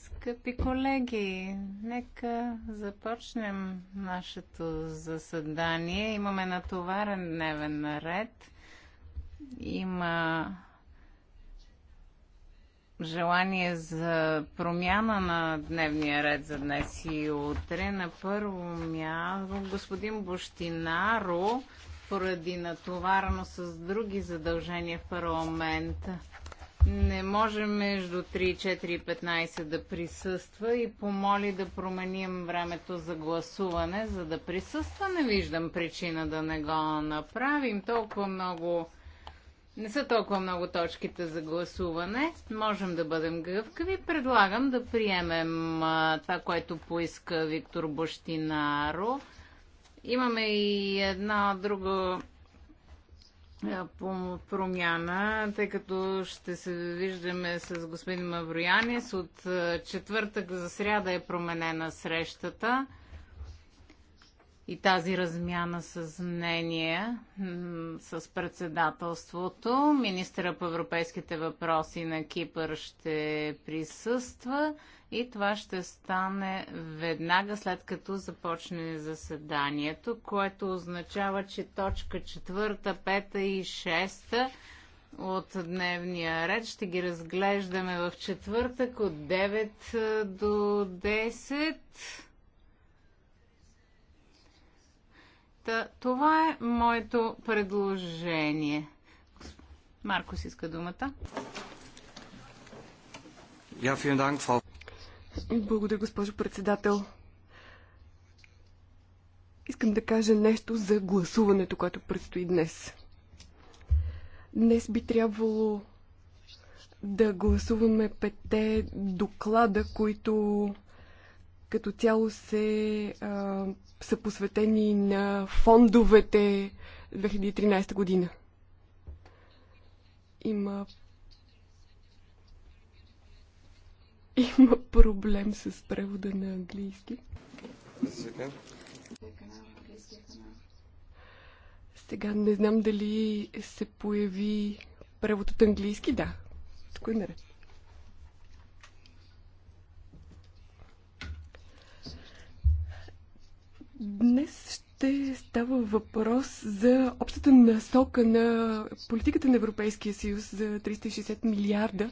Скъпи колеги, нека започнем нашето заседание. Имаме натоварен дневен наред. Има желание за промяна на дневния ред за днес и утре. На първо място господин Бощинаро, поради натоварено с други задължения в парламента, не може между 3, 4 и 15 да присъства и помоли да променим времето за гласуване, за да присъства. Не виждам причина да не го направим. Толкова много не са толкова много точките за гласуване. Можем да бъдем гъвкави. Предлагам да приемем а, това, което поиска Виктор Бощинаро. Имаме и една друга промяна, тъй като ще се виждаме с господин Мавроянис. От четвъртък за сряда е променена срещата и тази размяна с мнение с председателството. Министъра по европейските въпроси на Кипър ще присъства и това ще стане веднага след като започне заседанието, което означава, че точка четвърта, пета и шеста от дневния ред. Ще ги разглеждаме в четвъртък от 9 до 10. Та, това е моето предложение. си иска думата. Я Благодаря, госпожо председател. Искам да кажа нещо за гласуването, което предстои днес. Днес би трябвало да гласуваме пете доклада, които като цяло се, а, са посветени на фондовете 2013 година. Има Има проблем с превода на английски. Сега не знам дали се появи превод от английски. Да, тук е наред. Днес ще става въпрос за общата насока на политиката на Европейския съюз за 360 милиарда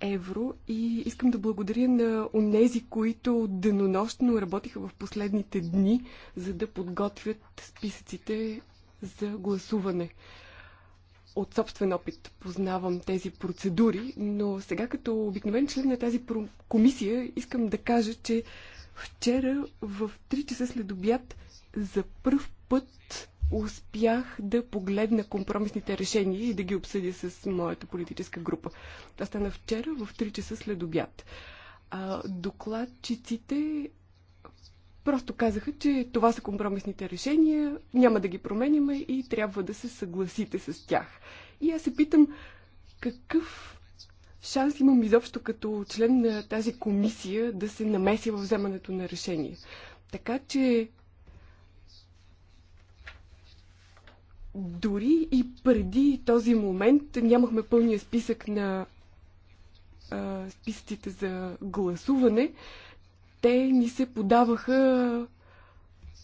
евро и искам да благодаря на онези, които денонощно работиха в последните дни, за да подготвят списъците за гласуване. От собствен опит познавам тези процедури, но сега като обикновен член на тази комисия искам да кажа, че Вчера в 3 часа след обяд за първ път успях да погледна компромисните решения и да ги обсъдя с моята политическа група. Това стана вчера в 3 часа след обяд. А, докладчиците просто казаха, че това са компромисните решения, няма да ги променяме и трябва да се съгласите с тях. И аз се питам, какъв шанс имам изобщо като член на тази комисия да се намеся в вземането на решение. Така че дори и преди този момент нямахме пълния списък на а, списъците за гласуване. Те ни се подаваха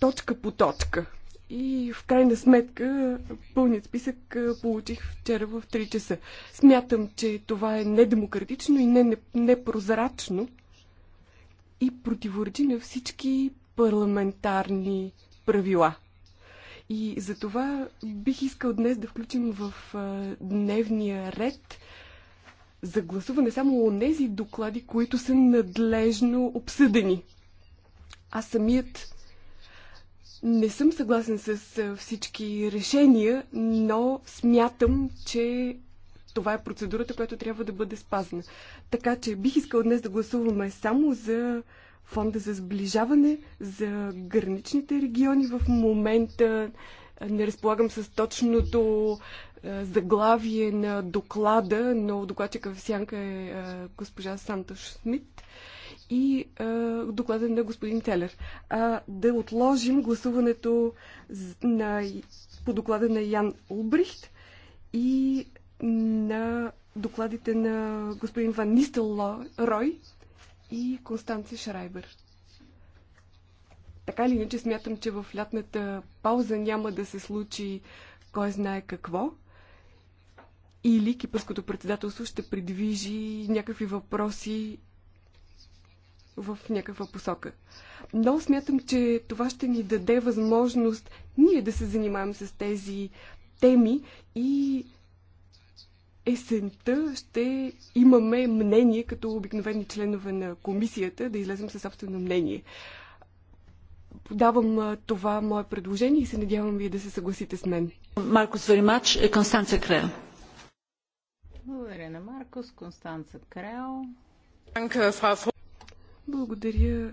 точка по точка. И в крайна сметка пълният списък получих вчера в 3 часа. Смятам, че това е недемократично и не, непрозрачно и противоречи на всички парламентарни правила. И за това бих искал днес да включим в дневния ред за гласуване само тези доклади, които са надлежно обсъдени. А самият не съм съгласен с всички решения, но смятам, че това е процедурата, която трябва да бъде спазна. Така че бих искал днес да гласуваме само за фонда за сближаване, за граничните региони. В момента не разполагам с точното заглавие на доклада, но докладчика в сянка е госпожа Сантош Смит и а, доклада на господин Телер. А, да отложим гласуването на, по доклада на Ян Улбрихт и на докладите на господин Ван Нистел Рой и Констанци Шрайбер. Така ли иначе смятам, че в лятната пауза няма да се случи кой знае какво или кипърското председателство ще придвижи някакви въпроси в някаква посока. Но смятам, че това ще ни даде възможност ние да се занимаем с тези теми и есента ще имаме мнение, като обикновени членове на комисията, да излезем със собствено мнение. Подавам това мое предложение и се надявам вие да се съгласите с мен. Маркус Веримач, Констанца Крел. Благодаря на Маркус, Констанца Крел. Благодаря,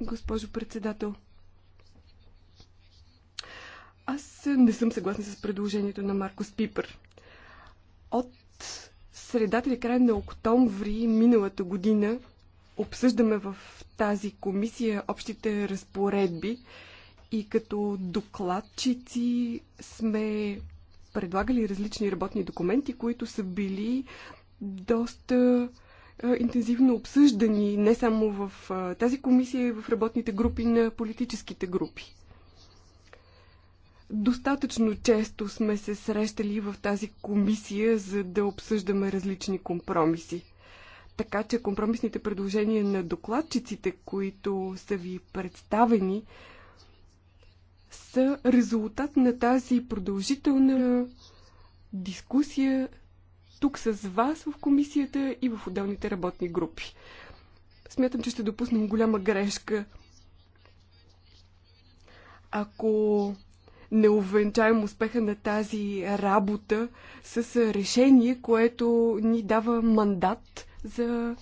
госпожо председател. Аз не съм съгласна с предложението на Марко Пипър. От средата или края на октомври миналата година обсъждаме в тази комисия общите разпоредби и като докладчици сме предлагали различни работни документи, които са били доста интензивно обсъждани не само в тази комисия, и в работните групи на политическите групи. Достатъчно често сме се срещали в тази комисия, за да обсъждаме различни компромиси. Така че компромисните предложения на докладчиците, които са ви представени, са резултат на тази продължителна дискусия тук с вас в комисията и в отделните работни групи. Смятам, че ще допуснем голяма грешка, ако не увенчаем успеха на тази работа с решение, което ни дава мандат за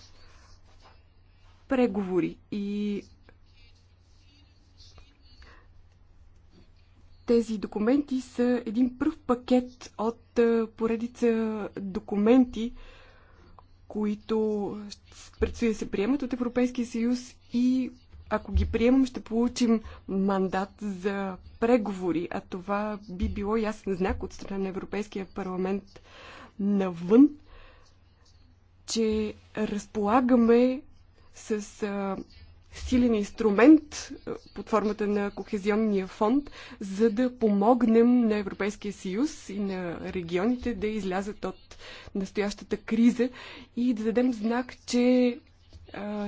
преговори. И Тези документи са един пръв пакет от поредица документи, които предстои да се приемат от Европейския съюз и ако ги приемам, ще получим мандат за преговори, а това би било ясен знак от страна на Европейския парламент навън, че разполагаме с силен инструмент е, под формата на Кохезионния фонд, за да помогнем на Европейския съюз и на регионите да излязат от настоящата криза и да дадем знак, че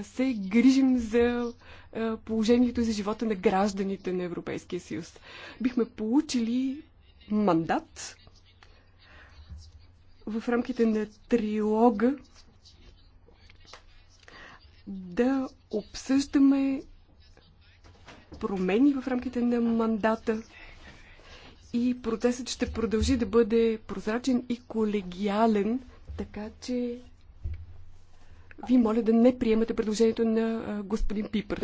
се грижим за положението и за живота на гражданите на Европейския съюз. Бихме получили мандат в рамките на трилога да обсъждаме промени в рамките на мандата и процесът ще продължи да бъде прозрачен и колегиален, така че ви моля да не приемате предложението на господин Пипър.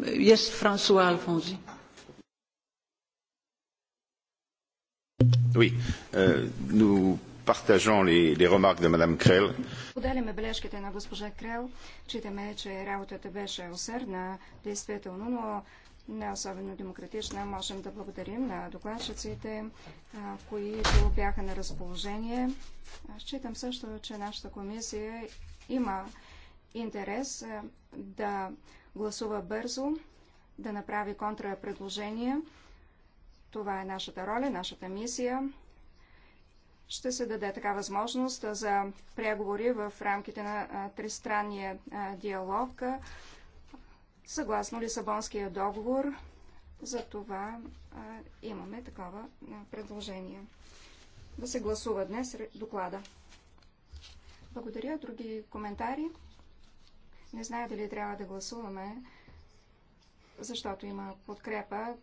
Yes, Франсуа Алфонзи. Oui, euh, nous partageons les, les remarques de Mme Крел. Поделяме бележките на госпожа Крел. Читаме, че работата беше усърдна, действително, но не особено демократична. Можем да благодарим на докладчиците, които бяха на разположение. Считам също, че нашата комисия има интерес да гласува бързо, да направи контрапредложения. Това е нашата роля, нашата мисия ще се даде така възможност за преговори в рамките на тристранния диалог съгласно Лисабонския договор. За това имаме такова предложение. Да се гласува днес доклада. Благодаря. Други коментари? Не зная дали трябва да гласуваме, защото има подкрепа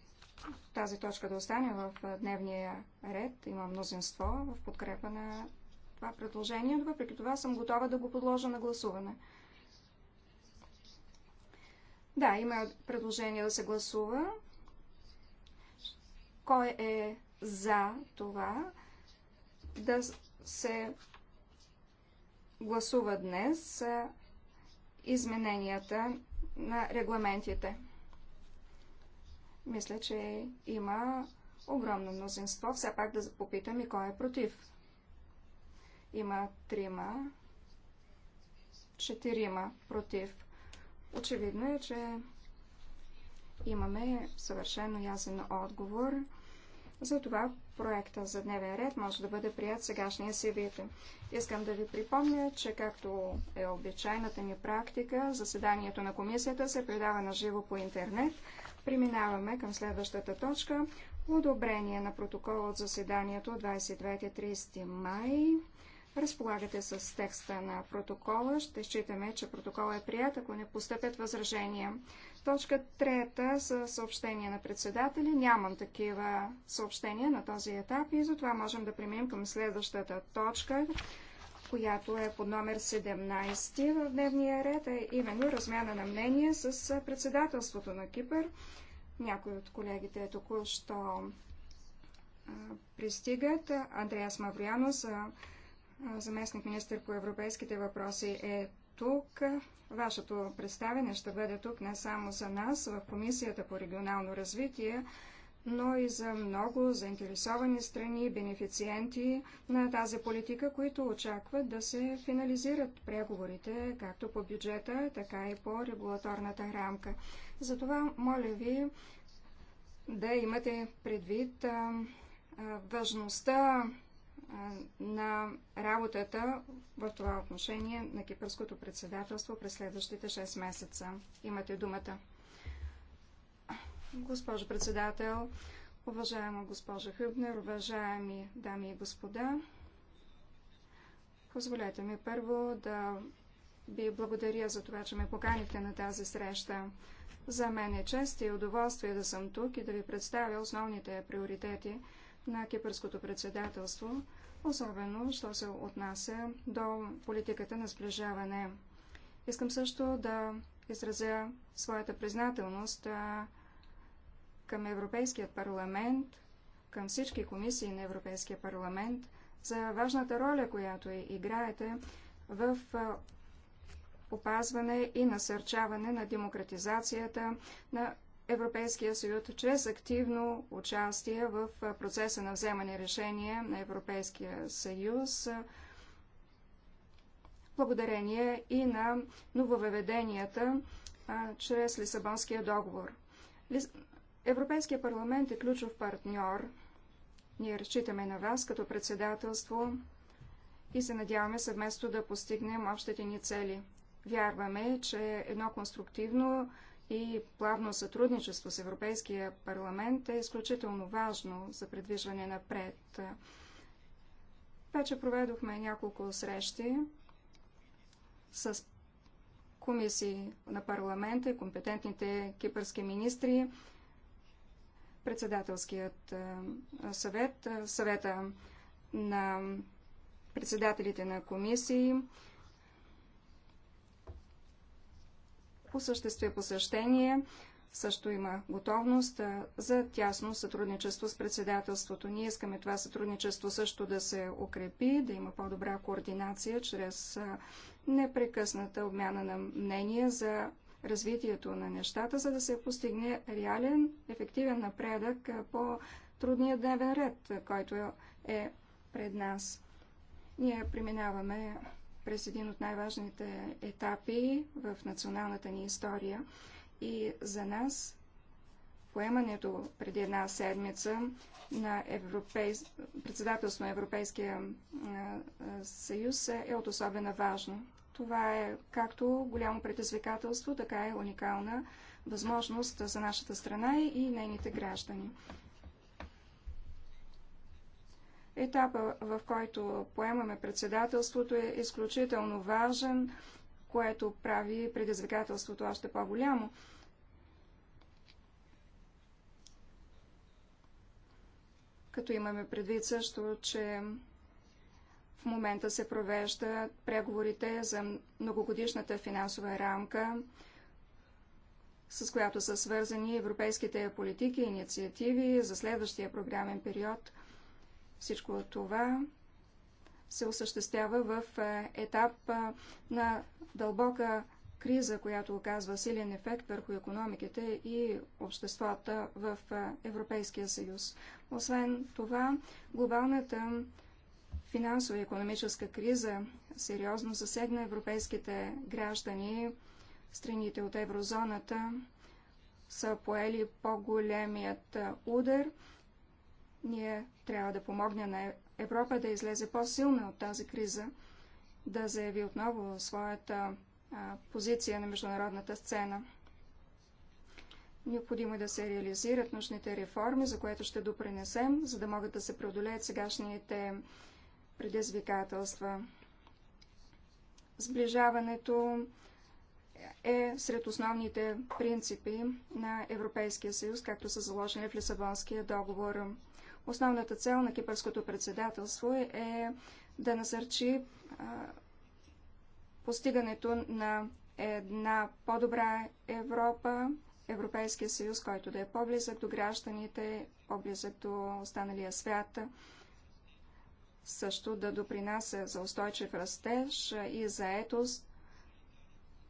тази точка да остане в дневния ред. Има мнозинство в подкрепа на това предложение. Въпреки това съм готова да го подложа на гласуване. Да, има предложение да се гласува. Кой е за това да се гласува днес измененията на регламентите? Мисля, че има огромно мнозинство. Все пак да попитам и кой е против. Има трима, четирима против. Очевидно е, че имаме съвършено ясен отговор. Затова проекта за дневен ред може да бъде прият сегашния си вид. Искам да ви припомня, че както е обичайната ни практика, заседанието на комисията се предава на живо по интернет. Преминаваме към следващата точка. Одобрение на протокола от заседанието 29-30 май. Разполагате с текста на протокола. Ще считаме, че протокол е прият, ако не постъпят възражения. Точка трета са съобщения на председатели. Нямам такива съобщения на този етап и затова можем да преминем към следващата точка която е под номер 17 в дневния ред, е именно размяна на мнение с председателството на Кипър. Някои от колегите току-що пристигат. Андреас Маврианос, заместник министр по европейските въпроси, е тук. Вашето представене ще бъде тук не само за нас в Комисията по регионално развитие, но и за много заинтересовани страни, бенефициенти на тази политика, които очакват да се финализират преговорите, както по бюджета, така и по регулаторната рамка. Затова, моля ви да имате предвид а, а, важността на работата в това отношение на кипърското председателство през следващите 6 месеца. Имате думата. Госпожо председател, уважаема госпожа Хъбнер, уважаеми дами и господа, позволете ми първо да ви благодаря за това, че ме поканихте на тази среща. За мен е чест и удоволствие да съм тук и да ви представя основните приоритети на кипърското председателство, особено, що се отнася до политиката на сближаване. Искам също да изразя своята признателност към Европейският парламент, към всички комисии на Европейския парламент за важната роля, която играете в опазване и насърчаване на демократизацията на Европейския съюз чрез активно участие в процеса на вземане решения на Европейския съюз, благодарение и на нововъведенията чрез Лисабонския договор. Европейския парламент е ключов партньор. Ние разчитаме на вас като председателство и се надяваме съвместно да постигнем общите ни цели. Вярваме, че едно конструктивно и плавно сътрудничество с Европейския парламент е изключително важно за предвижване напред. Вече проведохме няколко срещи с комисии на парламента и компетентните кипърски министри председателският съвет, съвета на председателите на комисии, осъществя посещение. Също има готовност за тясно сътрудничество с председателството. Ние искаме това сътрудничество също да се укрепи, да има по-добра координация чрез непрекъсната обмяна на мнения за развитието на нещата, за да се постигне реален, ефективен напредък по трудния дневен ред, който е пред нас. Ние преминаваме през един от най-важните етапи в националната ни история и за нас поемането преди една седмица на европейс... председателство на Европейския съюз е от особена важно, това е както голямо предизвикателство, така и е уникална възможност за нашата страна и нейните граждани. Етапа, в който поемаме председателството, е изключително важен, което прави предизвикателството още по-голямо. Като имаме предвид също, че в момента се провеждат преговорите за многогодишната финансова рамка, с която са свързани европейските политики и инициативи за следващия програмен период. Всичко това се осъществява в е, етап е, на дълбока криза, която оказва силен ефект върху економиките и обществата в е, Европейския съюз. Освен това, глобалната финансова и економическа криза сериозно засегна европейските граждани. Страните от еврозоната са поели по-големият удар. Ние трябва да помогнем на Европа да излезе по-силна от тази криза, да заяви отново своята позиция на международната сцена. Необходимо е да се реализират нужните реформи, за което ще допринесем, за да могат да се преодолеят сегашните предизвикателства. Сближаването е сред основните принципи на Европейския съюз, както са заложени в Лисабонския договор. Основната цел на кипърското председателство е да насърчи постигането на една по-добра Европа, Европейския съюз, който да е по-близък до гражданите, по-близък до останалия свят също да допринася за устойчив растеж и заетост,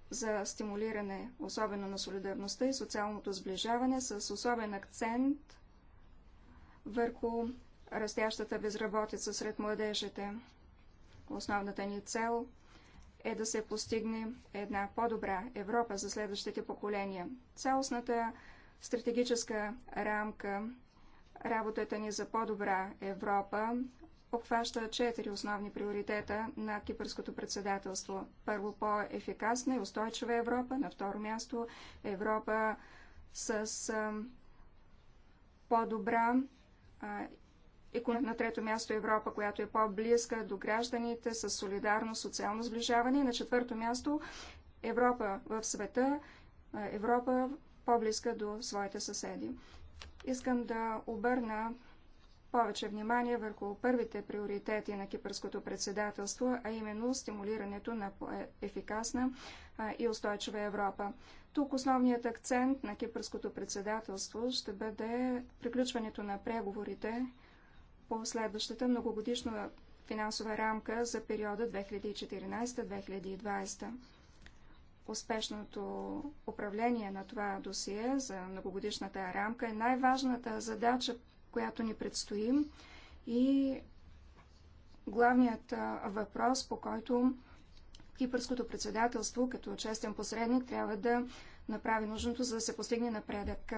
за стимулиране, особено на солидарността и социалното сближаване, с особен акцент върху растящата безработица сред младежите. Основната ни цел е да се постигне една по-добра Европа за следващите поколения. Цялостната стратегическа рамка, работата ни за по-добра Европа обхваща четири основни приоритета на кипърското председателство. Първо по-ефикасна и устойчива Европа, на второ място Европа с по-добра и на трето място Европа, която е по-близка до гражданите, с солидарно социално сближаване. И на четвърто място Европа в света, Европа по-близка до своите съседи. Искам да обърна повече внимание върху първите приоритети на кипърското председателство, а именно стимулирането на ефикасна и устойчива Европа. Тук основният акцент на кипърското председателство ще бъде приключването на преговорите по следващата многогодишна финансова рамка за периода 2014-2020. Успешното управление на това досие за многогодишната рамка е най-важната задача която ни предстои и главният въпрос, по който Кипърското председателство като честен посредник трябва да направи нужното, за да се постигне напредък.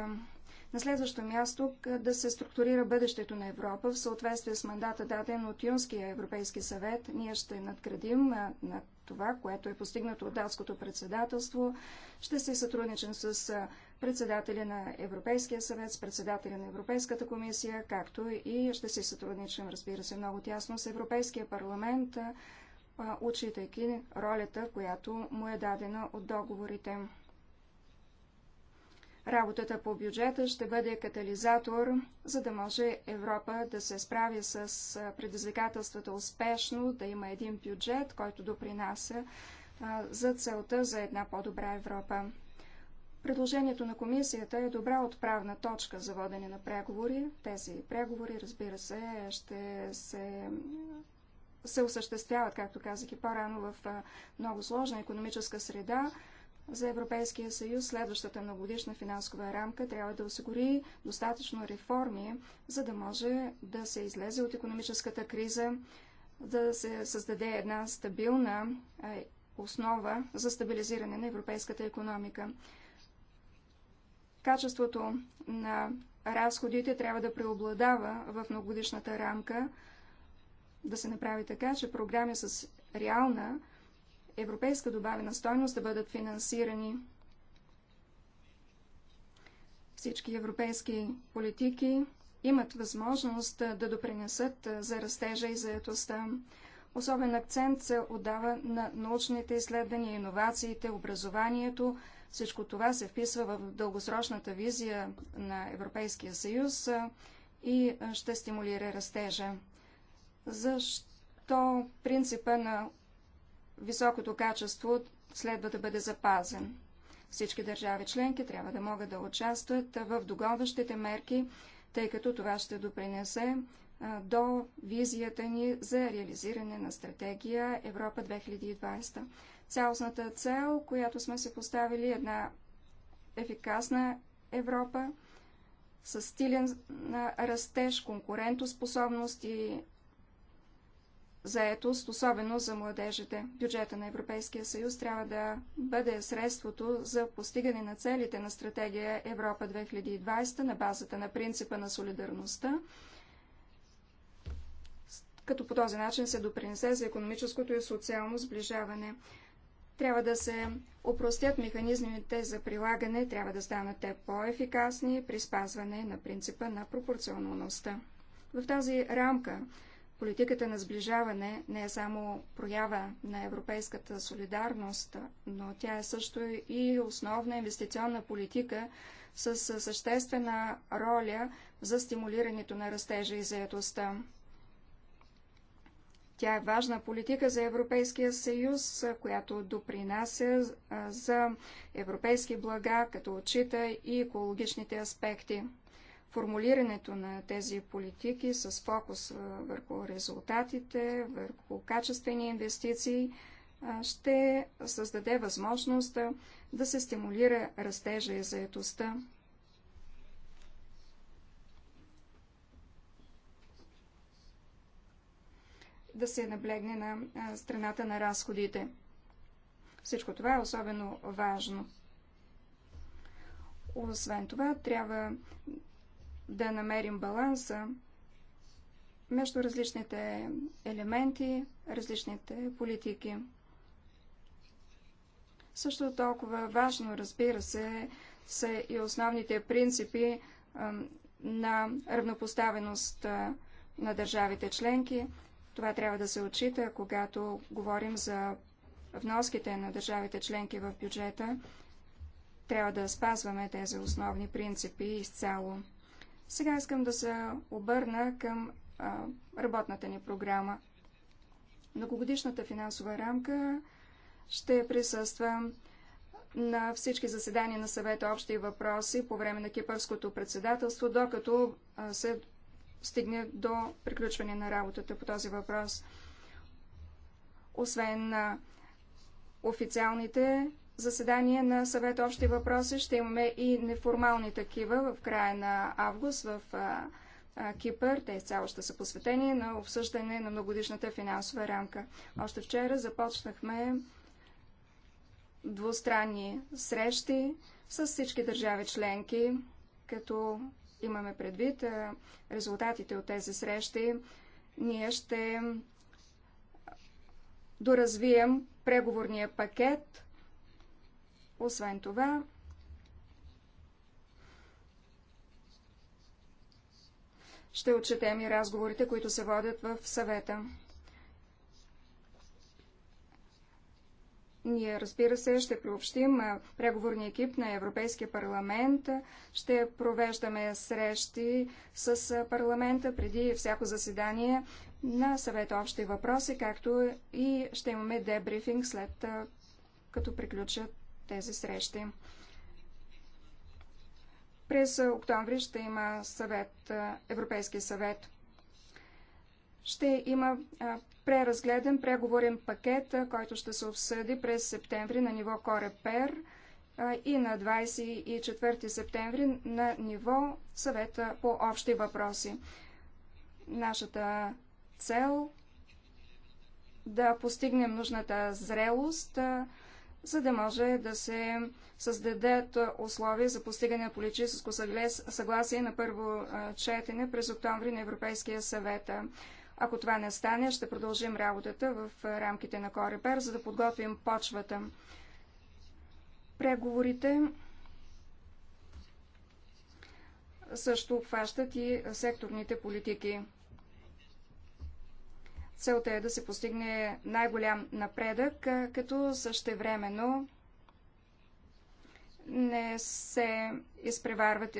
На следващо място да се структурира бъдещето на Европа в съответствие с мандата даден от Юнския Европейски съвет. Ние ще надградим на това, което е постигнато от датското председателство. Ще се сътрудничим с председателя на Европейския съвет, с председателя на Европейската комисия, както и ще си сътрудничам, разбира се, много тясно с Европейския парламент, учитайки ролята, която му е дадена от договорите. Работата по бюджета ще бъде катализатор, за да може Европа да се справи с предизвикателствата успешно, да има един бюджет, който допринася за целта за една по-добра Европа. Предложението на комисията е добра отправна точка за водене на преговори. Тези преговори, разбира се, ще се, се осъществяват, както казах и по-рано, в много сложна економическа среда. За Европейския съюз следващата многогодишна финансова рамка трябва да осигури достатъчно реформи, за да може да се излезе от економическата криза, да се създаде една стабилна основа за стабилизиране на европейската економика. Качеството на разходите трябва да преобладава в многогодишната рамка, да се направи така, че програми с реална европейска добавена стойност да бъдат финансирани. Всички европейски политики имат възможност да допринесат за растежа и заетостта. Особен акцент се отдава на научните изследвания, иновациите, образованието, всичко това се вписва в дългосрочната визия на Европейския съюз и ще стимулира растежа. Защо принципа на високото качество следва да бъде запазен? Всички държави членки трябва да могат да участват в догонващите мерки, тъй като това ще допринесе до визията ни за реализиране на стратегия Европа 2020 цялостната цел, която сме се поставили една ефикасна Европа с стилен на растеж, конкурентоспособност и заетост, особено за младежите. Бюджета на Европейския съюз трябва да бъде средството за постигане на целите на стратегия Европа 2020 на базата на принципа на солидарността, като по този начин се допринесе за економическото и социално сближаване. Трябва да се упростят механизмите за прилагане, трябва да станат те по-ефикасни при спазване на принципа на пропорционалността. В тази рамка Политиката на сближаване не е само проява на европейската солидарност, но тя е също и основна инвестиционна политика с съществена роля за стимулирането на растежа и заетостта. Тя е важна политика за Европейския съюз, която допринася за европейски блага, като отчита и екологичните аспекти. Формулирането на тези политики с фокус върху резултатите, върху качествени инвестиции ще създаде възможност да се стимулира растежа и заетостта. да се наблегне на страната на разходите. Всичко това е особено важно. Освен това, трябва да намерим баланса между различните елементи, различните политики. Също толкова важно, разбира се, са и основните принципи на равнопоставеност на държавите членки, това трябва да се отчита, когато говорим за вноските на държавите членки в бюджета. Трябва да спазваме тези основни принципи изцяло. Сега искам да се обърна към а, работната ни програма. Многогодишната финансова рамка ще присъства на всички заседания на съвета общи въпроси по време на кипърското председателство, докато се стигне до приключване на работата по този въпрос. Освен на официалните заседания на съвет общи въпроси, ще имаме и неформални такива в края на август в Кипър. Те изцяло ще са посветени на обсъждане на многодишната финансова рамка. Още вчера започнахме двустранни срещи с всички държави членки, като имаме предвид резултатите от тези срещи, ние ще доразвием преговорния пакет. Освен това, ще отчетем и разговорите, които се водят в съвета. Ние, разбира се, ще приобщим преговорния екип на Европейския парламент, ще провеждаме срещи с парламента преди всяко заседание на съвет общи въпроси, както и ще имаме дебрифинг след като приключат тези срещи. През октомври ще има съвет, Европейски съвет ще има преразгледен преговорен пакет, който ще се обсъди през септември на ниво Корепер и на 24 септември на ниво съвета по общи въпроси. Нашата цел да постигнем нужната зрелост, за да може да се създадат условия за постигане на политическо съгласие на първо четене през октомври на Европейския съвет. Ако това не стане, ще продължим работата в рамките на Корепер, за да подготвим почвата. Преговорите също обхващат и секторните политики. Целта е да се постигне най-голям напредък, като същевременно не се изпреварват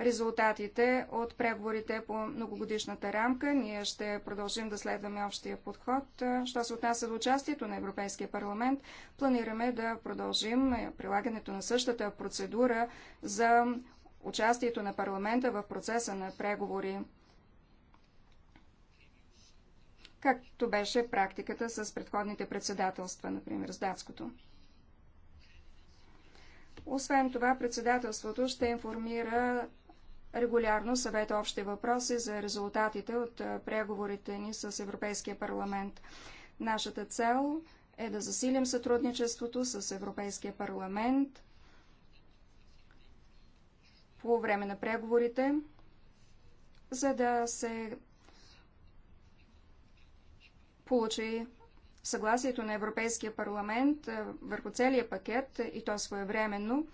резултатите от преговорите по многогодишната рамка. Ние ще продължим да следваме общия подход. Що се отнася до участието на Европейския парламент, планираме да продължим е, прилагането на същата процедура за участието на парламента в процеса на преговори както беше практиката с предходните председателства, например с датското. Освен това, председателството ще информира Регулярно съвета общи въпроси за резултатите от преговорите ни с Европейския парламент. Нашата цел е да засилим сътрудничеството с Европейския парламент по време на преговорите, за да се получи съгласието на Европейския парламент върху целия пакет и то своевременно,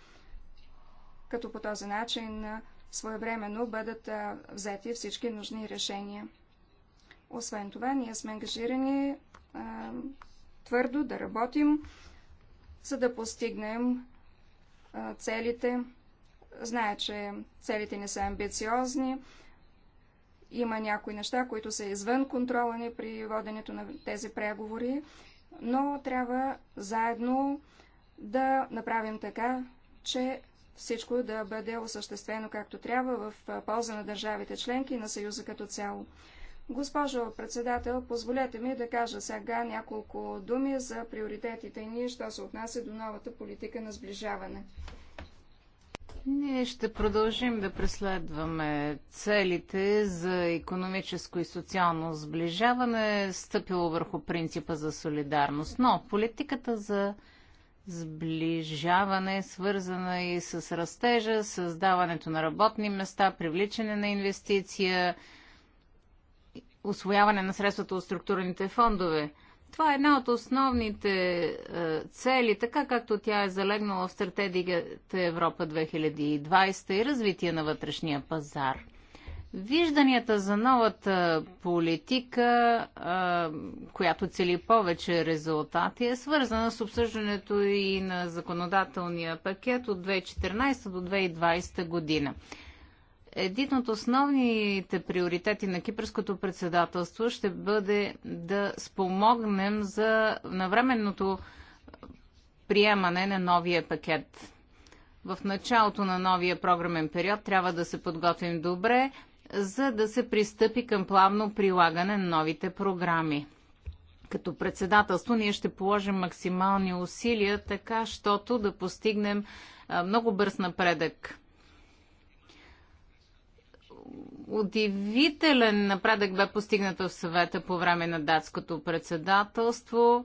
като по този начин своевременно бъдат взети всички нужни решения. Освен това, ние сме ангажирани твърдо да работим, за да постигнем целите. Зная, че целите не са амбициозни. Има някои неща, които са извън контрола ни при воденето на тези преговори, но трябва заедно да направим така, че всичко да бъде осъществено както трябва в полза на държавите членки и на Съюза като цяло. Госпожо председател, позволете ми да кажа сега няколко думи за приоритетите ни, що се отнася до новата политика на сближаване. Ние ще продължим да преследваме целите за економическо и социално сближаване, стъпило върху принципа за солидарност, но политиката за сближаване, свързана и с растежа, създаването на работни места, привличане на инвестиция, освояване на средствата от структурните фондове. Това е една от основните е, цели, така както тя е залегнала в стратегията Европа 2020 и развитие на вътрешния пазар. Вижданията за новата политика, която цели повече резултати, е свързана с обсъждането и на законодателния пакет от 2014 до 2020 година. Един от основните приоритети на кипърското председателство ще бъде да спомогнем за навременното приемане на новия пакет в началото на новия програмен период трябва да се подготвим добре, за да се пристъпи към плавно прилагане на новите програми. Като председателство ние ще положим максимални усилия, така, щото да постигнем много бърз напредък удивителен напредък бе постигнат в съвета по време на датското председателство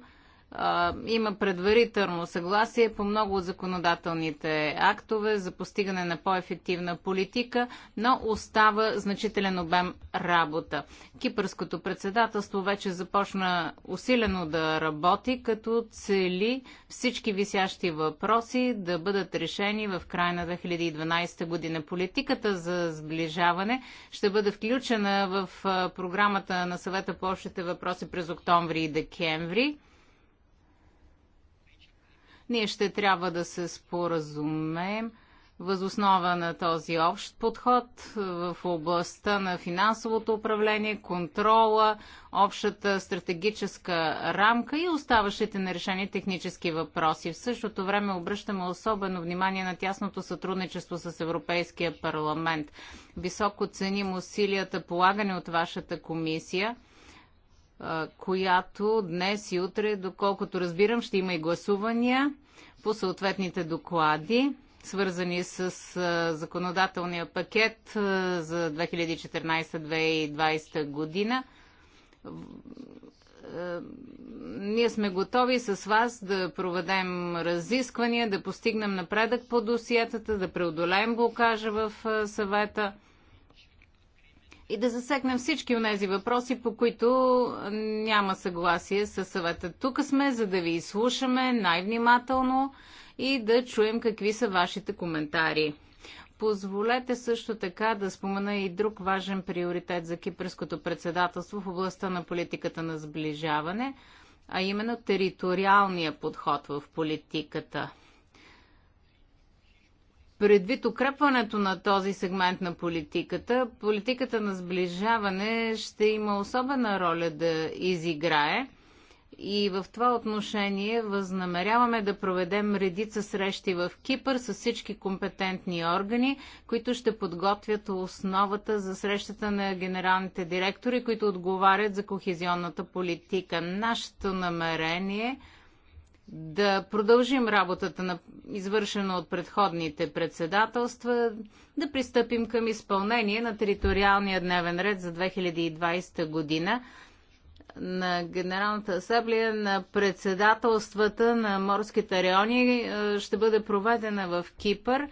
има предварително съгласие по много от законодателните актове за постигане на по-ефективна политика, но остава значителен обем работа. Кипърското председателство вече започна усилено да работи, като цели всички висящи въпроси да бъдат решени в края на 2012 година. Политиката за сближаване ще бъде включена в програмата на съвета по общите въпроси през октомври и декември. Ние ще трябва да се споразумеем възоснова на този общ подход в областта на финансовото управление, контрола, общата стратегическа рамка и оставащите нерешени технически въпроси. В същото време обръщаме особено внимание на тясното сътрудничество с Европейския парламент. Високо ценим усилията полагани от вашата комисия – която днес и утре, доколкото разбирам, ще има и гласувания по съответните доклади, свързани с законодателния пакет за 2014-2020 година. Ние сме готови с вас да проведем разисквания, да постигнем напредък по досиетата, да преодолеем блокажа в съвета – и да засегнем всички от тези въпроси, по които няма съгласие с съвета. Тук сме, за да ви изслушаме най-внимателно и да чуем какви са вашите коментари. Позволете също така да спомена и друг важен приоритет за кипърското председателство в областта на политиката на сближаване, а именно териториалния подход в политиката предвид укрепването на този сегмент на политиката, политиката на сближаване ще има особена роля да изиграе. И в това отношение възнамеряваме да проведем редица срещи в Кипър с всички компетентни органи, които ще подготвят основата за срещата на генералните директори, които отговарят за кохезионната политика. Нашето намерение е да продължим работата на извършено от предходните председателства, да пристъпим към изпълнение на териториалния дневен ред за 2020 година на Генералната асамблея на председателствата на морските райони е, ще бъде проведена в Кипър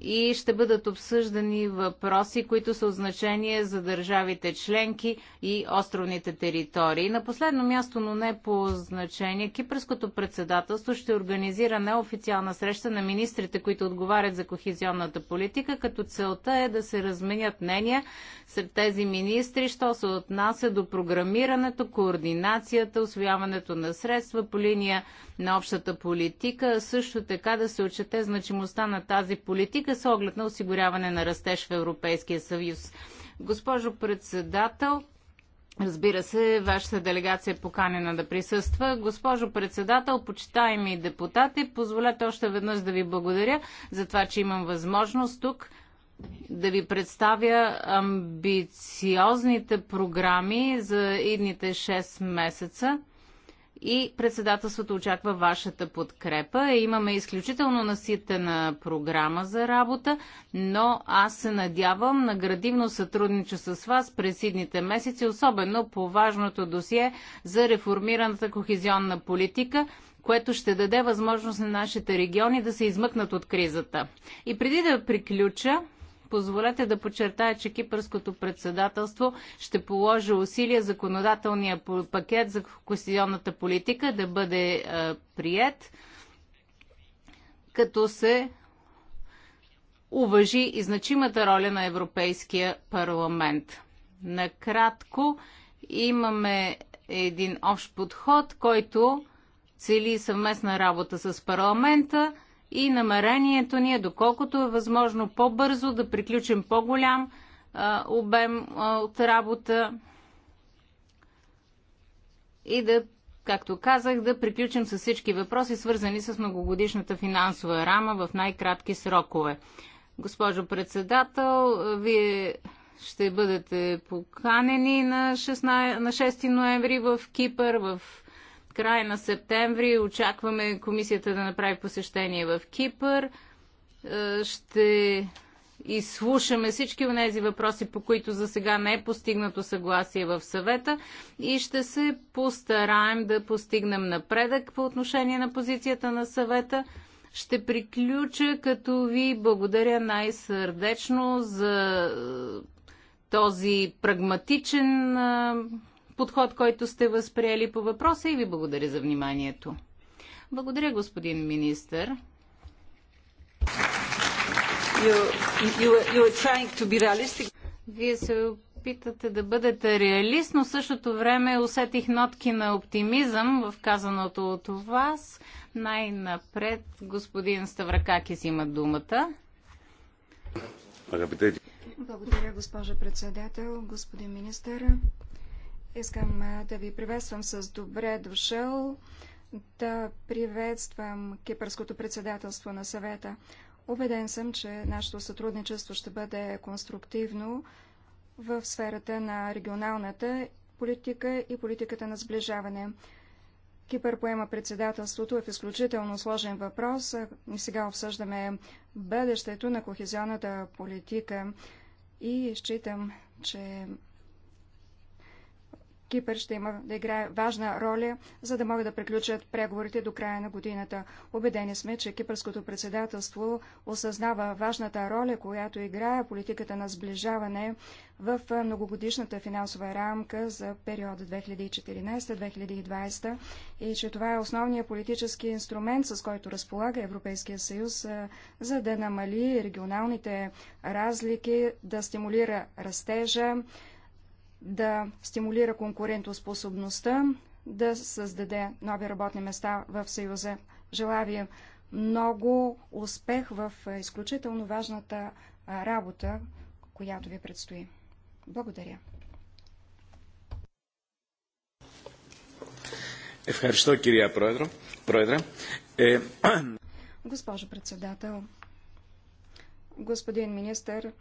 и ще бъдат обсъждани въпроси, които са от значение за държавите членки и островните територии. На последно място, но не по значение, Кипърското председателство ще организира неофициална среща на министрите, които отговарят за кохезионната политика, като целта е да се разменят мнения сред тези министри, що се отнася до програмирането, координацията, освояването на средства по линия на общата политика, също така да се отчете значимостта на тази политика политика с оглед на осигуряване на растеж в Европейския съюз. Госпожо председател, Разбира се, вашата делегация е поканена да присъства. Госпожо председател, почитаеми депутати, позволете още веднъж да ви благодаря за това, че имам възможност тук да ви представя амбициозните програми за идните 6 месеца и председателството очаква вашата подкрепа. Имаме изключително наситена програма за работа, но аз се надявам на градивно сътрудничество с вас през идните месеци, особено по важното досие за реформираната кохезионна политика, което ще даде възможност на нашите региони да се измъкнат от кризата. И преди да приключа, позволете да подчертая, че Кипърското председателство ще положи усилия законодателния пакет за костионната политика да бъде е, прият, като се уважи и значимата роля на Европейския парламент. Накратко имаме един общ подход, който цели съвместна работа с парламента – и намерението ни е доколкото е възможно по-бързо да приключим по-голям обем а, от работа и да, както казах, да приключим с всички въпроси, свързани с многогодишната финансова рама в най-кратки срокове. Госпожо председател, вие ще бъдете поканени на 16, на 6 ноември в Кипър, в края на септември очакваме комисията да направи посещение в Кипър. Е, ще изслушаме всички от тези въпроси, по които за сега не е постигнато съгласие в съвета и ще се постараем да постигнем напредък по отношение на позицията на съвета. Ще приключа, като ви благодаря най-сърдечно за е, този прагматичен е, подход, който сте възприели по въпроса и ви благодаря за вниманието. Благодаря, господин министър. Вие се опитате да бъдете реалист, но в същото време усетих нотки на оптимизъм в казаното от вас. Най-напред господин Ставракакис има думата. Благодаря, госпожа председател, господин министър, Искам да ви приветствам с добре дошъл, да приветствам кипърското председателство на съвета. Обеден съм, че нашето сътрудничество ще бъде конструктивно в сферата на регионалната политика и политиката на сближаване. Кипър поема председателството е в изключително сложен въпрос. И сега обсъждаме бъдещето на кохезионната политика и считам, че Кипър ще има да играе важна роля, за да могат да приключат преговорите до края на годината. Обедени сме, че кипърското председателство осъзнава важната роля, която играе политиката на сближаване в многогодишната финансова рамка за периода 2014-2020 и че това е основният политически инструмент, с който разполага Европейския съюз, за да намали регионалните разлики, да стимулира растежа, да стимулира конкурентоспособността, да създаде нови работни места в Съюза. Желая ви много успех в изключително важната работа, която ви предстои. Благодаря. Ευχαριστώ, κυρία Πρόεδρο. Πρόεδρε. Ε... Госпожо председател, господин министър,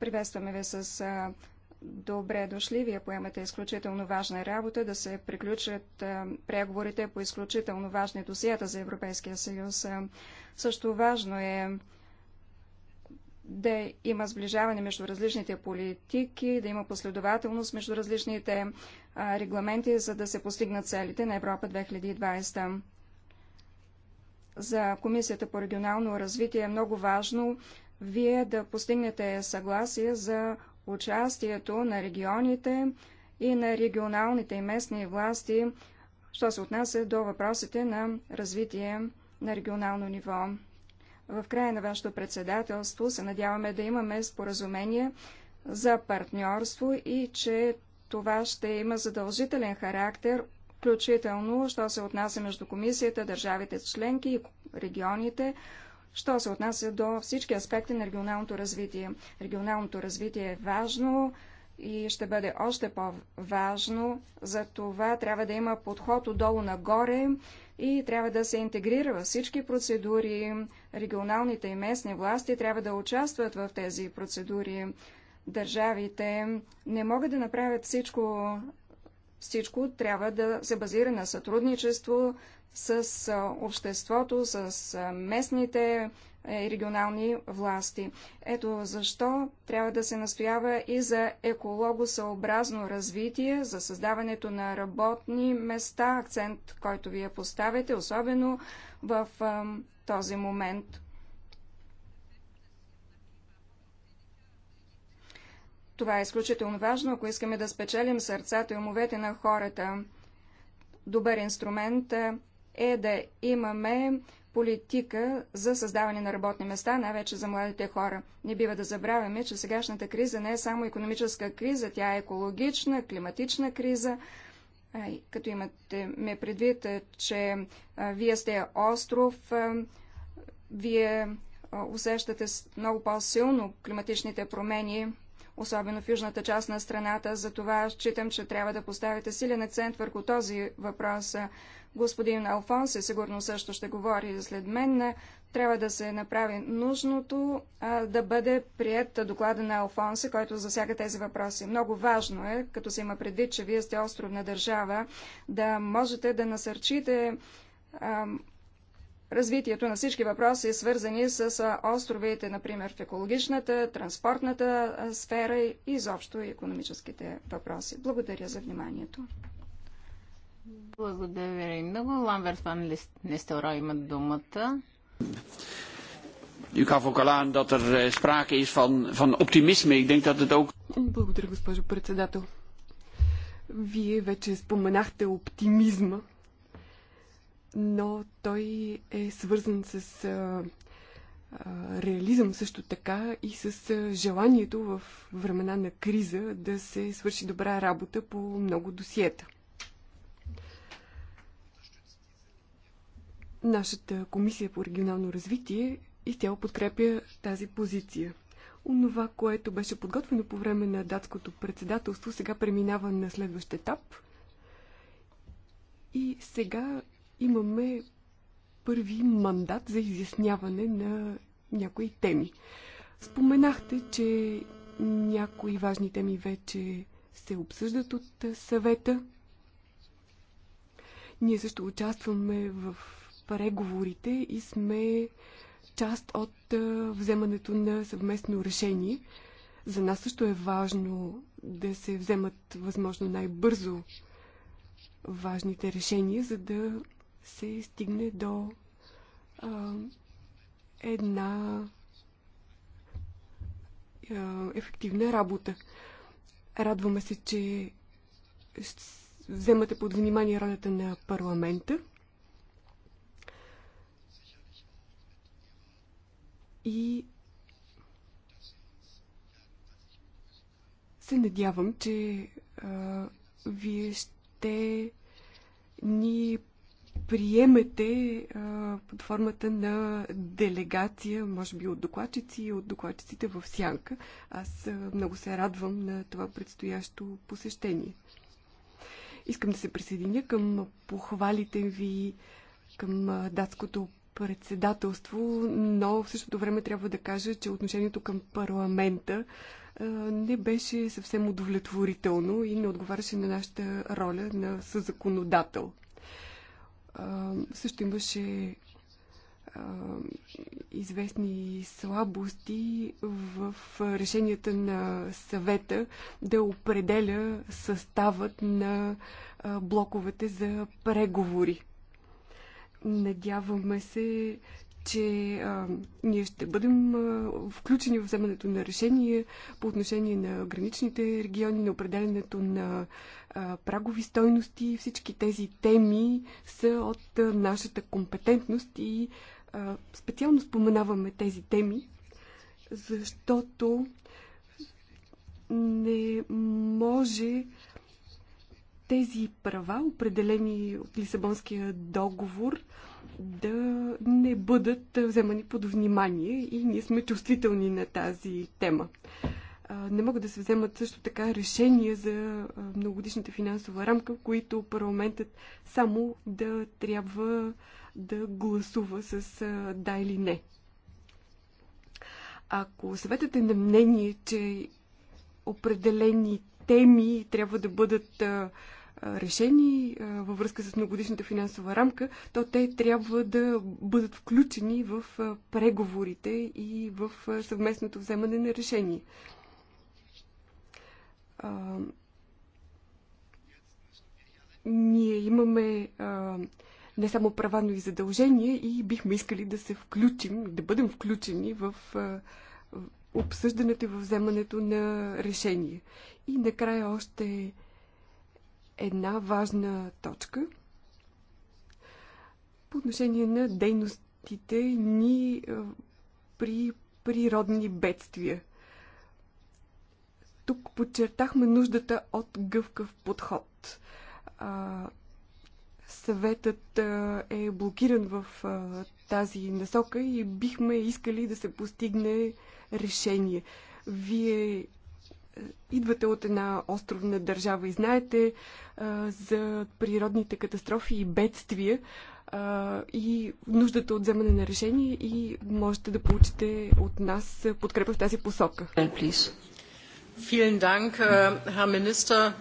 приветстваме ви с добре дошли. Вие поемате изключително важна работа да се приключат преговорите по изключително важни досията за Европейския съюз. Също важно е да има сближаване между различните политики, да има последователност между различните регламенти, за да се постигнат целите на Европа 2020. За Комисията по регионално развитие е много важно вие да постигнете съгласие за участието на регионите и на регионалните и местни власти, що се отнася до въпросите на развитие на регионално ниво. В края на вашето председателство се надяваме да имаме споразумение за партньорство и че това ще има задължителен характер, включително, що се отнася между комисията, държавите членки и регионите, що се отнася до всички аспекти на регионалното развитие. Регионалното развитие е важно и ще бъде още по-важно. За това трябва да има подход отдолу нагоре и трябва да се интегрира във всички процедури. Регионалните и местни власти трябва да участват в тези процедури. Държавите не могат да направят всичко всичко трябва да се базира на сътрудничество с обществото, с местните и регионални власти. Ето защо трябва да се настоява и за екологосъобразно развитие, за създаването на работни места, акцент, който вие поставяте, особено в този момент. Това е изключително важно, ако искаме да спечелим сърцата и умовете на хората. Добър инструмент е да имаме политика за създаване на работни места, най-вече за младите хора. Не бива да забравяме, че сегашната криза не е само економическа криза, тя е екологична, климатична криза. Като имате ме предвид, че вие сте остров, вие усещате много по-силно климатичните промени особено в южната част на страната. За това считам, че трябва да поставите силен акцент върху този въпрос. Господин Алфонс е сигурно също ще говори след мен. Трябва да се направи нужното а, да бъде прият доклада на Алфонсе, който засяга тези въпроси. Много важно е, като се има предвид, че вие сте островна държава, да можете да насърчите развитието на всички въпроси, свързани с островите, например в екологичната, транспортната сфера и изобщо економическите въпроси. Благодаря за вниманието. Благодаря ви много. Ламберт Ван Нестелро има думата. U gaf ook al aan dat er eh, sprake is van, van optimisme. Ik denk dat het ook... Благодаря, госпожо председател. Вие вече споменахте оптимизма но той е свързан с а, а, реализъм също така и с а, желанието в времена на криза да се свърши добра работа по много досиета. Нашата комисия по регионално развитие тя подкрепя тази позиция. Онова, което беше подготвено по време на датското председателство, сега преминава на следващ етап. И сега имаме първи мандат за изясняване на някои теми. Споменахте, че някои важни теми вече се обсъждат от съвета. Ние също участваме в преговорите и сме част от вземането на съвместно решение. За нас също е важно да се вземат възможно най-бързо важните решения, за да се стигне до а, една а, ефективна работа. Радваме се, че вземате под внимание ролята на парламента и се надявам, че а, вие ще ни приемете а, под формата на делегация, може би от докладчици и от докладчиците в Сянка. Аз а, много се радвам на това предстоящо посещение. Искам да се присъединя към похвалите ви към датското председателство, но в същото време трябва да кажа, че отношението към парламента не беше съвсем удовлетворително и не отговаряше на нашата роля на съзаконодател също имаше известни слабости в решенията на съвета да определя съставът на блоковете за преговори. Надяваме се, че а, ние ще бъдем а, включени в вземането на решение по отношение на граничните региони, на определенето на прагови стойности, всички тези теми са от нашата компетентност и специално споменаваме тези теми, защото не може тези права, определени от Лисабонския договор, да не бъдат вземани под внимание и ние сме чувствителни на тази тема не могат да се вземат също така решения за многогодишната финансова рамка, които парламентът само да трябва да гласува с да или не. Ако съветът е на мнение, че определени теми трябва да бъдат решени във връзка с многодишната финансова рамка, то те трябва да бъдат включени в преговорите и в съвместното вземане на решение. А, ние имаме а, не само права, но и задължения и бихме искали да се включим, да бъдем включени в а, обсъждането и в вземането на решение. И накрая още една важна точка по отношение на дейностите ни при природни бедствия. Тук подчертахме нуждата от гъвкав подход. А, съветът а, е блокиран в а, тази насока и бихме искали да се постигне решение. Вие идвате от една островна държава и знаете а, за природните катастрофи и бедствия а, и нуждата от вземане на решение и можете да получите от нас подкрепа в тази посока. Äh,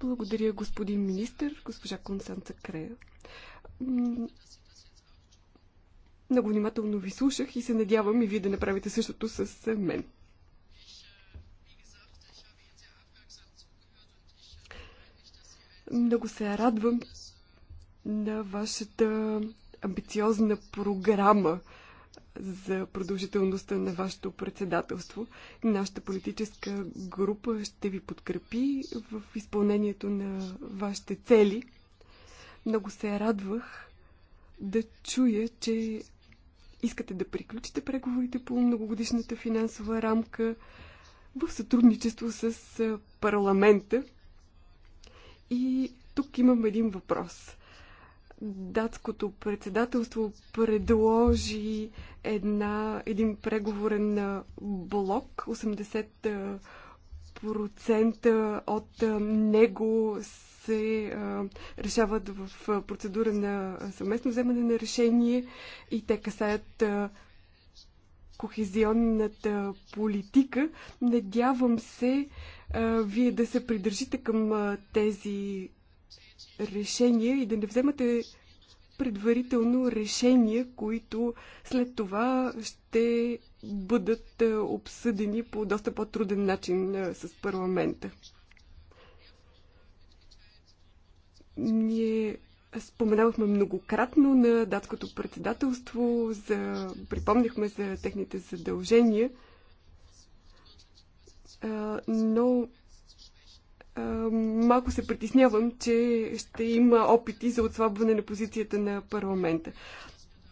Благодаря, господин министр, госпожа Констанца Крея. Много внимателно ви слушах и се надявам и вие да направите същото с мен. Много се радвам на вашата амбициозна програма за продължителността на вашето председателство. Нашата политическа група ще ви подкрепи в изпълнението на вашите цели. Много се радвах да чуя, че искате да приключите преговорите по многогодишната финансова рамка в сътрудничество с парламента. И тук имам един въпрос датското председателство предложи една, един преговорен блок. 80% от него се решават в процедура на съвместно вземане на решение и те касаят кохезионната политика. Надявам се вие да се придържите към тези решения и да не вземате предварително решения, които след това ще бъдат е, обсъдени по доста по-труден начин е, с парламента. Ние споменавахме многократно на датското председателство, за, припомняхме за техните задължения, е, но малко се притеснявам, че ще има опити за отслабване на позицията на парламента.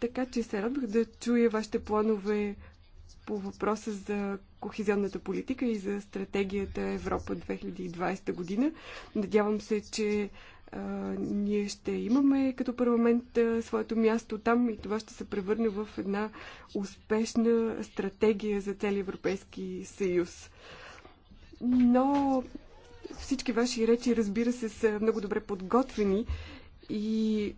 Така че се радвах да чуя вашите планове по въпроса за кохезионната политика и за стратегията Европа 2020 година. Надявам се, че а, ние ще имаме като парламент а, своето място там и това ще се превърне в една успешна стратегия за цели Европейски съюз. Но всички ваши речи, разбира се, са много добре подготвени и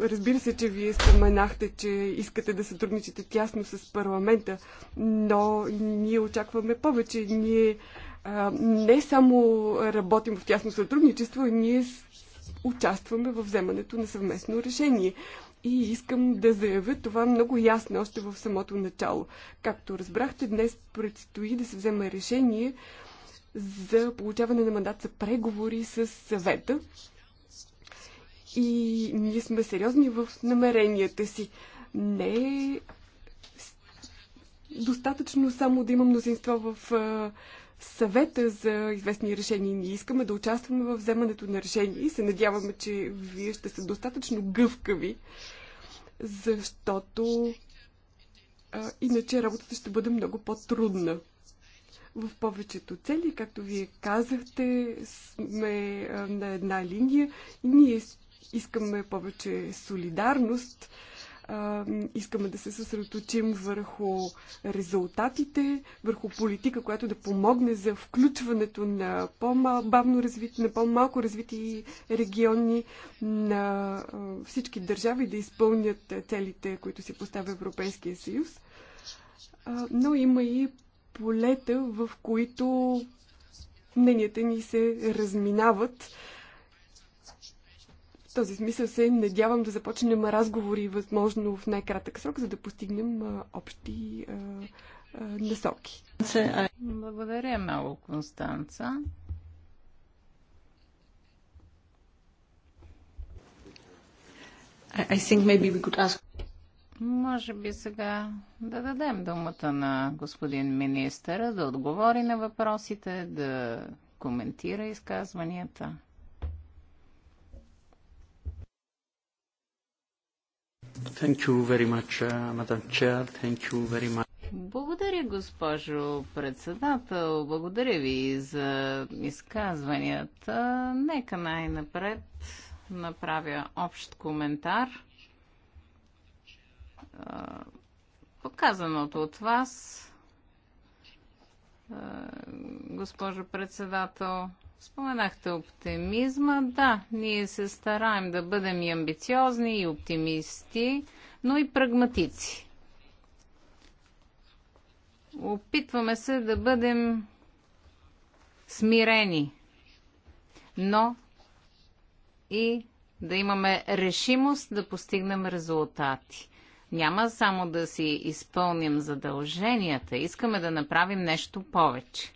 разбира се, че вие споменахте, че искате да сътрудничите тясно с парламента, но ние очакваме повече. Ние а, не само работим в тясно сътрудничество, ние участваме в вземането на съвместно решение. И искам да заявя това много ясно още в самото начало. Както разбрахте, днес предстои да се вземе решение, за получаване на мандат за преговори с съвета. И ние сме сериозни в намеренията си. Не е достатъчно само да има мнозинство в съвета за известни решения. Ние искаме да участваме в вземането на решения и се надяваме, че вие ще са достатъчно гъвкави, защото а, иначе работата ще бъде много по-трудна. В повечето цели, както вие казахте, сме на една линия и ние искаме повече солидарност, искаме да се съсредоточим върху резултатите, върху политика, която да помогне за включването на по-бавно развити, на по-малко развити региони на всички държави да изпълнят целите, които си поставя Европейския съюз. Но има и полета, в които мненията ни се разминават. В този смисъл се надявам да започнем разговори, възможно в най-кратък срок, за да постигнем общи насоки. Благодаря много, Констанца. I think maybe we could ask може би сега да дадем думата на господин министъра да отговори на въпросите, да коментира изказванията. Much, Благодаря, госпожо председател. Благодаря ви за изказванията. Нека най-напред направя общ коментар показаното от вас, госпожо председател, споменахте оптимизма. Да, ние се стараем да бъдем и амбициозни, и оптимисти, но и прагматици. Опитваме се да бъдем смирени, но и да имаме решимост да постигнем резултати. Няма само да си изпълним задълженията, искаме да направим нещо повече.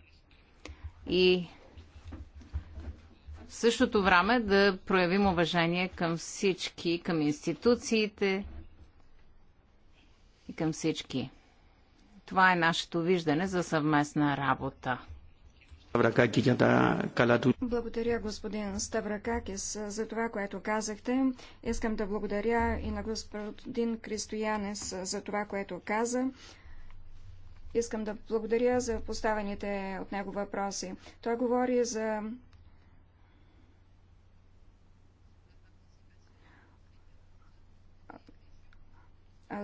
И в същото време да проявим уважение към всички, към институциите и към всички. Това е нашето виждане за съвместна работа. Благодаря, господин Ставракакис, за това, което казахте. Искам да благодаря и на господин Кристоянес за това, което каза. Искам да благодаря за поставените от него въпроси. Той говори за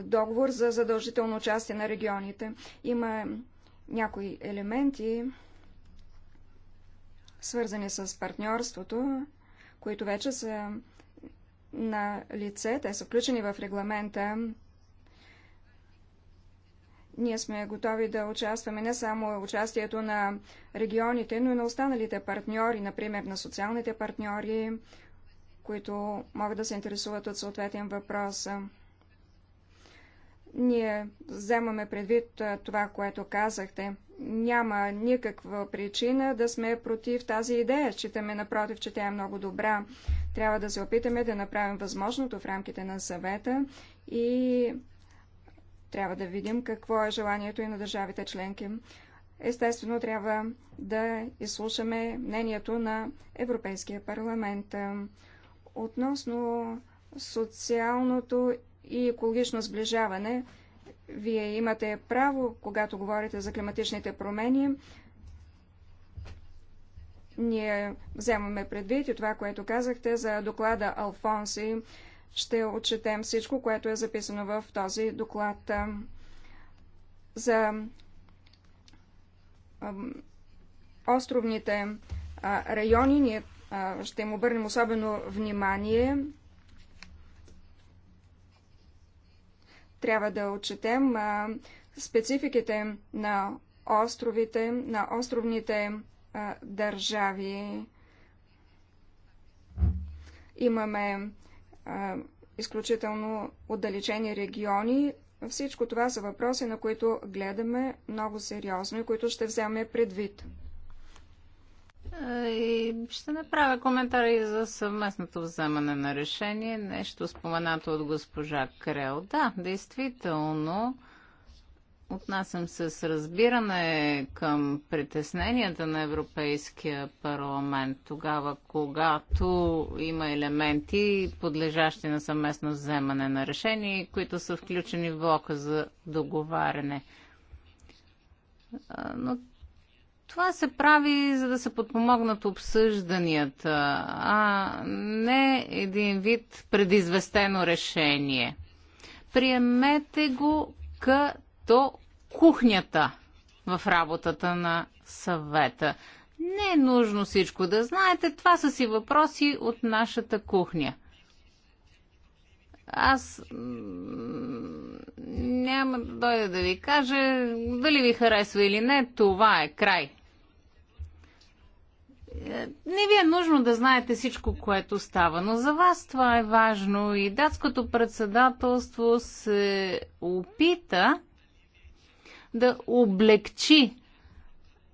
договор за задължително участие на регионите. Има някои елементи, свързани с партньорството, които вече са на лице, те са включени в регламента. Ние сме готови да участваме не само участието на регионите, но и на останалите партньори, например на социалните партньори, които могат да се интересуват от съответен въпрос. Ние вземаме предвид това, което казахте няма никаква причина да сме против тази идея. Считаме напротив, че тя е много добра. Трябва да се опитаме да направим възможното в рамките на съвета и трябва да видим какво е желанието и на държавите членки. Естествено, трябва да изслушаме мнението на Европейския парламент относно социалното и екологично сближаване – вие имате право, когато говорите за климатичните промени. Ние вземаме предвид и това, което казахте за доклада Алфонси. Ще отчетем всичко, което е записано в този доклад за островните райони. Ние ще им обърнем особено внимание Трябва да отчетем спецификите на островите, на островните държави. Имаме изключително отдалечени региони. Всичко това са въпроси, на които гледаме много сериозно и които ще вземем предвид. Е, и ще направя коментари за съвместното вземане на решение. Нещо споменато от госпожа Крел. Да, действително. Отнасям се с разбиране към притесненията на Европейския парламент тогава, когато има елементи, подлежащи на съвместно вземане на решения, които са включени в блока за договаряне. Но това се прави, за да се подпомогнат обсъжданията, а не един вид предизвестено решение. Приемете го като кухнята в работата на съвета. Не е нужно всичко да знаете, това са си въпроси от нашата кухня. Аз няма да дойда да ви кажа дали ви харесва или не, това е край е, не ви е нужно да знаете всичко, което става, но за вас това е важно и датското председателство се опита да облегчи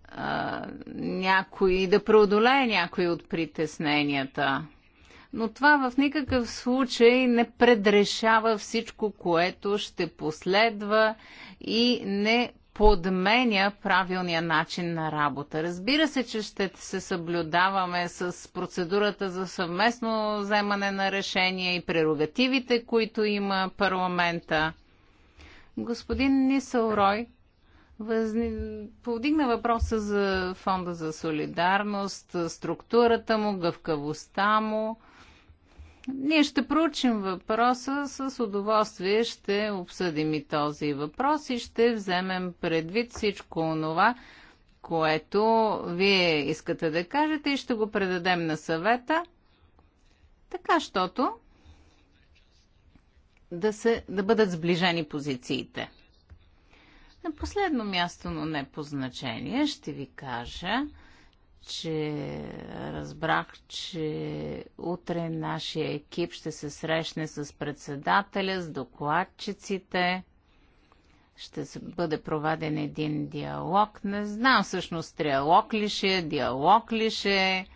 а, някой, да преодолее някои от притесненията. Но това в никакъв случай не предрешава всичко, което ще последва и не подменя правилния начин на работа. Разбира се, че ще се съблюдаваме с процедурата за съвместно вземане на решения и прерогативите, които има парламента. Господин Рой възни... повдигна въпроса за Фонда за солидарност, структурата му, гъвкавостта му ние ще проучим въпроса с удоволствие, ще обсъдим и този въпрос и ще вземем предвид всичко това, което вие искате да кажете и ще го предадем на съвета, така, щото да, се, да бъдат сближени позициите. На последно място, но не по значение, ще ви кажа, че разбрах, че утре нашия екип ще се срещне с председателя, с докладчиците. Ще бъде проведен един диалог. Не знам всъщност триалог ли ще, диалог ли ще.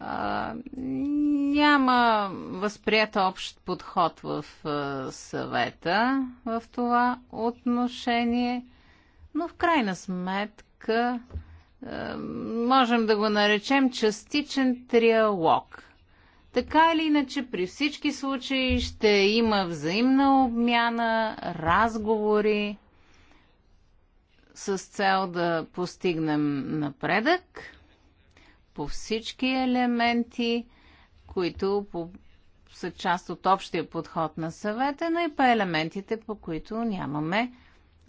А, няма възприят общ подход в а, съвета в това отношение, но в крайна сметка можем да го наречем частичен триалог. Така или иначе, при всички случаи ще има взаимна обмяна, разговори с цел да постигнем напредък по всички елементи, които по, са част от общия подход на съвета, но и по елементите, по които нямаме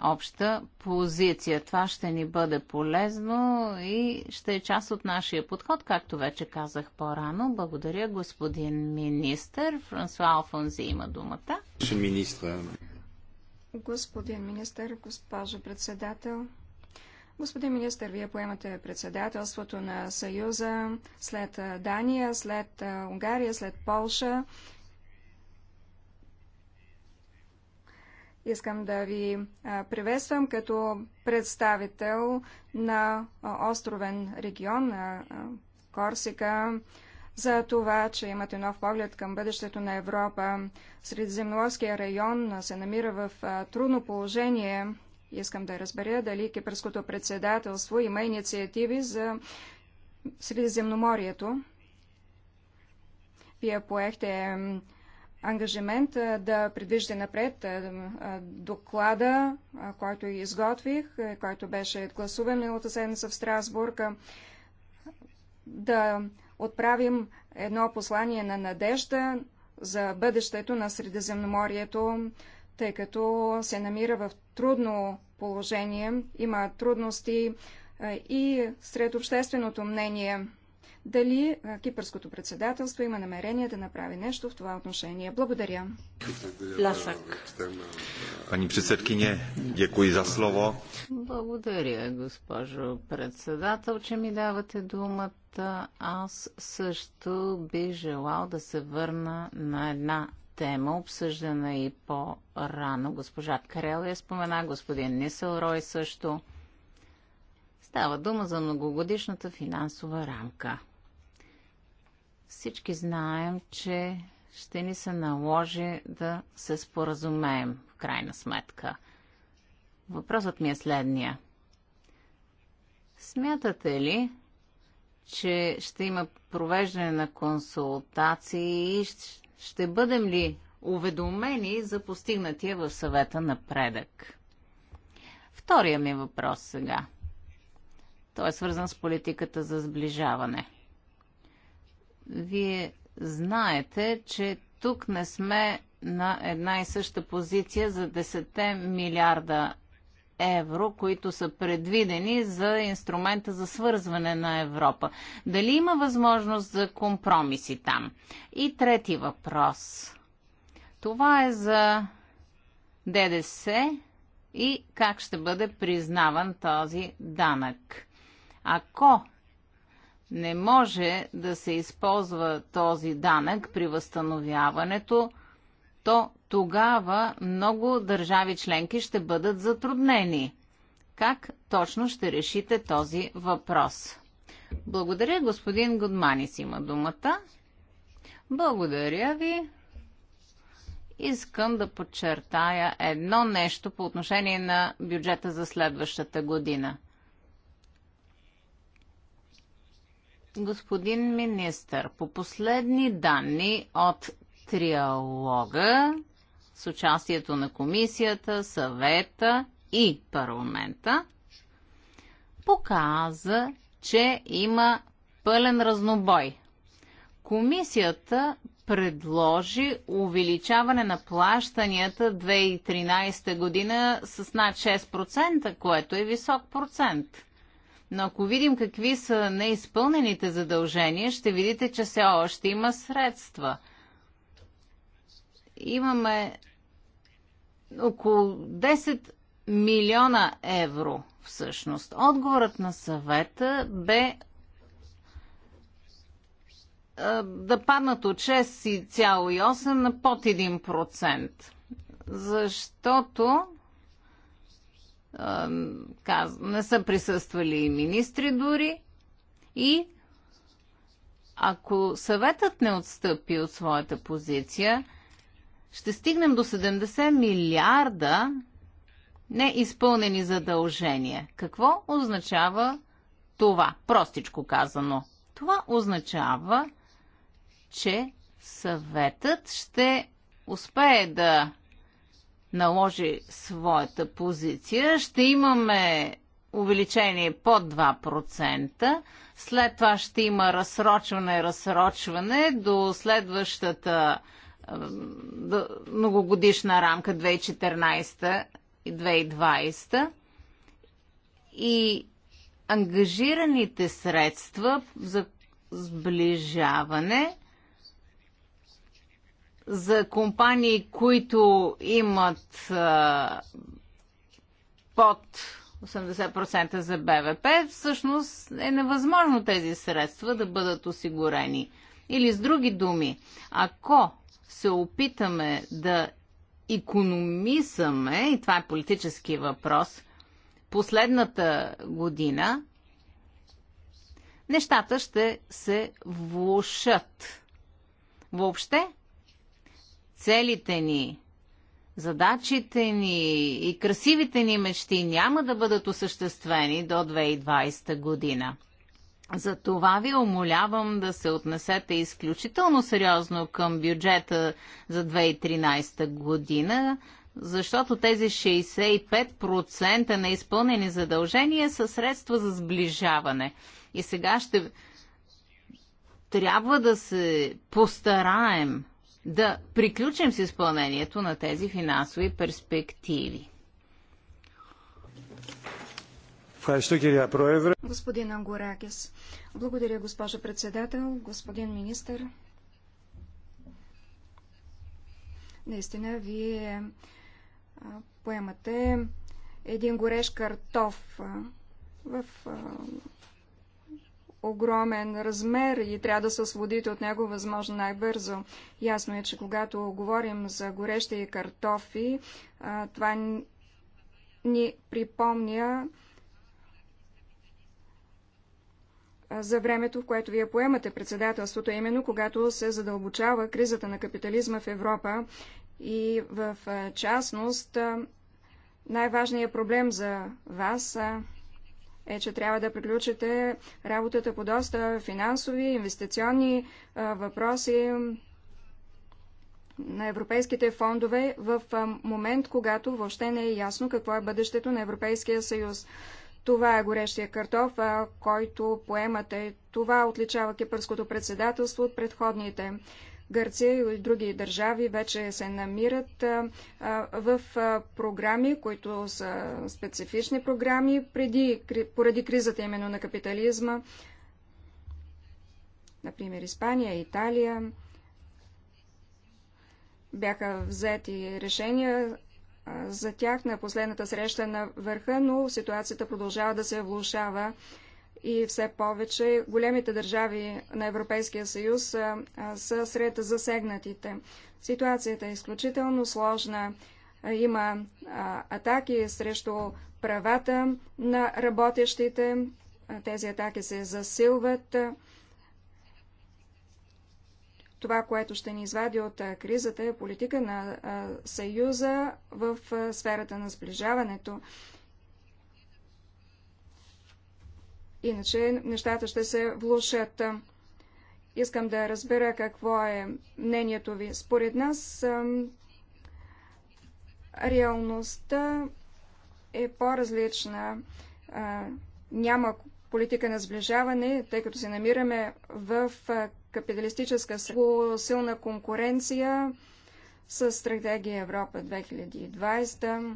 обща позиция. Това ще ни бъде полезно и ще е част от нашия подход, както вече казах по-рано. Благодаря, господин министр. Франсуа Алфонзи има думата. Господин министр, госпожо председател, Господин министр, вие поемате председателството на Съюза след Дания, след Унгария, след Полша. Искам да ви приветствам като представител на островен регион на Корсика за това, че имате нов поглед към бъдещето на Европа. Средиземноморския район се намира в трудно положение. Искам да разбера дали Кипърското председателство има инициативи за Средиземноморието. Вие поехте ангажимент да предвижда напред доклада, който изготвих, който беше гласуван миналата седмица в Страсбург, да отправим едно послание на надежда за бъдещето на Средиземноморието, тъй като се намира в трудно положение, има трудности и сред общественото мнение – дали кипърското председателство има намерение да направи нещо в това отношение. Благодаря. Ласък. Пани председкине, дякую за слово. Благодаря, госпожо председател, че ми давате думата. Аз също би желал да се върна на една тема, обсъждана и по-рано. Госпожа Крел я спомена, господин Нисел Рой също. Става дума за многогодишната финансова рамка. Всички знаем, че ще ни се наложи да се споразумеем в крайна сметка. Въпросът ми е следния. Смятате ли, че ще има провеждане на консултации и ще бъдем ли уведомени за постигнатия в съвета напредък? Втория ми въпрос сега. Той е свързан с политиката за сближаване – вие знаете, че тук не сме на една и съща позиция за 10 милиарда евро, които са предвидени за инструмента за свързване на Европа. Дали има възможност за компромиси там? И трети въпрос. Това е за ДДС и как ще бъде признаван този данък. Ако не може да се използва този данък при възстановяването, то тогава много държави членки ще бъдат затруднени. Как точно ще решите този въпрос? Благодаря, господин Гудманис има думата. Благодаря ви. Искам да подчертая едно нещо по отношение на бюджета за следващата година – Господин министър, по последни данни от триалога с участието на комисията, съвета и парламента, показа, че има пълен разнобой. Комисията предложи увеличаване на плащанията 2013 година с над 6%, което е висок процент. Но ако видим какви са неизпълнените задължения, ще видите, че все още има средства. Имаме около 10 милиона евро всъщност. Отговорът на съвета бе да паднат от 6,8 на под 1%. Защото каз... не са присъствали и министри дори. И ако съветът не отстъпи от своята позиция, ще стигнем до 70 милиарда неизпълнени задължения. Какво означава това? Простичко казано. Това означава, че съветът ще успее да наложи своята позиция. Ще имаме увеличение под 2%. След това ще има разсрочване, разсрочване до следващата до многогодишна рамка 2014 и 2020. И ангажираните средства за сближаване – за компании, които имат а, под 80% за БВП, всъщност е невъзможно тези средства да бъдат осигурени. Или с други думи, ако се опитаме да економисаме, и това е политически въпрос, последната година, нещата ще се влушат. Въобще, целите ни, задачите ни и красивите ни мечти няма да бъдат осъществени до 2020 година. За това ви умолявам да се отнесете изключително сериозно към бюджета за 2013 година, защото тези 65% на изпълнени задължения са средства за сближаване. И сега ще трябва да се постараем да приключим с изпълнението на тези финансови перспективи. Господин Ангоракис. Благодаря, госпожа председател, господин министър. Наистина, вие поемате един гореш картоф в огромен размер и трябва да се освободите от него възможно най-бързо. Ясно е, че когато говорим за горещи картофи, това ни припомня за времето, в което вие поемате председателството, именно когато се задълбочава кризата на капитализма в Европа и в частност най-важният проблем за вас е, че трябва да приключите работата по доста финансови, инвестиционни въпроси на европейските фондове в момент, когато въобще не е ясно какво е бъдещето на Европейския съюз. Това е горещия картоф, който поемате. Това отличава кипърското председателство от предходните. Гърция и други държави вече се намират в програми, които са специфични програми преди, поради кризата именно на капитализма. Например, Испания, Италия бяха взети решения за тях на последната среща на върха, но ситуацията продължава да се влушава и все повече големите държави на Европейския съюз са, са сред засегнатите. Ситуацията е изключително сложна. Има а, атаки срещу правата на работещите. Тези атаки се засилват. Това, което ще ни извади от кризата е политика на Съюза в сферата на сближаването. Иначе нещата ще се влушат. Искам да разбера какво е мнението ви. Според нас реалността е по-различна. Няма политика на сближаване, тъй като се намираме в капиталистическа силна конкуренция с стратегия Европа 2020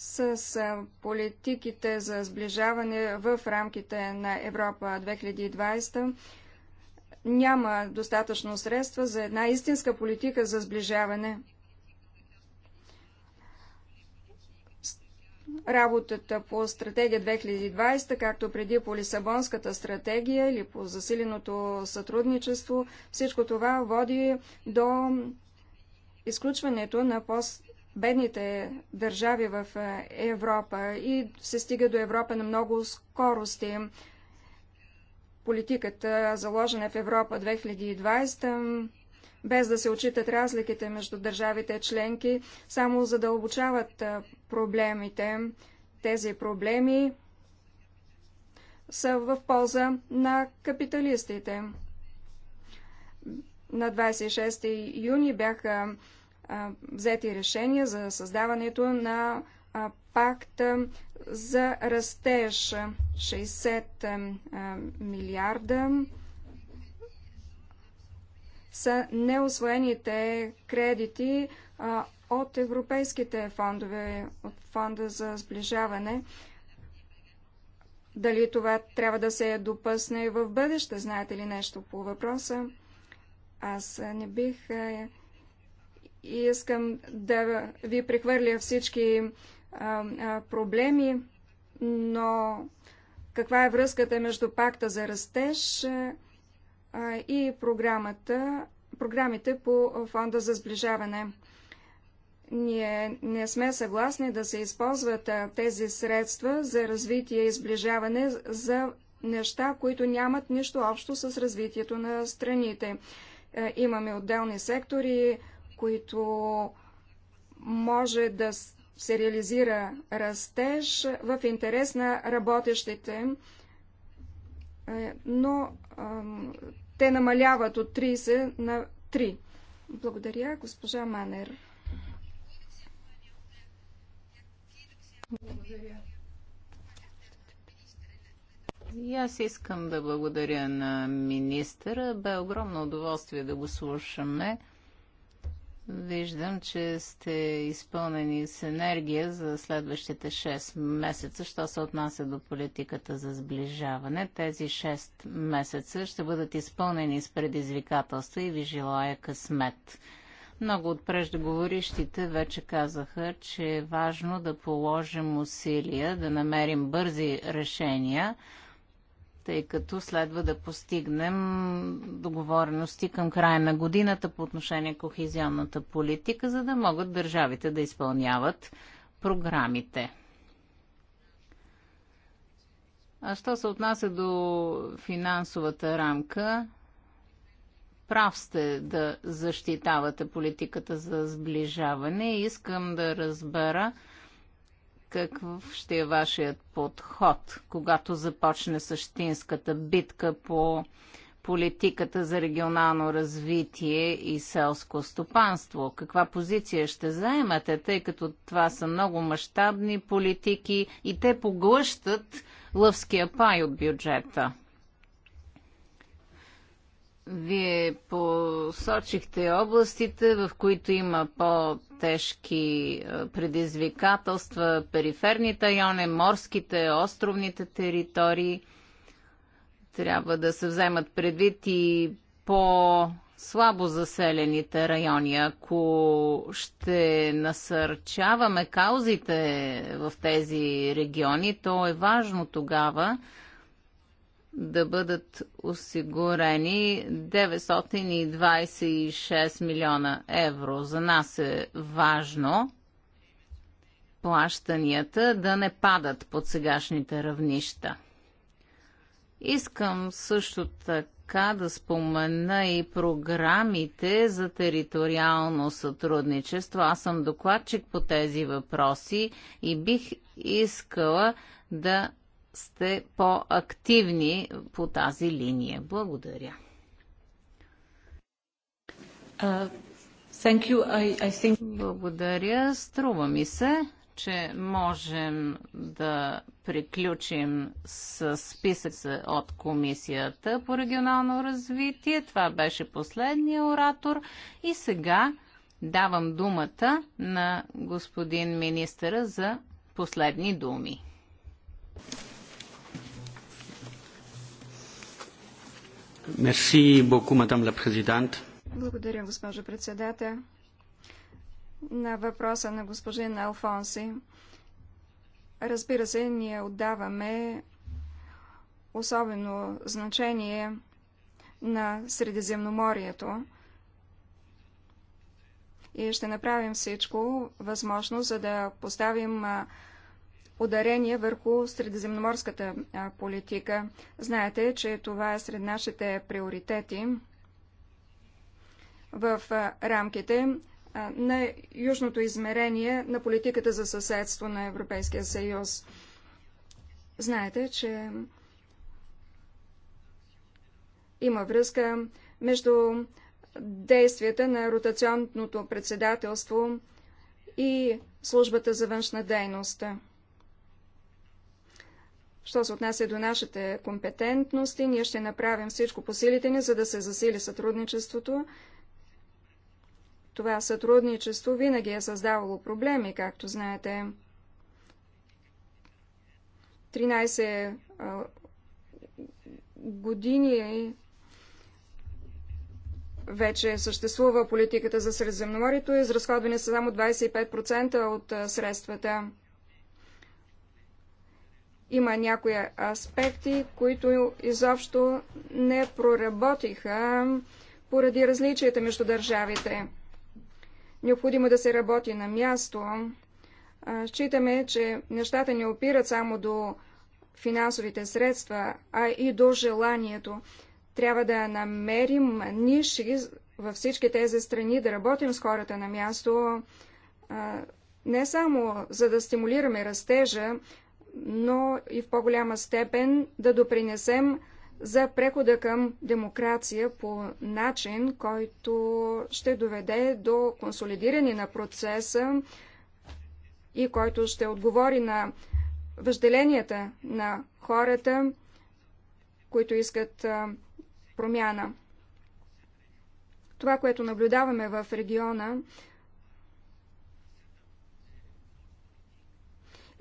с политиките за сближаване в рамките на Европа 2020 няма достатъчно средства за една истинска политика за сближаване. Работата по стратегия 2020, както преди по Лисабонската стратегия или по засиленото сътрудничество, всичко това води до изключването на пост бедните държави в е, Европа и се стига до Европа на много скорости. Политиката, заложена в Европа 2020, без да се отчитат разликите между държавите членки, само задълбочават е, проблемите. Тези проблеми са в полза на капиталистите. На 26 юни бяха взети решения за създаването на пакта за растеж 60 милиарда са неосвоените кредити от европейските фондове, от фонда за сближаване. Дали това трябва да се допъсне в бъдеще? Знаете ли нещо по въпроса? Аз не бих е, и искам да ви прехвърля всички проблеми, но каква е връзката между пакта за растеж и програмата, програмите по фонда за сближаване? Ние не сме съгласни да се използват тези средства за развитие и сближаване за неща, които нямат нищо общо с развитието на страните. имаме отделни сектори, които може да се реализира растеж в интерес на работещите, е, но те намаляват от 30 на 3. Благодаря, госпожа Манер. Благодаря. И аз искам да благодаря на министъра. Бе огромно удоволствие да го слушаме. Виждам, че сте изпълнени с енергия за следващите 6 месеца, що се отнася до политиката за сближаване. Тези 6 месеца ще бъдат изпълнени с предизвикателства и ви желая късмет. Много от преждеговорищите вече казаха, че е важно да положим усилия, да намерим бързи решения, тъй като следва да постигнем договорености към края на годината по отношение кохезионната политика, за да могат държавите да изпълняват програмите. А що се отнася до финансовата рамка, прав сте да защитавате политиката за сближаване. Искам да разбера какъв ще е вашият подход, когато започне същинската битка по политиката за регионално развитие и селско стопанство? Каква позиция ще заемате, тъй като това са много мащабни политики и те поглъщат лъвския пай от бюджета? Вие посочихте областите, в които има по-тежки предизвикателства, периферните райони, морските, островните територии. Трябва да се вземат предвид и по-слабо заселените райони. Ако ще насърчаваме каузите в тези региони, то е важно тогава да бъдат осигурени 926 милиона евро. За нас е важно плащанията да не падат под сегашните равнища. Искам също така да спомена и програмите за териториално сътрудничество. Аз съм докладчик по тези въпроси и бих искала да сте по-активни по тази линия. Благодаря. Uh, I, I think... Благодаря. Струва ми се, че можем да приключим с списък от Комисията по регионално развитие. Това беше последния оратор. И сега давам думата на господин министъра за последни думи. Благодаря, госпожо председател. На въпроса на господин Алфонси. Разбира се, ние отдаваме особено значение на Средиземноморието и ще направим всичко възможно, за да поставим ударение върху средиземноморската политика. Знаете, че това е сред нашите приоритети в рамките на южното измерение на политиката за съседство на Европейския съюз. Знаете, че има връзка между действията на ротационното председателство и службата за външна дейност. Що се отнася до нашите компетентности, ние ще направим всичко по силите ни, за да се засили сътрудничеството. Това сътрудничество винаги е създавало проблеми, както знаете. 13 години вече съществува политиката за Средиземноморието и изразходване са само 25% от средствата. Има някои аспекти, които изобщо не проработиха поради различията между държавите. Необходимо е да се работи на място. Считаме, че нещата не опират само до финансовите средства, а и до желанието. Трябва да намерим ниши във всички тези страни, да работим с хората на място, не само за да стимулираме растежа, но и в по-голяма степен да допринесем за прехода към демокрация по начин, който ще доведе до консолидиране на процеса и който ще отговори на въжделенията на хората, които искат промяна. Това, което наблюдаваме в региона,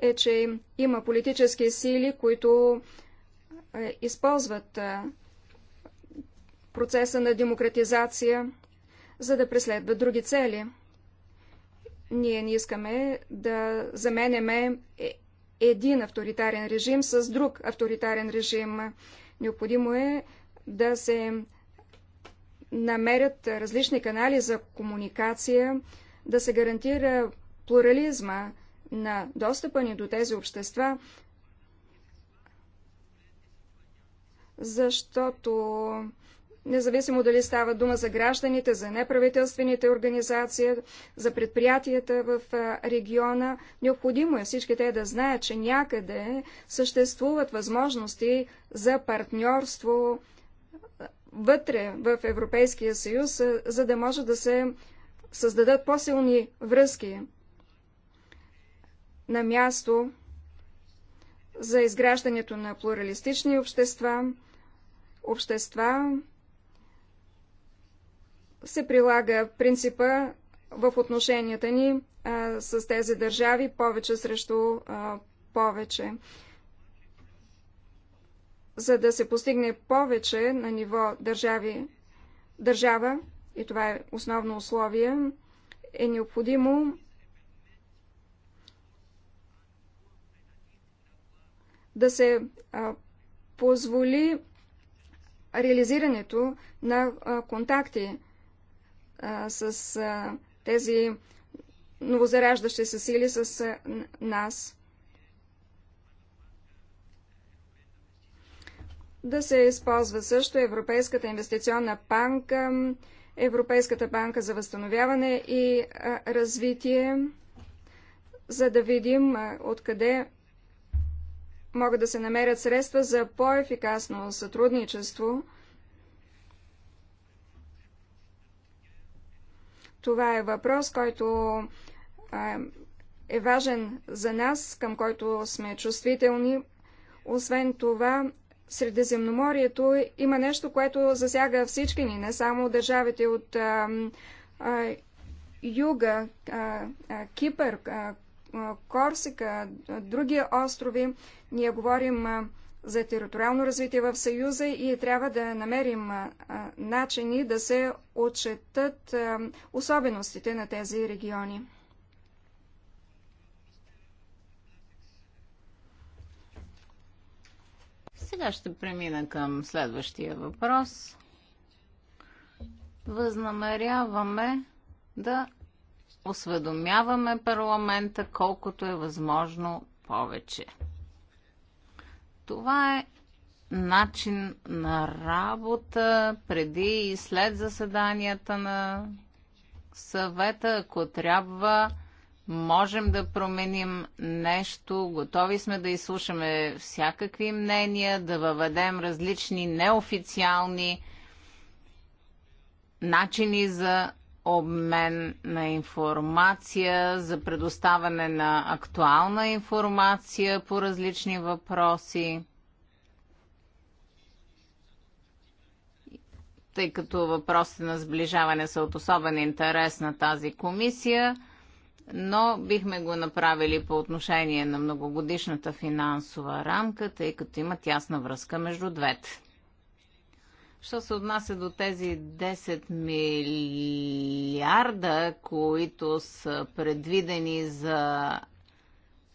е, че има политически сили, които е, използват е, процеса на демократизация, за да преследват други цели. Ние не искаме да заменяме е, един авторитарен режим с друг авторитарен режим. Необходимо е да се намерят различни канали за комуникация, да се гарантира плурализма, на достъпа ни до тези общества, защото независимо дали става дума за гражданите, за неправителствените организации, за предприятията в региона, необходимо е всички те да знаят, че някъде съществуват възможности за партньорство вътре в Европейския съюз, за да може да се създадат по-силни връзки на място за изграждането на плуралистични общества, общества се прилага принципа в отношенията ни а, с тези държави повече срещу а, повече. За да се постигне повече на ниво държави, държава, и това е основно условие, е необходимо да се позволи реализирането на контакти с тези новозараждащи се сили с нас. Да се използва също Европейската инвестиционна банка, Европейската банка за възстановяване и развитие, за да видим откъде могат да се намерят средства за по-ефикасно сътрудничество. Това е въпрос, който е важен за нас, към който сме чувствителни. Освен това, Средиземноморието има нещо, което засяга всички ни, не само държавите от а, а, юга, а, а, Кипър, а, Корсика, други острови. Ние говорим за териториално развитие в Съюза и трябва да намерим начини да се отчетат особеностите на тези региони. Сега ще премина към следващия въпрос. Възнамеряваме да осведомяваме парламента колкото е възможно повече. Това е начин на работа преди и след заседанията на съвета, ако трябва, можем да променим нещо, готови сме да изслушаме всякакви мнения, да въведем различни неофициални начини за обмен на информация, за предоставяне на актуална информация по различни въпроси. Тъй като въпросите на сближаване са от особен интерес на тази комисия, но бихме го направили по отношение на многогодишната финансова рамка, тъй като има тясна връзка между двете. Що се отнася до тези 10 милиарда, които са предвидени за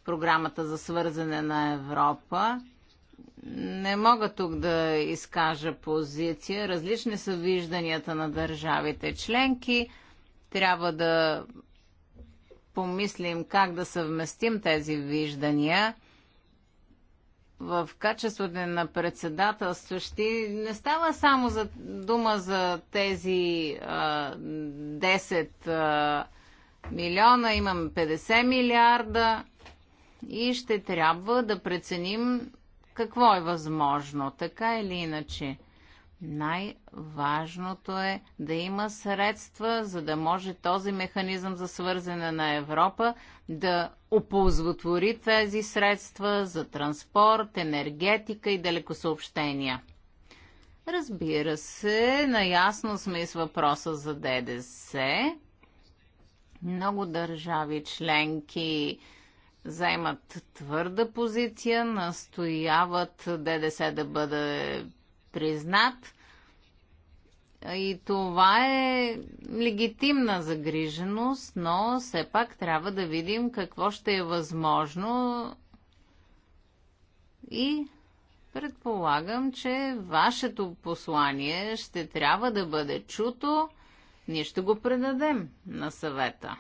програмата за свързане на Европа, не мога тук да изкажа позиция. Различни са вижданията на държавите членки. Трябва да помислим как да съвместим тези виждания в качеството на председателстващи не става само за дума за тези а, 10 а, милиона, имам 50 милиарда и ще трябва да преценим какво е възможно, така или иначе. Най-важното е да има средства, за да може този механизъм за свързане на Европа да оползвотвори тези средства за транспорт, енергетика и далекосъобщения. Разбира се, наясно сме и с въпроса за ДДС. Много държави членки заемат твърда позиция, настояват ДДС да бъде признат. И това е легитимна загриженост, но все пак трябва да видим какво ще е възможно и предполагам, че вашето послание ще трябва да бъде чуто. Ние ще го предадем на съвета.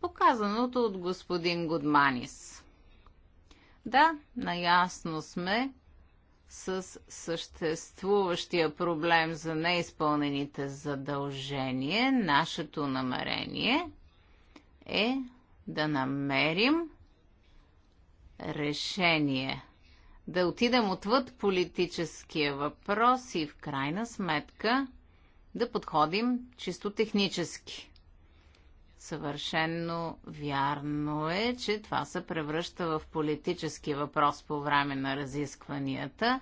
Показаното от господин Гудманис. Да, наясно сме, с съществуващия проблем за неизпълнените задължения, нашето намерение е да намерим решение, да отидем отвъд политическия въпрос и в крайна сметка да подходим чисто технически. Съвършенно вярно е, че това се превръща в политически въпрос по време на разискванията.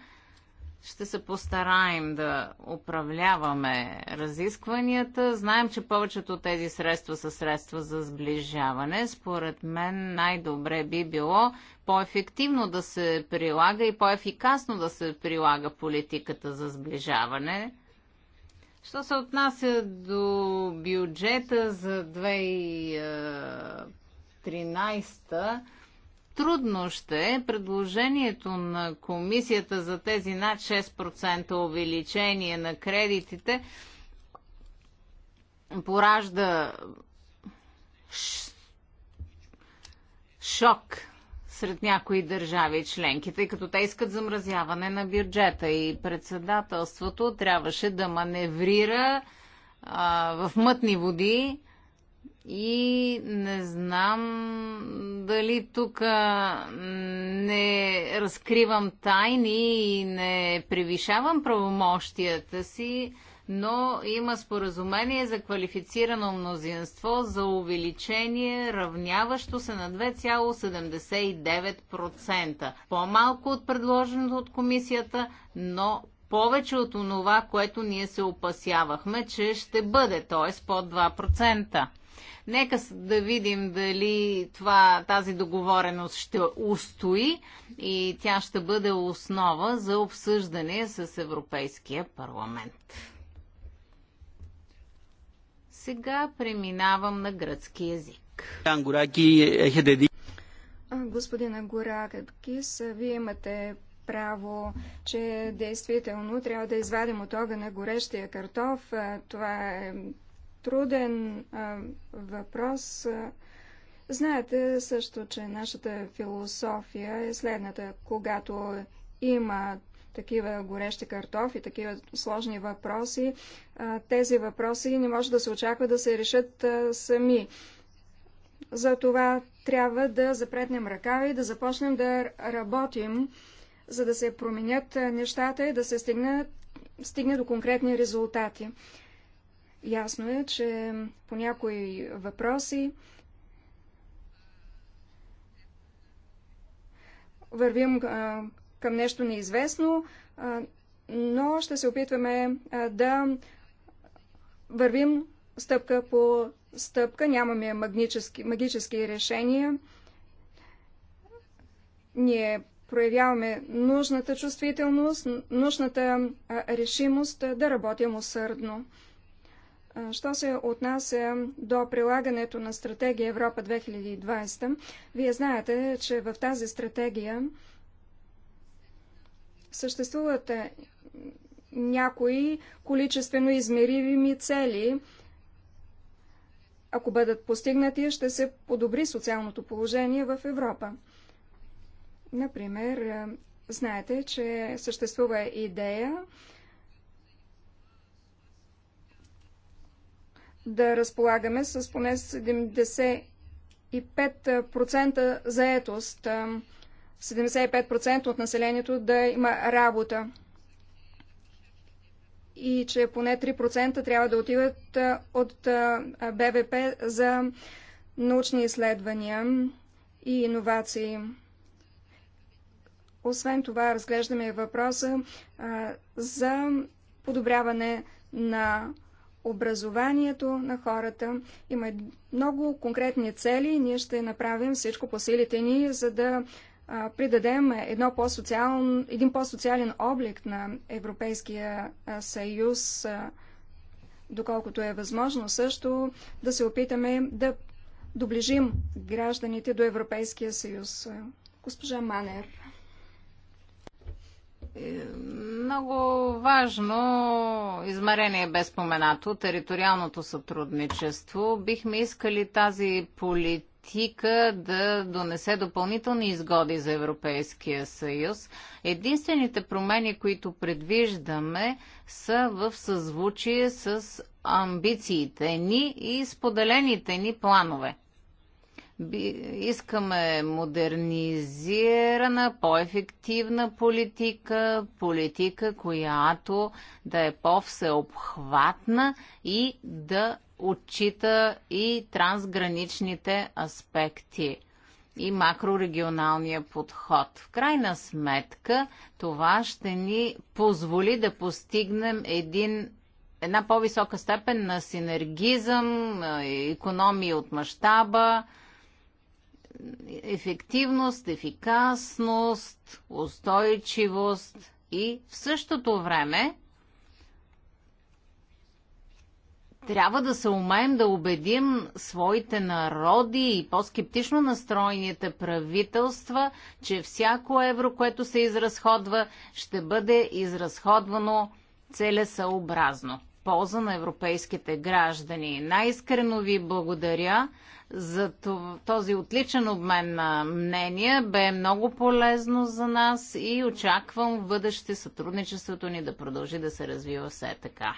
Ще се постараем да управляваме разискванията. Знаем, че повечето от тези средства са средства за сближаване. Според мен най-добре би било по-ефективно да се прилага и по-ефикасно да се прилага политиката за сближаване Що се отнася до бюджета за 2013, трудно ще е предложението на комисията за тези над 6% увеличение на кредитите поражда шок сред някои държави членки, тъй като те искат замразяване на бюджета и председателството трябваше да маневрира а, в мътни води и не знам дали тук не разкривам тайни и не превишавам правомощията си но има споразумение за квалифицирано мнозинство за увеличение, равняващо се на 2,79%. По-малко от предложеното от комисията, но повече от онова, което ние се опасявахме, че ще бъде, т.е. под 2%. Нека да видим дали това, тази договореност ще устои и тя ще бъде основа за обсъждане с Европейския парламент. Сега преминавам на гръцки язик. Господин Агуракис, вие имате право, че действително трябва да извадим от огъня горещия картоф. Това е труден въпрос. Знаете също, че нашата философия е следната. Когато има такива горещи картофи, такива сложни въпроси. Тези въпроси не може да се очаква да се решат сами. За това трябва да запретнем ръкава и да започнем да работим, за да се променят нещата и да се стигне, стигне до конкретни резултати. Ясно е, че по някои въпроси вървим към нещо неизвестно, но ще се опитваме да вървим стъпка по стъпка. Нямаме магически, магически решения. Ние проявяваме нужната чувствителност, нужната решимост да работим усърдно. Що се отнася до прилагането на стратегия Европа 2020, вие знаете, че в тази стратегия Съществуват е, някои количествено измерими цели. Ако бъдат постигнати, ще се подобри социалното положение в Европа. Например, е, знаете, че съществува идея да разполагаме с поне 75% заетост. Е, 75% от населението да има работа и че поне 3% трябва да отиват от БВП за научни изследвания и иновации. Освен това, разглеждаме въпроса а, за подобряване на образованието на хората. Има много конкретни цели. Ние ще направим всичко по силите ни, за да придадем едно по един по-социален облик на Европейския съюз, доколкото е възможно също да се опитаме да доближим гражданите до Европейския съюз. Госпожа Манер. Е, много важно измерение бе споменато териториалното сътрудничество. Бихме искали тази политика политика да донесе допълнителни изгоди за Европейския съюз. Единствените промени, които предвиждаме, са в съзвучие с амбициите ни и споделените ни планове искаме модернизирана, по-ефективна политика, политика, която да е по-всеобхватна и да отчита и трансграничните аспекти и макрорегионалния подход. В крайна сметка това ще ни позволи да постигнем един една по-висока степен на синергизъм, економии от мащаба, ефективност, ефикасност, устойчивост и в същото време трябва да се умеем да убедим своите народи и по-скептично настроените правителства, че всяко евро, което се изразходва, ще бъде изразходвано целесъобразно полза на европейските граждани. Най-искрено ви благодаря за този отличен обмен на мнения. Бе много полезно за нас и очаквам в бъдеще сътрудничеството ни да продължи да се развива все така.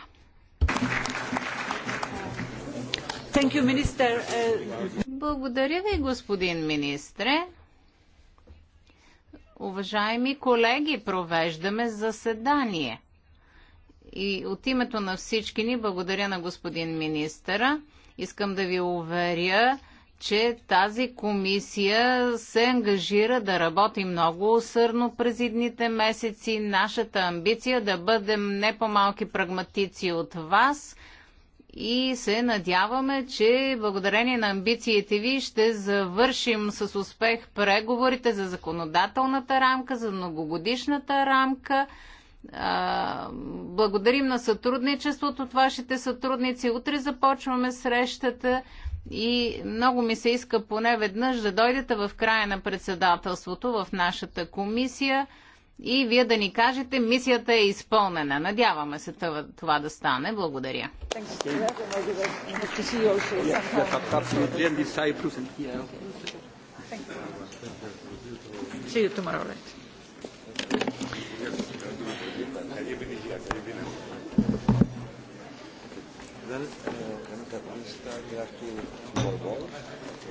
Благодаря ви, господин министре. Уважаеми колеги, провеждаме заседание. И от името на всички ни благодаря на господин министъра. Искам да ви уверя, че тази комисия се ангажира да работи много усърно през едните месеци. Нашата амбиция да бъдем не по-малки прагматици от вас – и се надяваме, че благодарение на амбициите ви ще завършим с успех преговорите за законодателната рамка, за многогодишната рамка. Благодарим на сътрудничеството от вашите сътрудници. Утре започваме срещата и много ми се иска поне веднъж да дойдете в края на председателството в нашата комисия и вие да ни кажете, мисията е изпълнена. Надяваме се това, това да стане. Благодаря.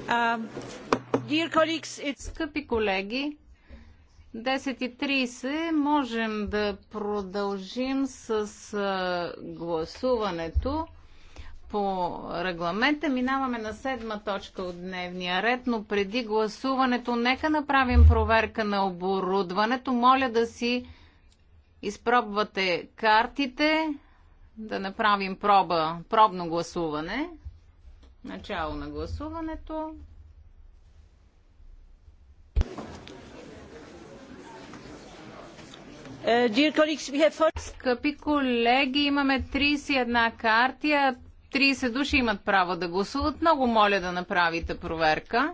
Um, Скъпи колеги, 10.30 можем да продължим с гласуването по регламента. Минаваме на седма точка от дневния ред, но преди гласуването нека направим проверка на оборудването. Моля да си изпробвате картите, да направим проба, пробно гласуване. Начало на гласуването. Uh, Скъпи колеги, имаме 31 картия. 30 души имат право да гласуват. Много моля да направите проверка.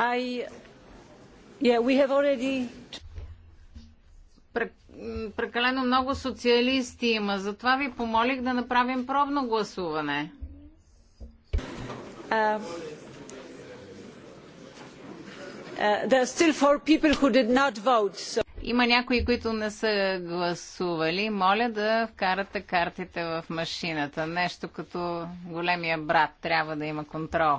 I Yeah, we have already... Прекалено много социалисти има, затова ви помолих да направим пробно гласуване. Uh, uh, vote, so... Има някои, които не са гласували. Моля да вкарате картите в машината. Нещо като големия брат. Трябва да има контрол.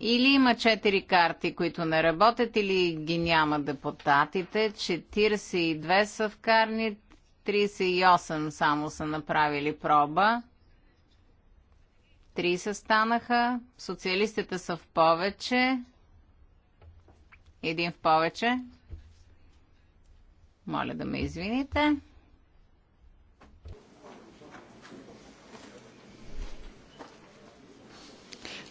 Или има четири карти, които не работят, или ги няма депутатите. 42 са в карни, 38 само са направили проба. Три са станаха, социалистите са в повече. Един в повече. Моля да ме извините.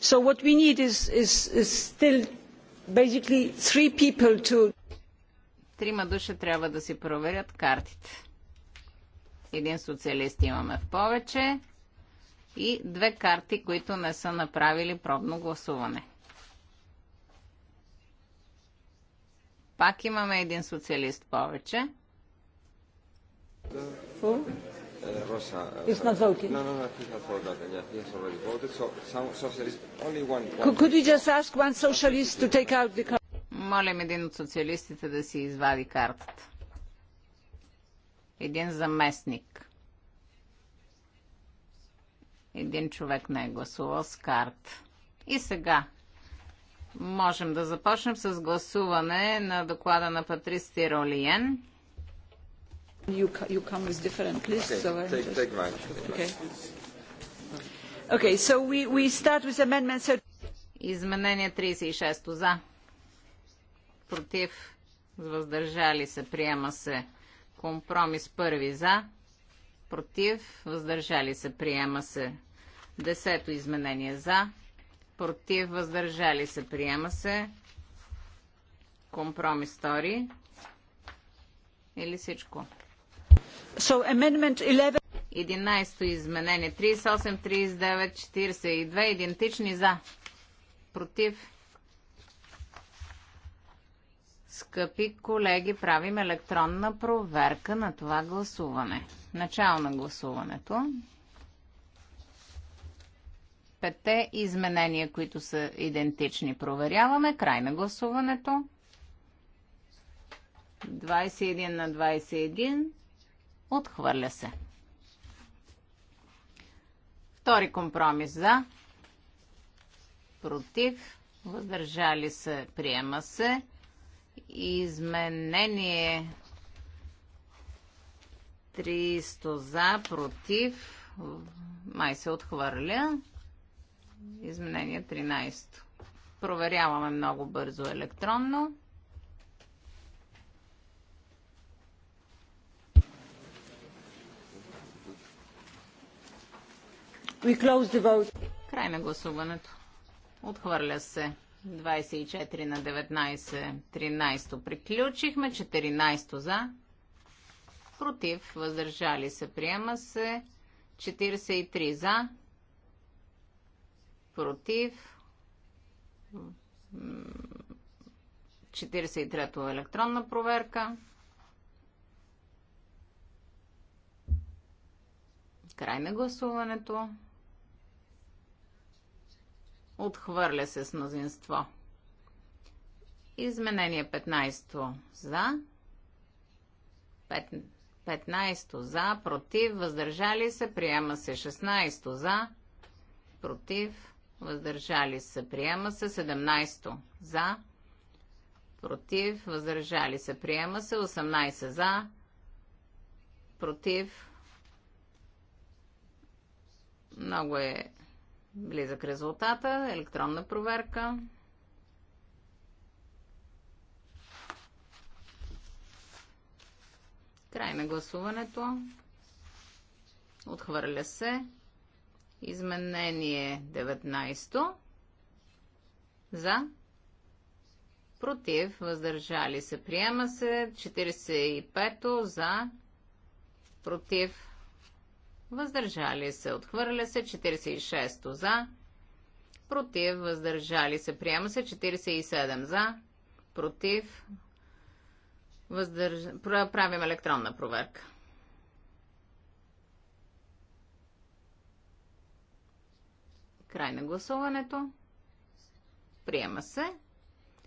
so what we need is, is, is still basically three people to Трима души трябва да си проверят картите. Един социалист имаме в повече и две карти, които не са направили пробно гласуване. Пак имаме един социалист повече. Rosa. Eh, it's not voting. No, no, no, he's not for that. Yeah, he has already voted. So, some socialist, only one. Could, could we just ask one socialist to take out the card? Молим един от социалистите да си извади картата. Един заместник. Един човек не е гласувал с карта. И сега можем да започнем с гласуване на доклада на Патрис Тиролиен. You, you come with different lists, okay. so I take, just... take mine. Okay. Okay, so we, we start with amendment... Изменение 36 за. Против. Въздържали се. Приема се. Компромис първи за. Против. Въздържали се. Приема се. Десето изменение за. Против. Въздържали се. Приема се. Компромис втори. Или всичко. So, 11... изменение. 38, 39, 42 идентични за. Против. Скъпи колеги, правим електронна проверка на това гласуване. Начало на гласуването. Пете изменения, които са идентични, проверяваме. Край на гласуването. 21 на 21. Отхвърля се. Втори компромис за. Против. Въздържали се. Приема се. Изменение 300 за. Против. Май се отхвърля. Изменение 13. Проверяваме много бързо електронно. Край на гласуването. Отхвърля се. 24 на 19, 13 приключихме, 14 за, против, въздържали се, приема се, 43 за, против, 43-то електронна проверка. Край на гласуването. Отхвърля се с мнозинство. Изменение 15 за. 15 за, против, въздържали се, приема се 16 за, против, въздържали се, приема се 17 за, против, въздържали се, приема се 18 за, против, много е Близък резултата. Електронна проверка. Край на гласуването. Отхвърля се. Изменение 19. За. Против. Въздържали се. Приема се. 45. За. Против въздържали се, отхвърля се, 46 за, против, въздържали се, приема се, 47 за, против, въздърж... правим електронна проверка. Край на гласуването. Приема се.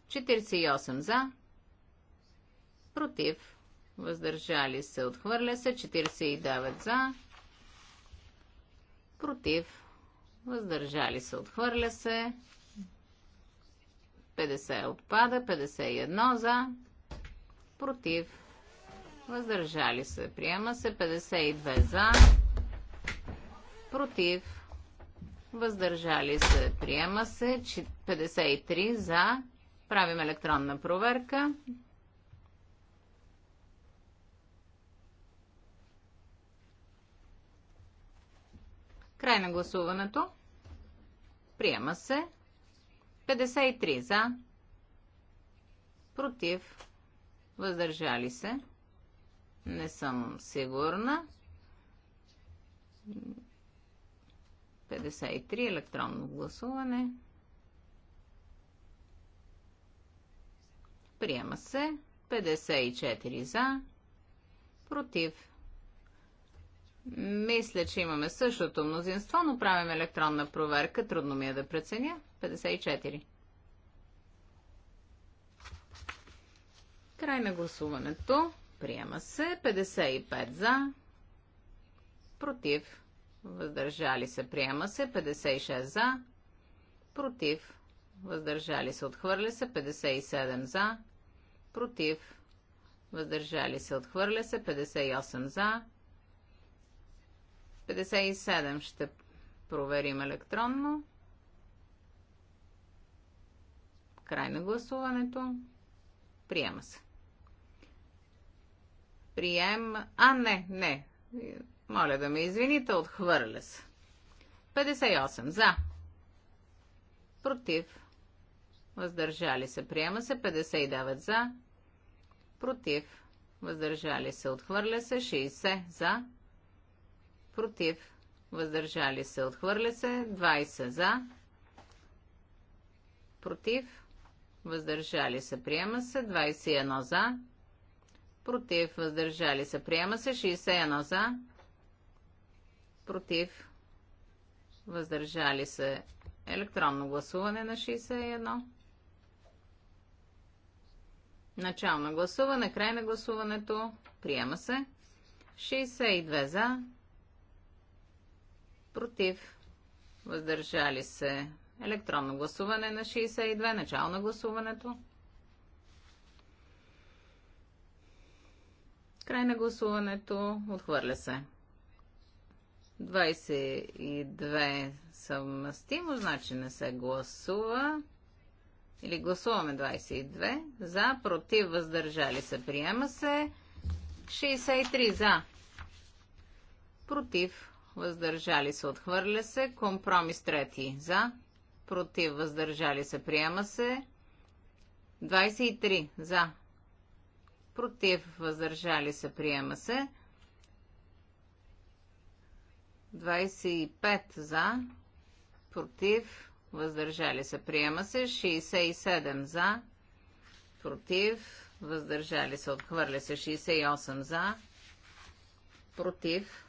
48 за. Против. Въздържали се. Отхвърля се. 49 за против, въздържали се, отхвърля се. 50 отпада, 51 за, против, въздържали се, приема се, 52 за, против, въздържали се, приема се, 53 за, правим електронна проверка. Край на гласуването. Приема се. 53 за. Против. Въздържали се. Не съм сигурна. 53 електронно гласуване. Приема се. 54 за. Против. Мисля, че имаме същото мнозинство, но правим електронна проверка. Трудно ми е да преценя. 54. Край на гласуването. Приема се. 55 за. Против. Въздържали се. Приема се. 56 за. Против. Въздържали се. Отхвърля се. 57 за. Против. Въздържали се. Отхвърля се. 58 за 57 ще проверим електронно. Край на гласуването. Приема се. Прием... А, не, не. Моля да ме извините, отхвърля се. 58. За. Против. Въздържали се. Приема се. 59. За. Против. Въздържали се. Отхвърля се. 60. За против, въздържали се, отхвърля се, 20 за, против, въздържали се, приема се, 21 за, против, въздържали се, приема се, 61 за, против, въздържали се, електронно гласуване на 61. Начално на гласуване, край на гласуването, приема се. 62 за, против, въздържали се. Електронно гласуване на 62, начало на гласуването. Край на гласуването, отхвърля се. 22 съвместимо, значи не се гласува. Или гласуваме 22. За, против, въздържали се, приема се. 63 за. Против, въздържали се, отхвърля се. Компромис трети за, против, въздържали се, приема се. 23 за, против, въздържали се, приема се. 25 за, против, въздържали се, приема се. 67 за, против, въздържали се, отхвърля се. 68 за, против,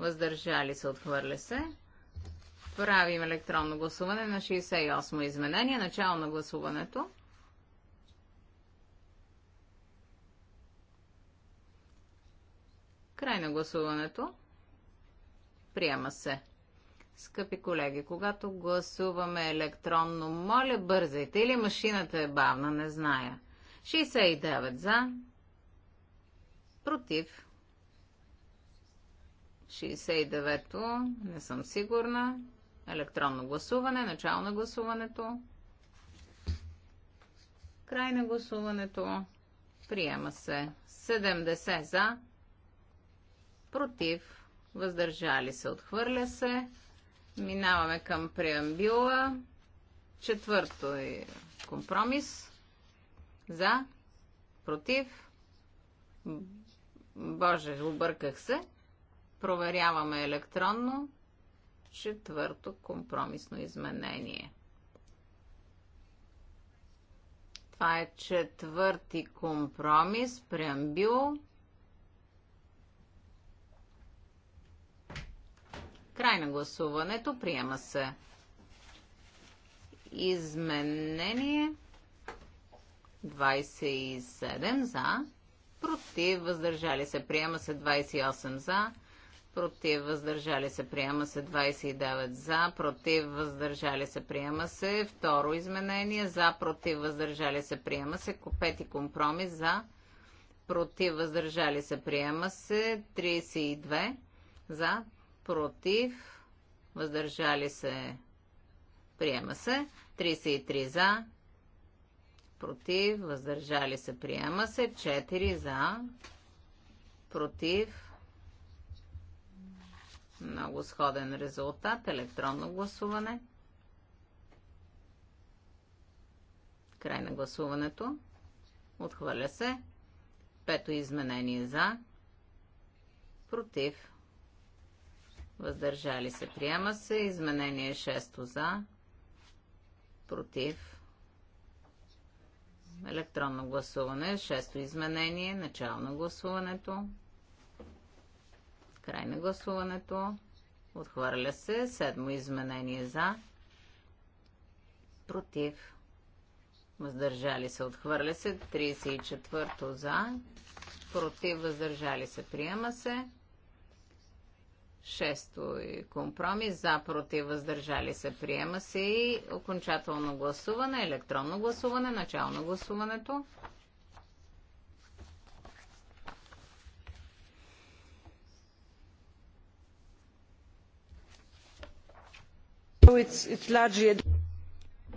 въздържали се, отхвърля се. Правим електронно гласуване на 68 изменение, начало на гласуването. Край на гласуването. Приема се. Скъпи колеги, когато гласуваме електронно, моля бързайте или машината е бавна, не зная. 69 за, против 69-то, не съм сигурна. Електронно гласуване, начало на гласуването. Край на гласуването. Приема се 70 за, против, въздържали се, отхвърля се. Минаваме към преамбюла. Четвърто е компромис. За, против. Боже, обърках се. Проверяваме електронно четвърто компромисно изменение. Това е четвърти компромис, преамбил. Край на гласуването. Приема се изменение 27 за, против, въздържали се. Приема се 28 за, против, въздържали се, приема се 29 за, против, въздържали се, приема се. Второ изменение за, против, въздържали се, приема се. Пети компромис за, против, въздържали се, приема се. 32 за, против, въздържали се, приема се. 33 за, против, въздържали се, приема се. 4 за, против, много сходен резултат. Електронно гласуване. Край на гласуването. Отхвърля се. Пето изменение за. Против. Въздържали се. Приема се. Изменение 6 за. Против. Електронно гласуване. Шесто изменение. Начало на гласуването. Край на гласуването. Отхвърля се. Седмо изменение за. Против. Въздържали се. Отхвърля се. 34-то за. Против. Въздържали се. Приема се. Шесто и компромис. За. Против. Въздържали се. Приема се. И окончателно гласуване. Електронно гласуване. Начало на гласуването.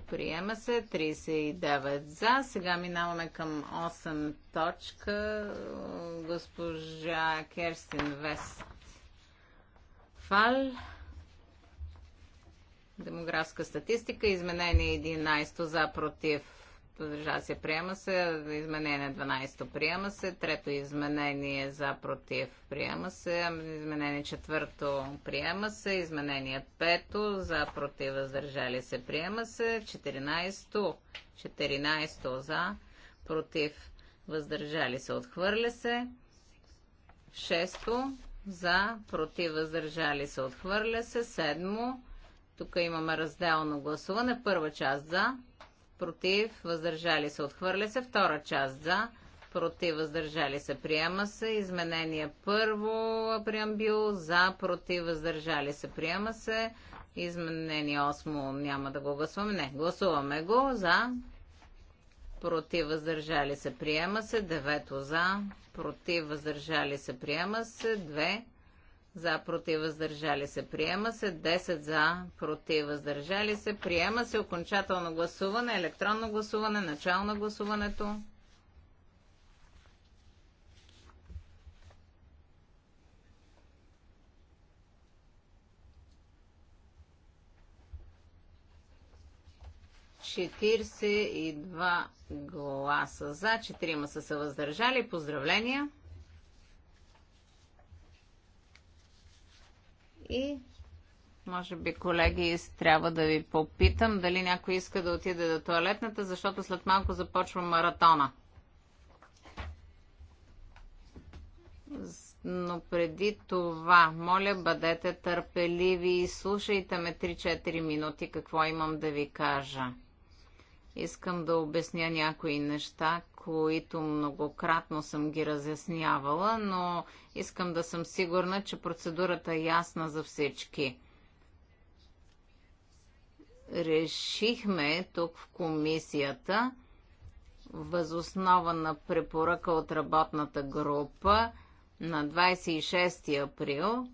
Приема се 39 за. Сега минаваме към 8 точка. Госпожа Керстин Вест. Фал. Демографска статистика. Изменение 11 за против Въздържа се, приема се. Изменение 12 приема се. Трето изменение за против приема се. Изменение четвърто приема се. Изменение пето за против въздържали се приема се. 14 14 за против въздържали се отхвърля се. Шесто за против въздържали се отхвърля се. Седмо тук имаме разделно гласуване. Първа част за против, въздържали се, отхвърля се. Втора част за, против, въздържали се, приема се. Изменение първо, преамбюл, за, против, въздържали се, приема се. Изменение 8 няма да го гласуваме. Не, гласуваме го за, против, въздържали се, приема се. Девето за, против, въздържали се, приема се. Две за, против, въздържали се, приема се. 10 за, против, въздържали се, приема се. Окончателно гласуване, електронно гласуване, начало на гласуването. Четиридесет и два гласа за, четирима са се въздържали. Поздравления! И може би, колеги, трябва да ви попитам дали някой иска да отиде до туалетната, защото след малко започва маратона. Но преди това, моля, бъдете търпеливи и слушайте ме 3-4 минути какво имам да ви кажа. Искам да обясня някои неща, които многократно съм ги разяснявала, но искам да съм сигурна, че процедурата е ясна за всички. Решихме тук в комисията, възоснова на препоръка от работната група на 26 април,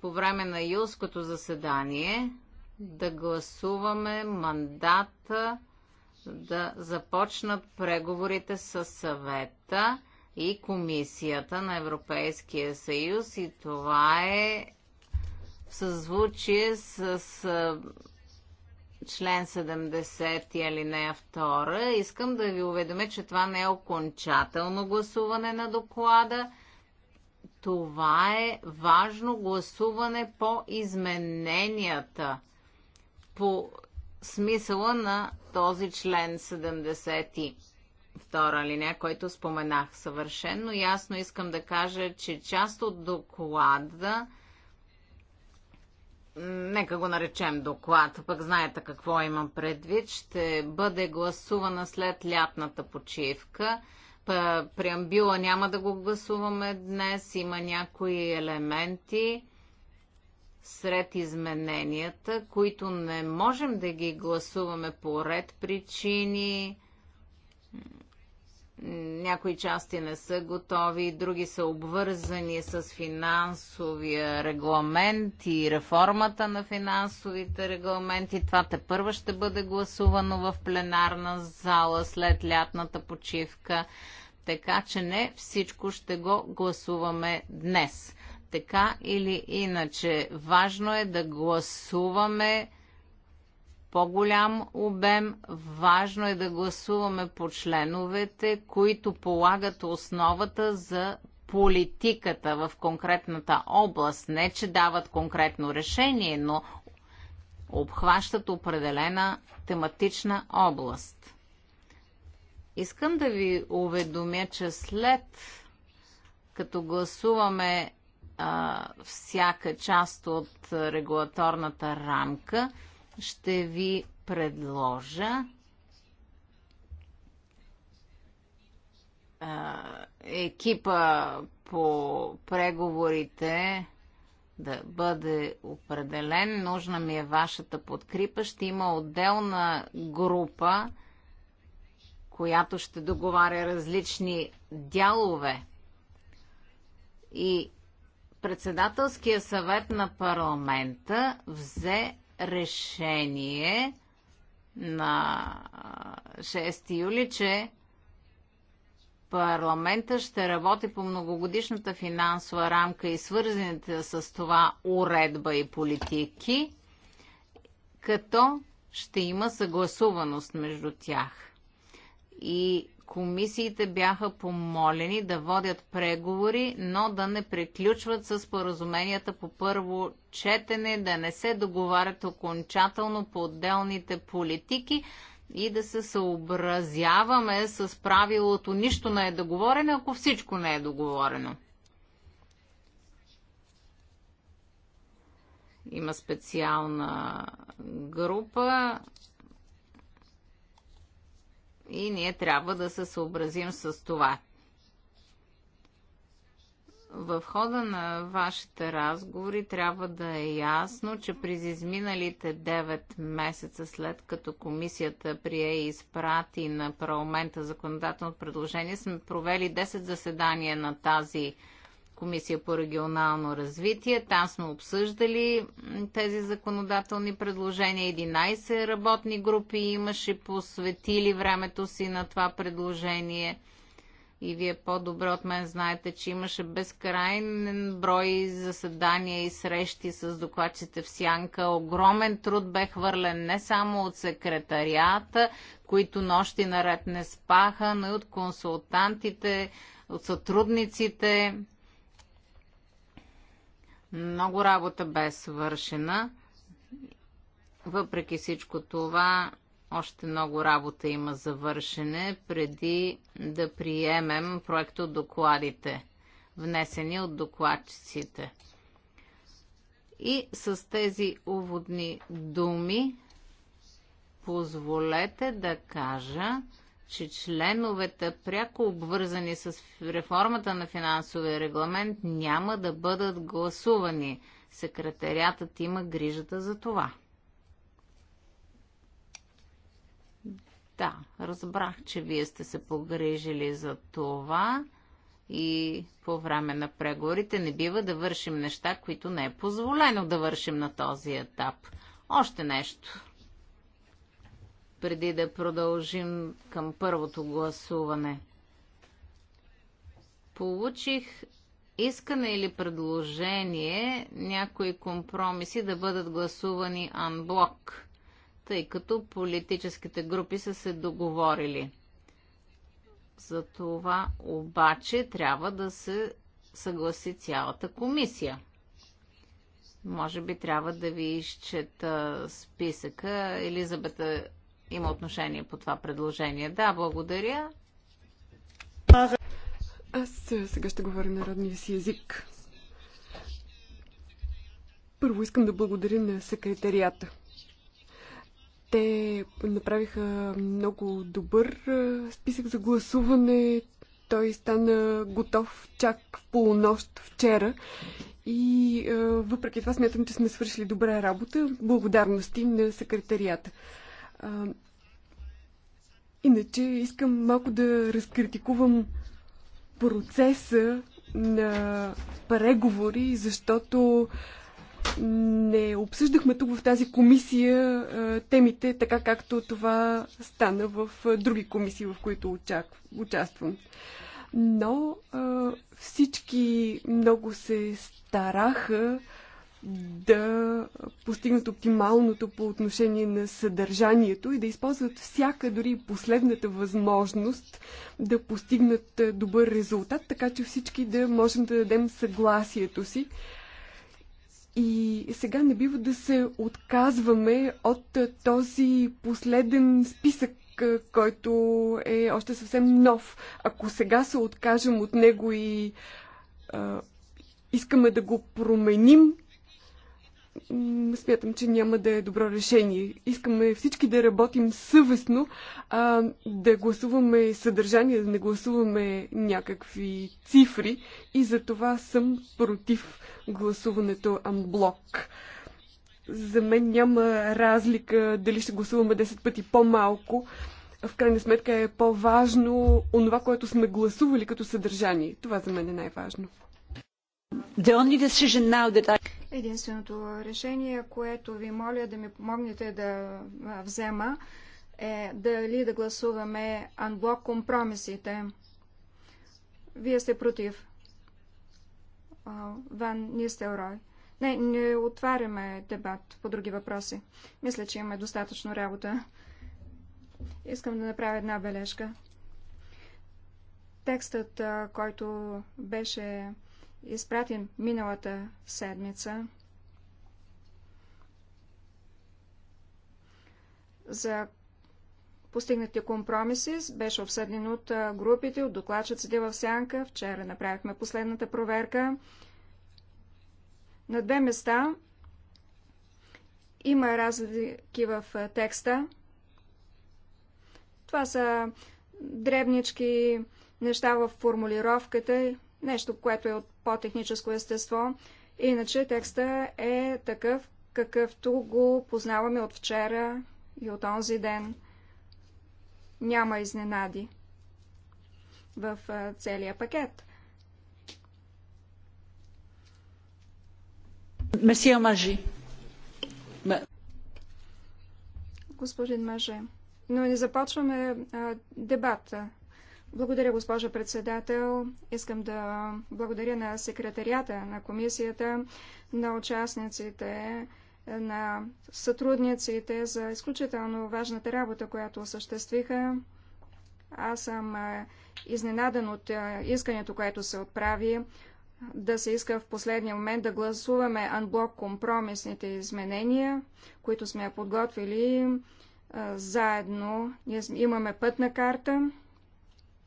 по време на юлското заседание, да гласуваме мандата да започнат преговорите с съвета и комисията на Европейския съюз и това е в съзвучие с, с член 70 алинея 2. Искам да ви уведомя, че това не е окончателно гласуване на доклада. Това е важно гласуване по измененията – по смисъла на този член 72 линия, който споменах. Съвършенно ясно искам да кажа, че част от доклада нека го наречем доклад, пък знаете какво имам предвид, ще бъде гласувана след лятната почивка. Преамбила няма да го гласуваме днес, има някои елементи, сред измененията, които не можем да ги гласуваме по ред причини. Някои части не са готови, други са обвързани с финансовия регламент и реформата на финансовите регламенти. Това те първо ще бъде гласувано в пленарна зала след лятната почивка, така че не всичко ще го гласуваме днес така или иначе. Важно е да гласуваме по-голям обем. Важно е да гласуваме по членовете, които полагат основата за политиката в конкретната област. Не, че дават конкретно решение, но обхващат определена тематична област. Искам да ви уведомя, че след като гласуваме а, всяка част от регулаторната рамка, ще ви предложа а, екипа по преговорите да бъде определен. Нужна ми е вашата подкрипа. Ще има отделна група, която ще договаря различни дялове. И председателския съвет на парламента взе решение на 6 юли, че парламента ще работи по многогодишната финансова рамка и свързаните с това уредба и политики, като ще има съгласуваност между тях. И комисиите бяха помолени да водят преговори, но да не приключват с поразуменията по първо четене, да не се договарят окончателно по отделните политики и да се съобразяваме с правилото нищо не е договорено, ако всичко не е договорено. Има специална група и ние трябва да се съобразим с това. В хода на вашите разговори трябва да е ясно, че през изминалите 9 месеца след като комисията прие и изпрати на парламента законодателно предложение, сме провели 10 заседания на тази комисия Комисия по регионално развитие. Там сме обсъждали тези законодателни предложения. 11 работни групи имаше, посветили времето си на това предложение. И вие по-добре от мен знаете, че имаше безкрайен брой заседания и срещи с докладчите в Сянка. Огромен труд бе хвърлен не само от секретарията, които нощи наред не спаха, но и от консултантите, от сътрудниците много работа бе свършена. Въпреки всичко това, още много работа има за вършене преди да приемем проекто докладите, внесени от докладчиците. И с тези уводни думи позволете да кажа, че членовете, пряко обвързани с реформата на финансовия регламент, няма да бъдат гласувани. Секретарятът има грижата за това. Да, разбрах, че вие сте се погрижили за това и по време на преговорите не бива да вършим неща, които не е позволено да вършим на този етап. Още нещо преди да продължим към първото гласуване. Получих искане или предложение някои компромиси да бъдат гласувани анблок, тъй като политическите групи са се договорили. За това обаче трябва да се съгласи цялата комисия. Може би трябва да ви изчета списъка. Елизабета има отношение по това предложение. Да, благодаря. Аз е, сега ще говоря на родния си език. Първо искам да благодаря на секретарията. Те направиха много добър е, списък за гласуване. Той стана готов чак в полунощ вчера. И е, въпреки това смятам, че сме свършили добра работа. Благодарности на секретарията. А, иначе искам малко да разкритикувам процеса на преговори, защото не обсъждахме тук в тази комисия темите така както това стана в други комисии, в които участвам. Но всички много се стараха да постигнат оптималното по отношение на съдържанието и да използват всяка, дори последната възможност да постигнат е, добър резултат, така че всички да можем да дадем съгласието си. И сега не бива да се отказваме от е, този последен списък, е, който е още съвсем нов. Ако сега се откажем от него и а, искаме да го променим, смятам, че няма да е добро решение. Искаме всички да работим съвестно, а да гласуваме съдържание, да не гласуваме някакви цифри и за това съм против гласуването амблок. За мен няма разлика дали ще гласуваме 10 пъти по-малко. В крайна сметка е по-важно онова, което сме гласували като съдържание. Това за мен е най-важно. I... Единственото решение, което ви моля да ми помогнете да взема, е дали да гласуваме анблок компромисите. Вие сте против. Ван Нистелрой. Не, не отваряме дебат по други въпроси. Мисля, че имаме достатъчно работа. Искам да направя една бележка. Текстът, който беше изпратен миналата седмица за постигнати компромиси, беше обсъден от групите, от докладчиците в Сянка. Вчера направихме последната проверка. На две места има разлики в текста. Това са дребнички неща в формулировката нещо, което е от по-техническо естество. Иначе текста е такъв, какъвто го познаваме от вчера и от онзи ден. Няма изненади в целия пакет. Месия Мажи. Господин Мажи, Но не започваме а, дебата. Благодаря, госпожа председател. Искам да благодаря на секретарията на комисията, на участниците, на сътрудниците за изключително важната работа, която осъществиха. Аз съм изненадан от искането, което се отправи да се иска в последния момент да гласуваме анблок компромисните изменения, които сме подготвили заедно. Ние имаме пътна карта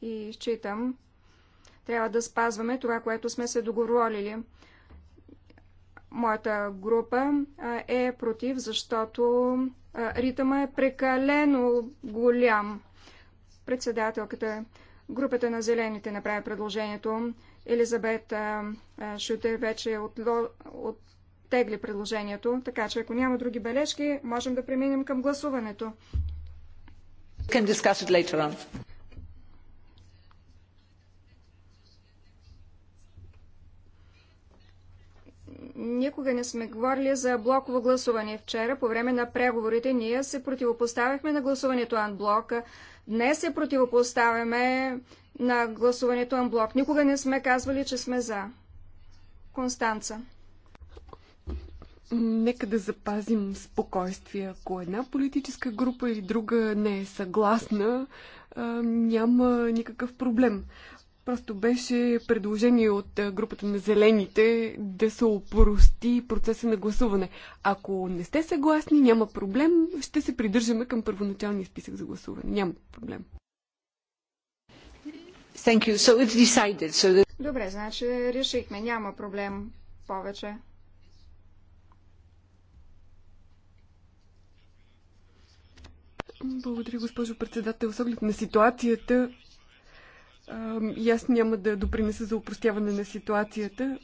и считам, трябва да спазваме това, което сме се договорили. Моята група е против, защото ритъма е прекалено голям. Председателката, групата на зелените направи предложението. Елизабет Шутер вече отло, оттегли предложението, така че ако няма други бележки, можем да преминем към гласуването. Никога не сме говорили за блоково гласуване. Вчера по време на преговорите ние се противопоставяхме на гласуването анблока. Днес се противопоставяме на гласуването анблок. Никога не сме казвали, че сме за. Констанца. Нека да запазим спокойствие. Ако една политическа група или друга не е съгласна, няма никакъв проблем. Просто беше предложение от групата на зелените да се опрости процеса на гласуване. Ако не сте съгласни, няма проблем. Ще се придържаме към първоначалния списък за гласуване. Няма проблем. Thank you. So it's decided. So that... Добре, значи решихме. Няма проблем повече. Благодаря, госпожо председател. С оглед на ситуацията, и аз няма да допринеса за упростяване на ситуацията.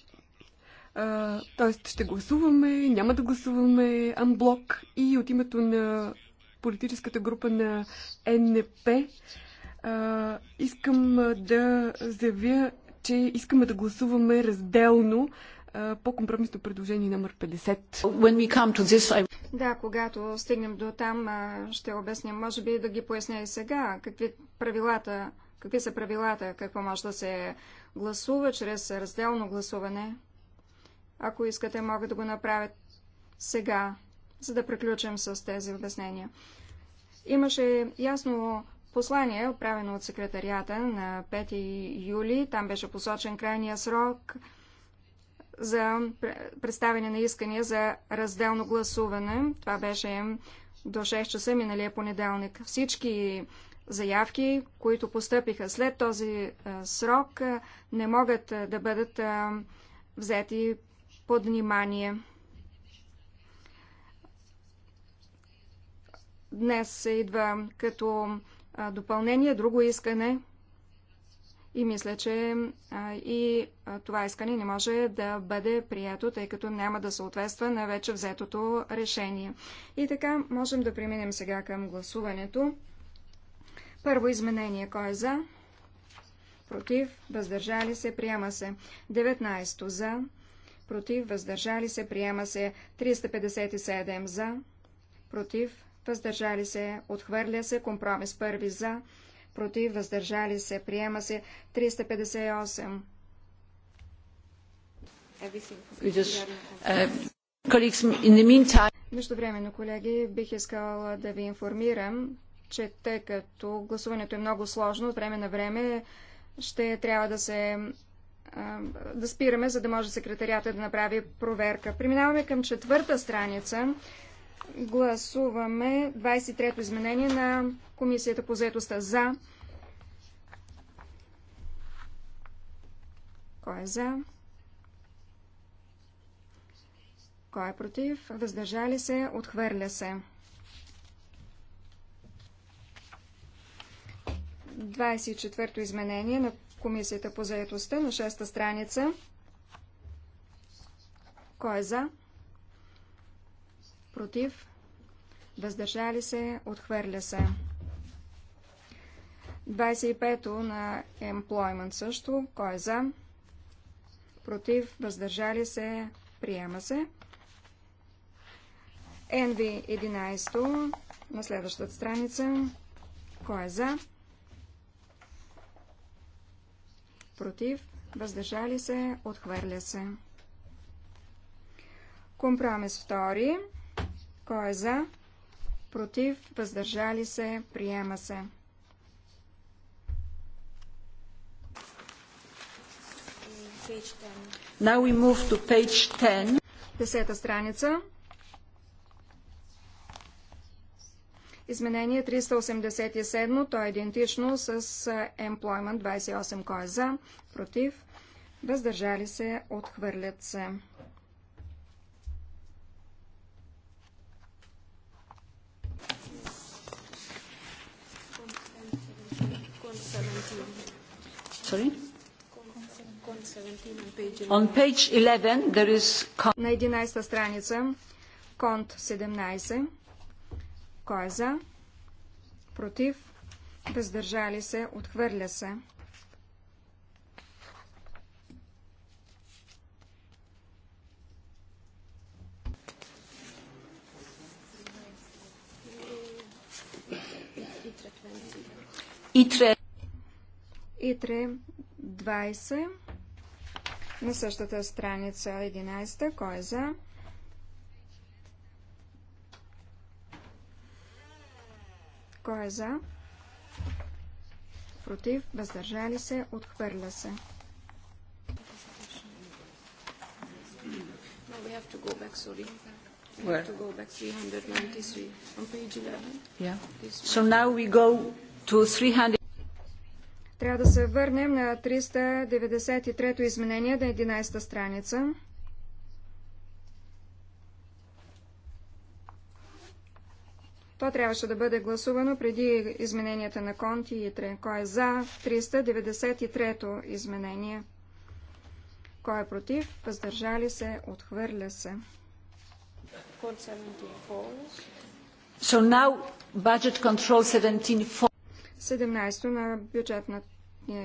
Тоест ще гласуваме, няма да гласуваме анблок и от името на политическата група на НП искам да заявя, че искаме да гласуваме разделно по компромисно предложение номер 50. This, I... Да, когато стигнем до там, ще обясня. Може би да ги поясня и сега, какви правилата Какви са правилата? Какво може да се гласува чрез разделно гласуване? Ако искате, могат да го направят сега, за да приключим с тези обяснения. Имаше ясно послание, отправено от секретарията на 5 юли. Там беше посочен крайния срок за представяне на искания за разделно гласуване. Това беше до 6 часа миналия понеделник. Всички заявки, които постъпиха след този е, срок, е, не могат е, да бъдат взети под внимание. Днес идва като допълнение друго искане и мисля, че и това искане не може да бъде прието, тъй като няма да съответства на вече взетото решение. И така можем да преминем сега към гласуването. Първо изменение. Кой е за? Против. Въздържали се. Приема се. 19 за. Против. Въздържали се. Приема се. 357 за. Против. Въздържали се. Отхвърля се. Компромис. Първи за. Против. Въздържали се. Приема се. 358. Uh, Междувременно, колеги, бих искала да ви информирам, че тъй като гласуването е много сложно, от време на време ще трябва да се да спираме, за да може секретарията да направи проверка. Преминаваме към четвърта страница. Гласуваме 23-то изменение на Комисията по заедостта за. Кой е за? Кой е против? Въздържали се? Отхвърля се. 24-то изменение на Комисията по заедостта на 6-та страница. Кой е за? Против? Въздържали се? Отхвърля се. 25-то на Employment също. Кой е за? Против? Въздържали се? Приема се. NV 11 на следващата страница. Кой е за? против, въздържали се, отхвърля се. Компромис втори. Кой е за? Против, въздържали се, приема се. Now we move to page 10. Десета страница. Изменение 387, то е идентично с Employment 28, кой е за, против, въздържали се, отхвърлят се. На 11 та На 11 страница, конт 17. Кой е за? Против? Въздържали се? Отхвърля се. Итре. Итре 20 на същата страница 11. Кой е за? Кой е за? Против, въздържали се, отхвърля се. Трябва да се върнем на 393-то изменение на 11-та страница. То трябваше да бъде гласувано преди измененията на Конти и Тре. Кой е за 393-то изменение? Кой е против? Въздържали се, отхвърля се. Е so now budget control 17 17 на бюджетния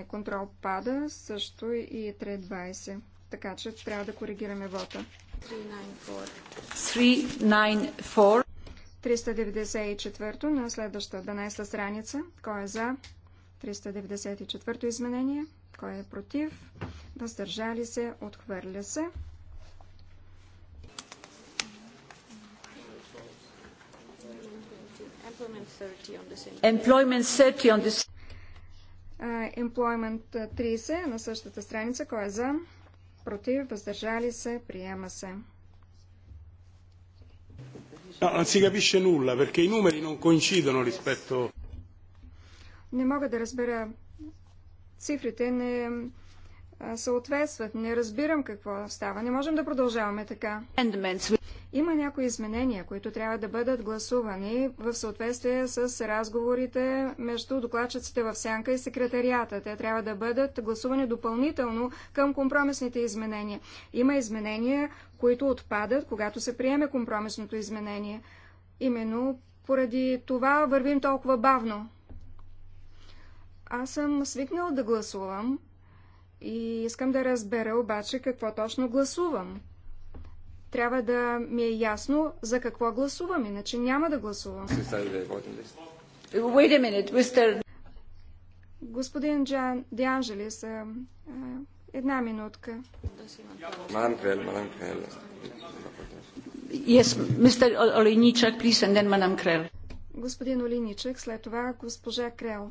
контрол пада, също и 3.20. Така че трябва да коригираме вота. 394. 394. 394 на следващата 12 страница. Кой е за? 394 изменение. Кой е против? Въздържали се? Отхвърля се. Employment 30 on the... Employment 30 на същата страница. Кой е за? Против? Въздържали се? Приема се. No, non si capisce nulla perché i numeri non coincidono rispetto. Не мога да разбера. Цифрите не съответстват. Не разбирам какво става. Не можем да продължаваме така. Има някои изменения, които трябва да бъдат гласувани в съответствие с разговорите между докладчиците в сянка и секретарията. Те трябва да бъдат гласувани допълнително към компромисните изменения. Има изменения, които отпадат, когато се приеме компромисното изменение. Именно поради това вървим толкова бавно. Аз съм свикнал да гласувам и искам да разбера обаче какво точно гласувам. Трябва да ми е ясно за какво гласувам, иначе няма да гласувам. Minute, Господин Джан Дианжелис Една минутка. Манкрел, Манкрел. Yes, Mr. Олиничък, please, and then Madam Крел. Господин Олиничек, след това госпожа Крел.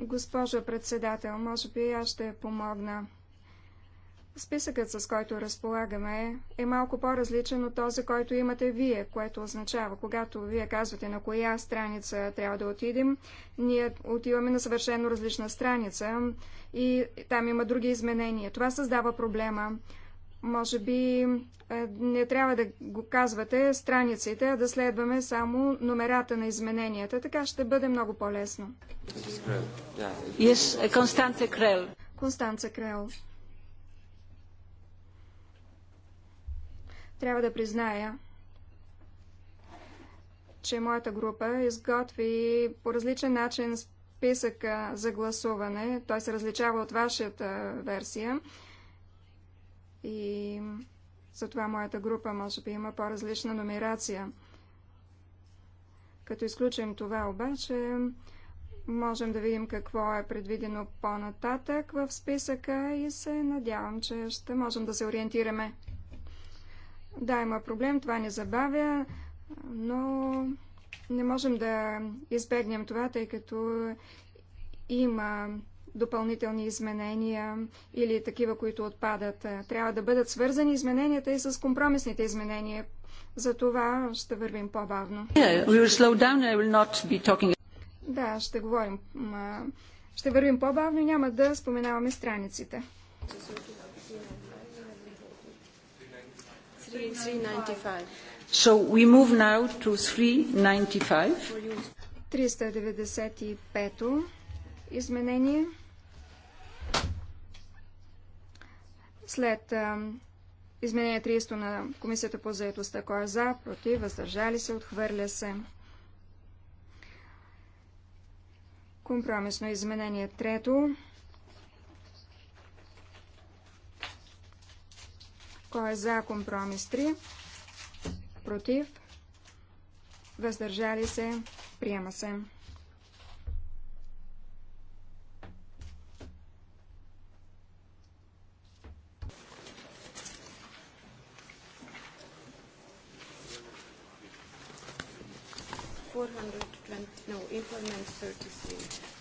Госпожа председател, може би аз ще помогна. Списъкът, с който разполагаме, е малко по-различен от този, който имате вие, което означава, когато вие казвате на коя страница трябва да отидем, ние отиваме на съвършено различна страница и там има други изменения. Това създава проблема. Може би е, не трябва да го казвате страниците, а да следваме само номерата на измененията. Така ще бъде много по-лесно. Константа Крел. Констанца Крел. Трябва да призная, че моята група изготви по различен начин списъка за гласуване. Той се различава от вашата версия. И затова моята група може би има по-различна номерация. Като изключим това обаче, можем да видим какво е предвидено по-нататък в списъка и се надявам, че ще можем да се ориентираме. Да, има проблем, това не забавя, но не можем да избегнем това, тъй като има допълнителни изменения или такива, които отпадат. Трябва да бъдат свързани измененията и с компромисните изменения. За това ще вървим по-бавно. да, ще говорим. Ще вървим по-бавно и няма да споменаваме страниците. 395. So we move now to 395. 395 изменение. След изменение 30 на Комисията по заедостта, кой е за, против, въздържали се, отхвърля се. Компромисно изменение трето Кой е за компромис 3? Против? Въздържали се? Приема се.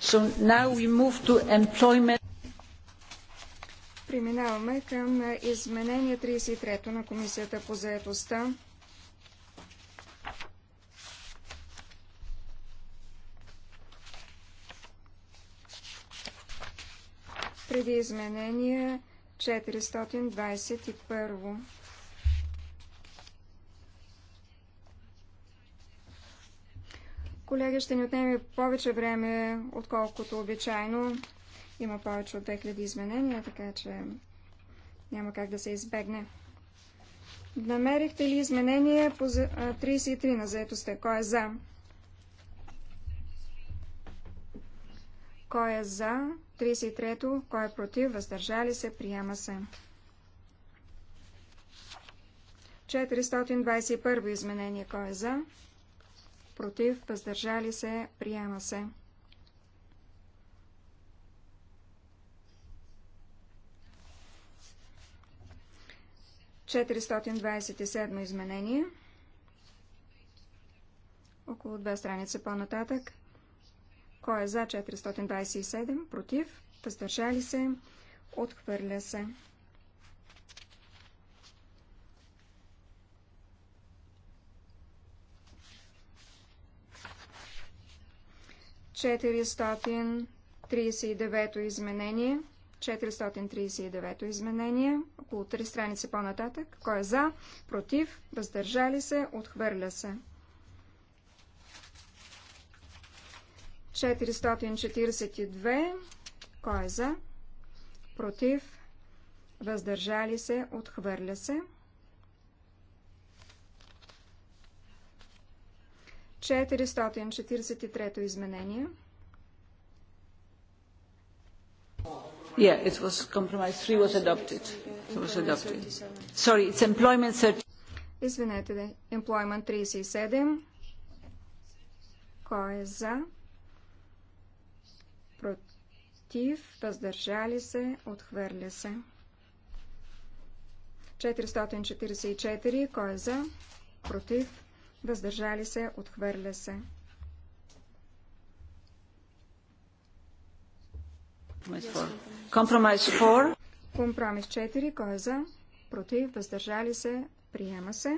So now we move to employment. Преминаваме към изменение 33 на Комисията по заедостта. Преди изменение 421. Колеги, ще ни отнеме повече време, отколкото обичайно. Има повече от 2000 изменения, така че няма как да се избегне. Намерихте ли изменение по 33 на заетостта? Кой е за? Кой е за? 33-то. Кой е против? Въздържали се? Приема се. 421 изменение. Кой е за? Против? Въздържали се? Приема се. 427 изменение. Около две страница по-нататък. Кой е за 427? Против? Въздържали се? Отхвърля се. Четиристотин девето изменение. 439 изменение, около 3 страници по-нататък. Кой е за, против, въздържали се, отхвърля се. 442. Кой е за? Против. Въздържали се. Отхвърля се. 443 изменение. Yeah, it was Three was adopted. It was adopted. Sorry, it's employment Извинете, employment 37. Кой е за? Против, въздържали се, отхвърля се. 444. Кой е за? Против, въздържали се, отхвърля се. Компромис 4. Компромис 4. Кой е за? Против? Въздържали се? Приема се.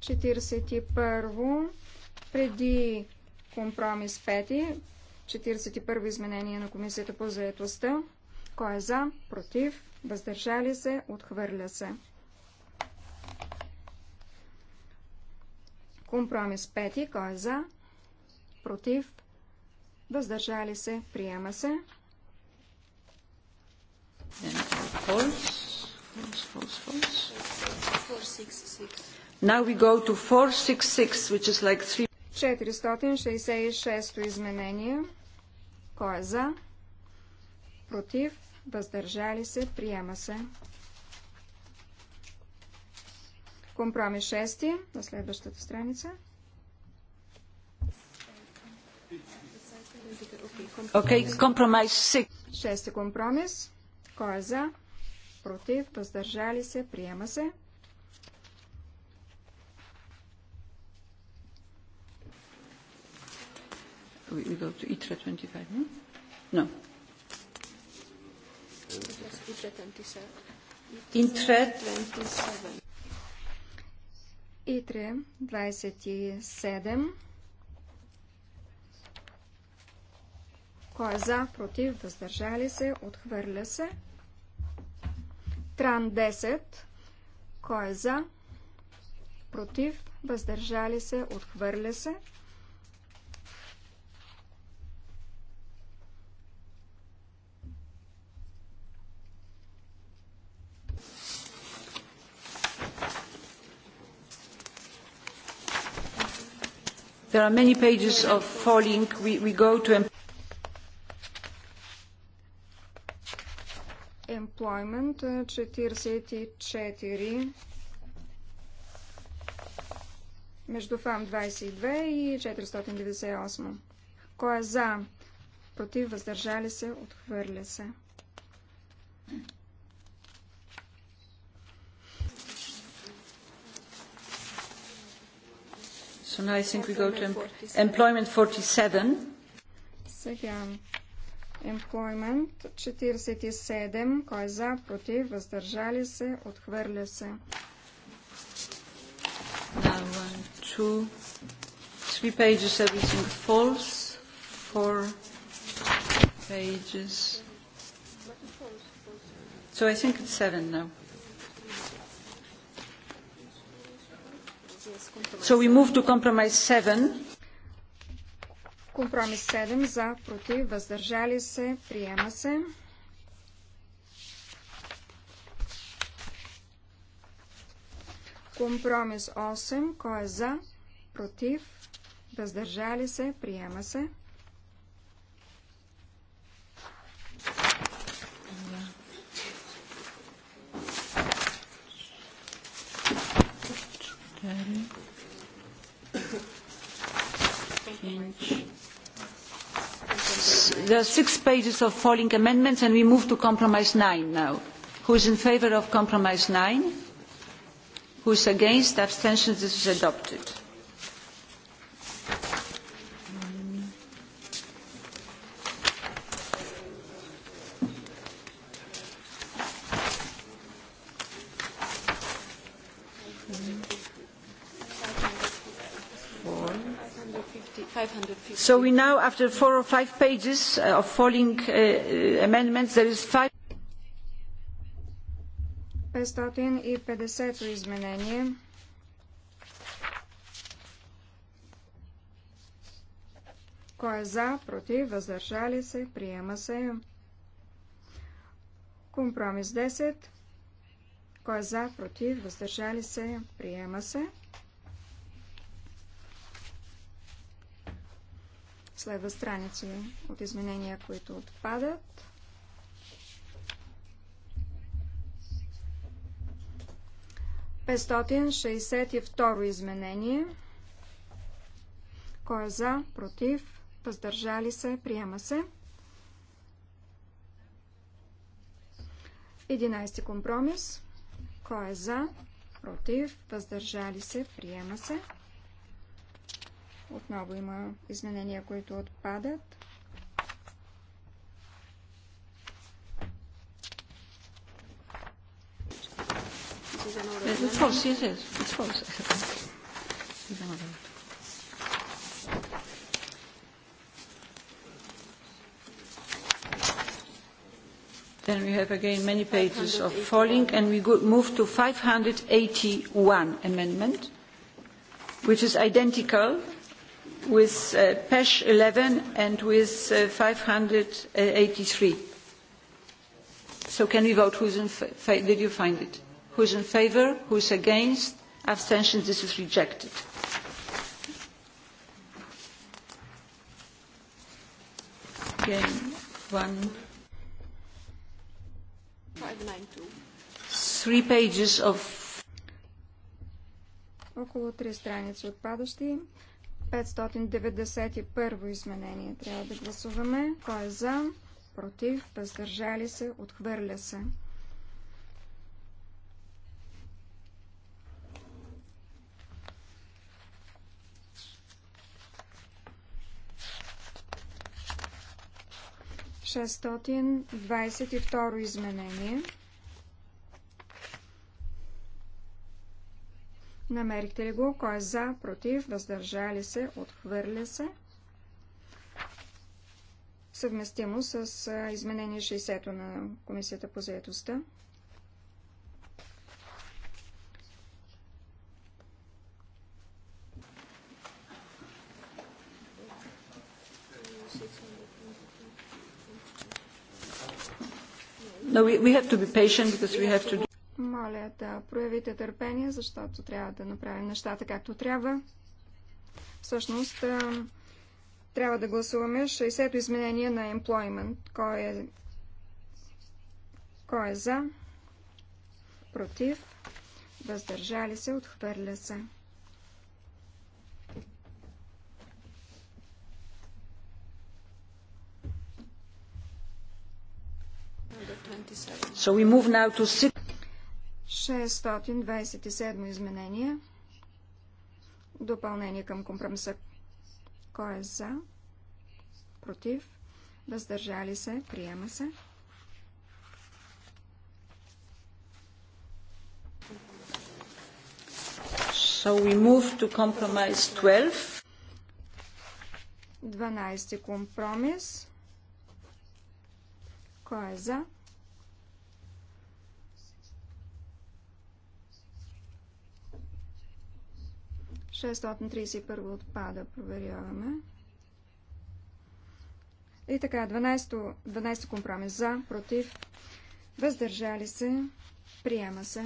Четиридесет и първо, преди компромис пети, 41 изменение на Комисията по заедостта. Кой е за? Против? въздържали се, отхвърля се. Компромис пети, кой е за, против, въздържали се, приема се. Now we go to 466, which is like 3... 466 изменение. Кой е за? Против? въздържали се, приема се. Компромис 6 на следващата страница. Окей, компромис 6. Шести компромис. Кой е за? Против, въздържали се, приема се. We go to E325, no? No. Интре 27. Итре 27. Кой е за, против, въздържали се, отхвърля се. Тран 10. Кой е за, против, въздържали се, отхвърля се. There are many pages of falling. We, we go to employment 44 между ФАМ 22 и 498. Кой е за? Против, въздържали се, отхвърля се. So now I think we go to employment 47. Сега employment 47. Кой е за, против, въздържали се, отхвърля се. Now one, two, three pages everything falls. Four pages. So I think it's seven now. So we move to compromise 7. Компромис 7 за, против, въздържали се, приема се. Компромис 8, кой е за, против, въздържали се, приема се. There are six pages of falling amendments, and we move to compromise nine now. Who is in favour of compromise nine? Who is against? Abstentions? This is adopted. So we now, after four or five pages uh, of falling uh, uh, amendments, there is five... 550 изменения. Кой е за, против, въздържали се, приема се. Компромис 10. Кой е за, против, въздържали се, приема се. Следва страници от изменения, които отпадат. второ изменение. Кой е за, против, въздържали се, приема се. 11 компромис. Кой е за, против, въздържали се, приема се. Отново има изменения, които отпадат. Then we have again many pages of falling, and we go, move to 581 amendment, which is identical with uh, PESH 11 and with uh, 583. So can we vote who's in fa did you find it? Who's in favour? Who's against? Abstention. This is rejected. Again, one. Three pages of. Около три страници отпадащи. 591 изменение трябва да гласуваме. Кой е за? Против? Въздържали се? Отхвърля се. Шестстотин двадесет и второ изменение. Намерихте ли го? Кой е за, против, въздържали се, отхвърля се. Съвместимо с изменение 60-то на Комисията по заедостта. No, we, we have to be patient because we have to do моля да проявите търпение, защото трябва да направим нещата както трябва. Всъщност, трябва да гласуваме 60-то изменение на employment. Кой е, кой е за? Против? Въздържали се? Отхвърля се. So we move now to six. 627 изменение. Допълнение към компромиса. Кой е за? Против? Въздържали се? Приема се. So we move to compromise 12. 12 компромис. Кой е за? 631 отпада, проверяваме. И така, 12, 12 компромис за, против, въздържали се, приема се.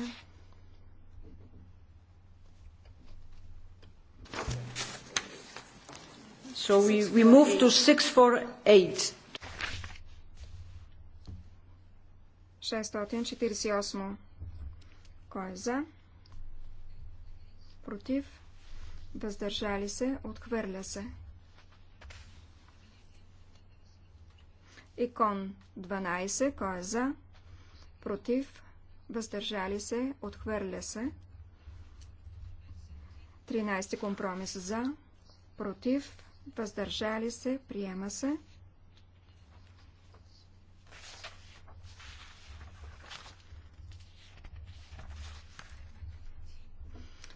So we, we move to 648. 648. Кой е за? Против? въздържали се, отхвърля се. Икон 12, кой е за, против, въздържали се, отхвърля се. 13 компромис за, против, въздържали се, приема се.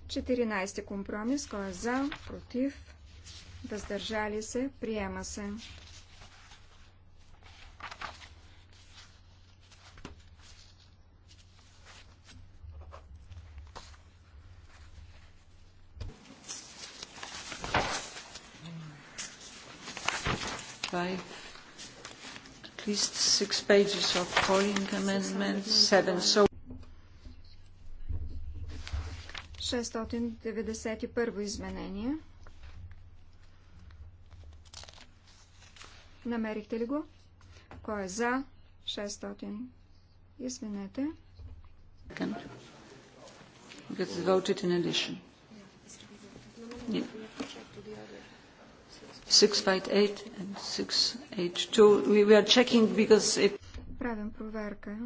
14 компромис. Кой е за? Против? Въздържали се? Приема се. five, at least six pages of calling amendments, seven. So 691 изменение. Намерихте ли го? Кой е за? 600. Извинете. Because it's voted in addition. Yeah. 658 and 682. We, we are checking because it... Правим проверка.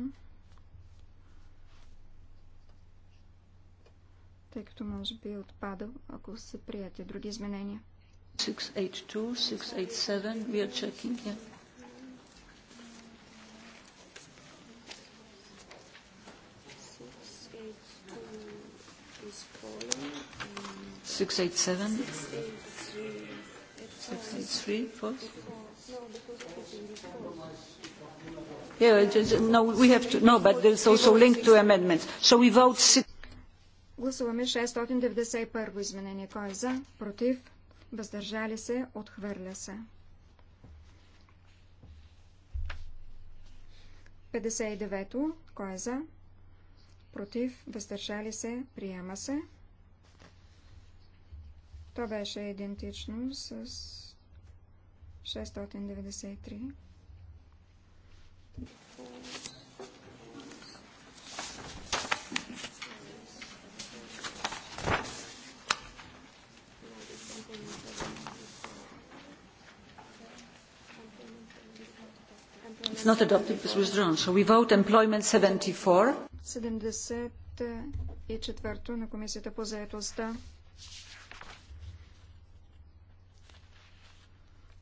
тъй като може би отпада, ако се прияте други изменения. 682, 687, we are checking, yeah. Six eight seven. Six eight three. False. Yeah, no, we have to. No, but there's also linked to amendments. So we vote 683. Гласуваме 691 изменение. Кой е за? Против? Въздържали се? Отхвърля се. 59-то. Кой е за? Против? Въздържали се? Приема се. То беше идентично с 693. It's not adopted, 74 на Комисията по заедостта.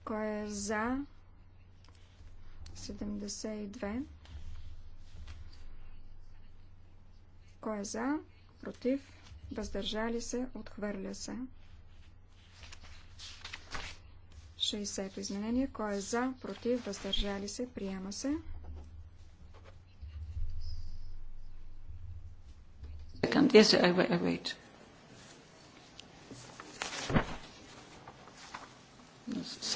Кой е за? 72. Кой е за? Против? Въздържали се? Отхвърля се. 60-то изменение. Кой е за, против, въздържали се, приема се. Yes, I wait, I wait.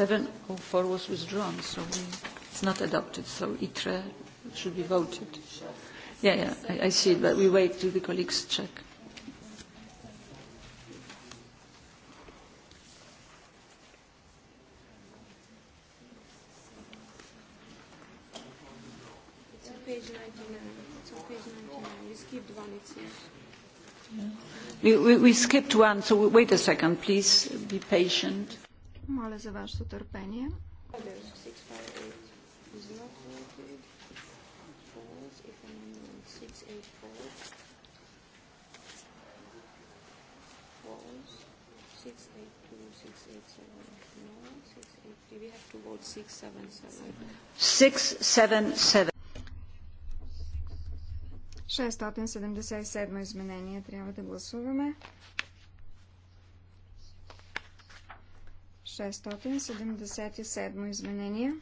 Seven or four was withdrawn, so we, it's not adopted. So ITRE should be voted. Yeah, yeah, I, I see it, but we wait till the colleagues check. We, we skipped one, so wait a second, please. Be patient. Моля за вашето търпение. False. 687. 677 изменение трябва да гласуваме. 677 изменение.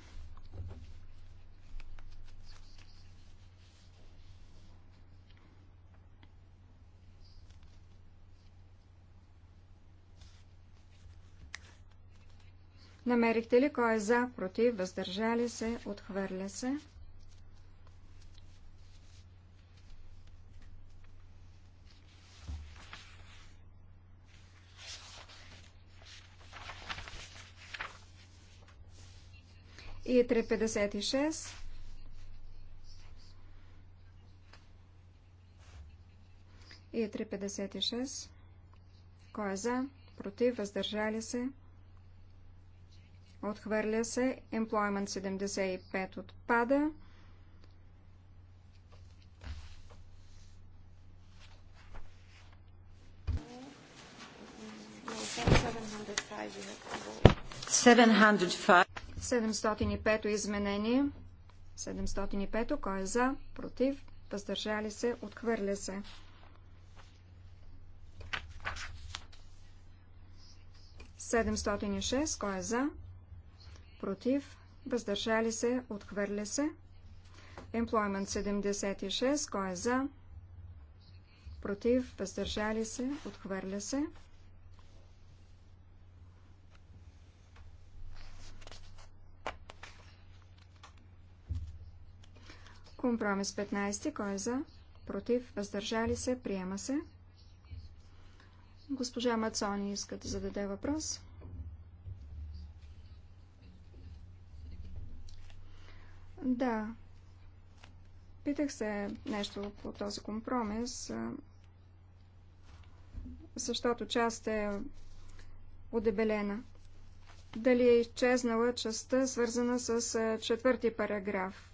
Намерихте ли кой е за, против, въздържали се, отхвърля се? и 356. И 356. Кой е за? Против? Въздържали се? Отхвърля се. Employment 75 отпада. Seven hundred five. 705 изменение. 705 кой е за, против, въздържали се, отхвърля се. 706 кой е за, против, въздържали се, отхвърля се. Employment 76 кой е за, против, въздържали се, отхвърля се. Компромис 15. Кой е за? Против. Въздържали се. Приема се. Госпожа Мацони иска да зададе въпрос. Да. Питах се нещо по този компромис, защото част е удебелена. Дали е изчезнала частта, свързана с четвърти параграф?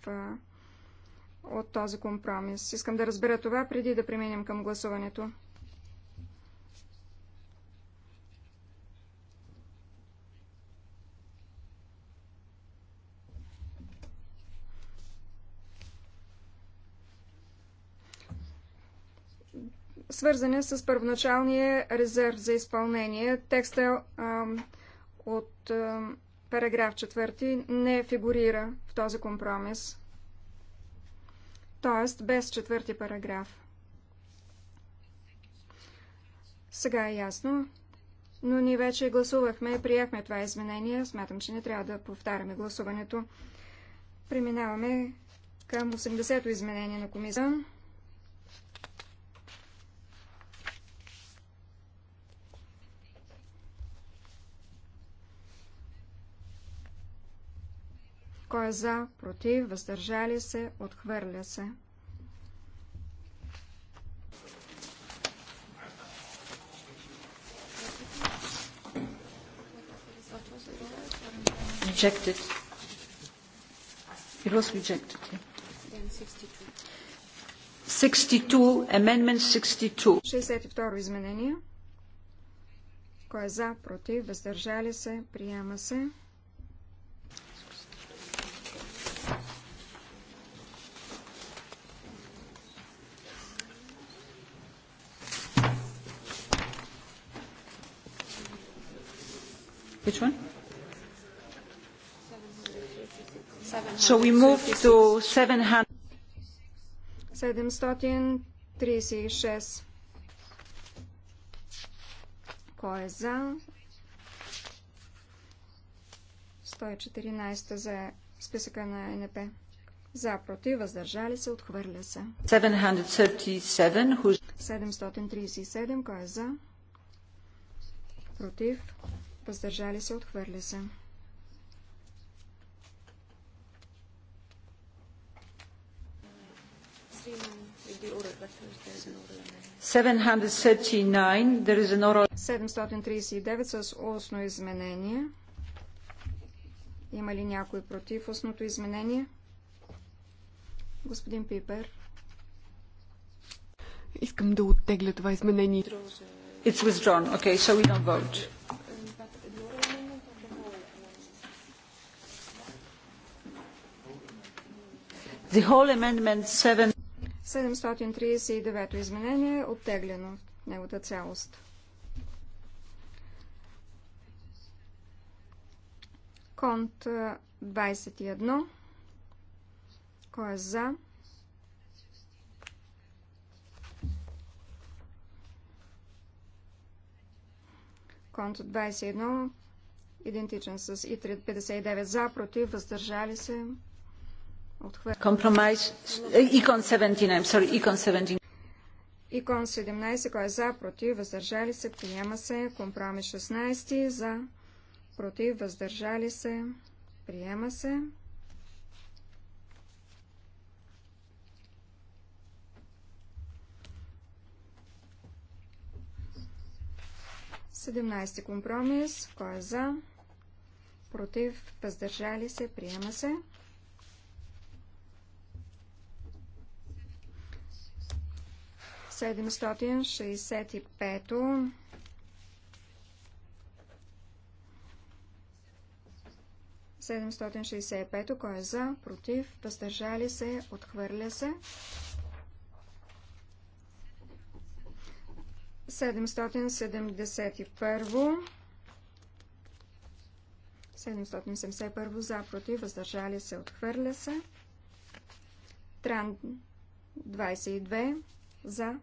от този компромис. Искам да разбера това преди да преминем към гласуването. свързане с първоначалния резерв за изпълнение. Текста а, от а, параграф 4 не фигурира в този компромис т.е. без четвърти параграф. Сега е ясно, но ние вече гласувахме и приехме това изменение. Смятам, че не трябва да повтаряме гласуването. Преминаваме към 80-то изменение на комисията. Кой е за, против, въздържали се, отхвърля се. Rejected. It was rejected. Yeah. 62, amendment 62. 62 изменение. Кой е за, против, въздържали се, приема се. Which one? So we move to 700. 736. Кой е за? 114 за списъка на НП. За, против, въздържали се, отхвърля се. 737. 737. Кой е за? Против въздържали се, отхвърля се. Седемстотин с устно изменение. Има ли някой против устното изменение? Господин Пипер. Искам да оттегля това изменение. It's withdrawn. Okay, so we don't vote. The whole amendment 7... 739 изменение е оттеглено неговата цялост. Конт 21. Кой е за? Конт 21. Идентичен с И359 за, против, въздържали се. Икон 17, Икон 17, кой е за, против, въздържали се, приема се. Компромис 16, за, против, въздържали се, приема се. Седемнайсти компромис, кой е за, против, въздържали се, приема се. 765 кой е за, против, въздържали се, отхвърля се. 771. 771 за, против, въздържали се, отхвърля се. Тран 22 за,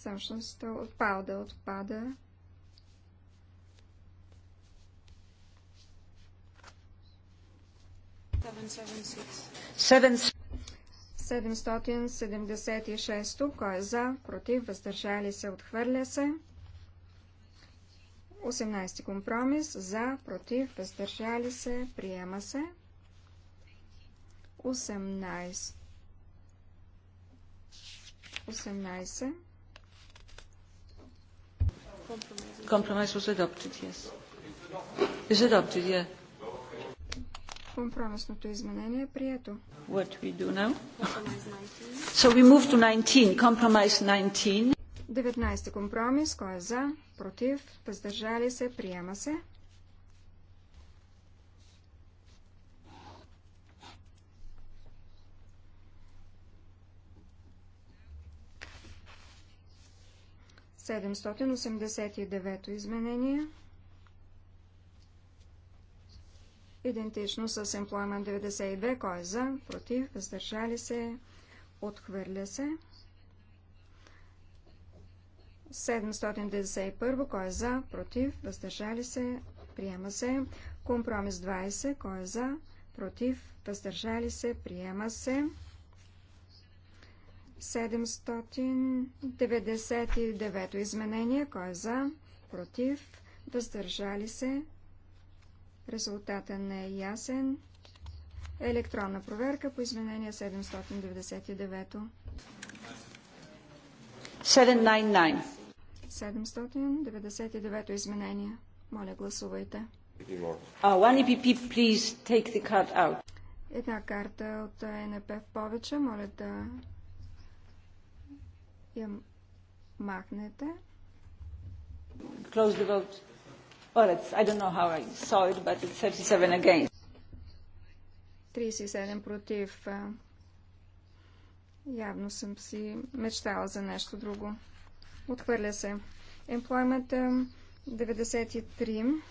всъщност отпада, отпада. Seven, 776. Кой е за? Против? Въздържали се? Отхвърля се. 18 компромис. За? Против? Въздържали се? Приема се. 18. 18. Compromise was adopted, yes. Is adopted, yeah. Компромисното изменение е прието. What we do now? So we move to 19, compromise 19. 19 компромис, кой е за, против, въздържали се, приема се. 789 изменение. Идентично с Employment 92. Кой е за? Против? Въздържали се? Отхвърля се. 791. Кой е за? Против? Въздържали се? Приема се. Компромис 20. Кой е за? Против? Въздържали се? Приема се. 799 изменение. Кой е за? Против? Въздържали се? Резултата не е ясен. Електронна проверка по изменение 799. 799. 799 изменение. Моля, гласувайте. Uh, e Една карта от ЕНП в повече. Моля да я махнете. Close the vote. Well, it's, I don't know how I saw it, but it's 37 against. 37 против. Явно съм си мечтала за нещо друго. Отхвърля се. Employment 93.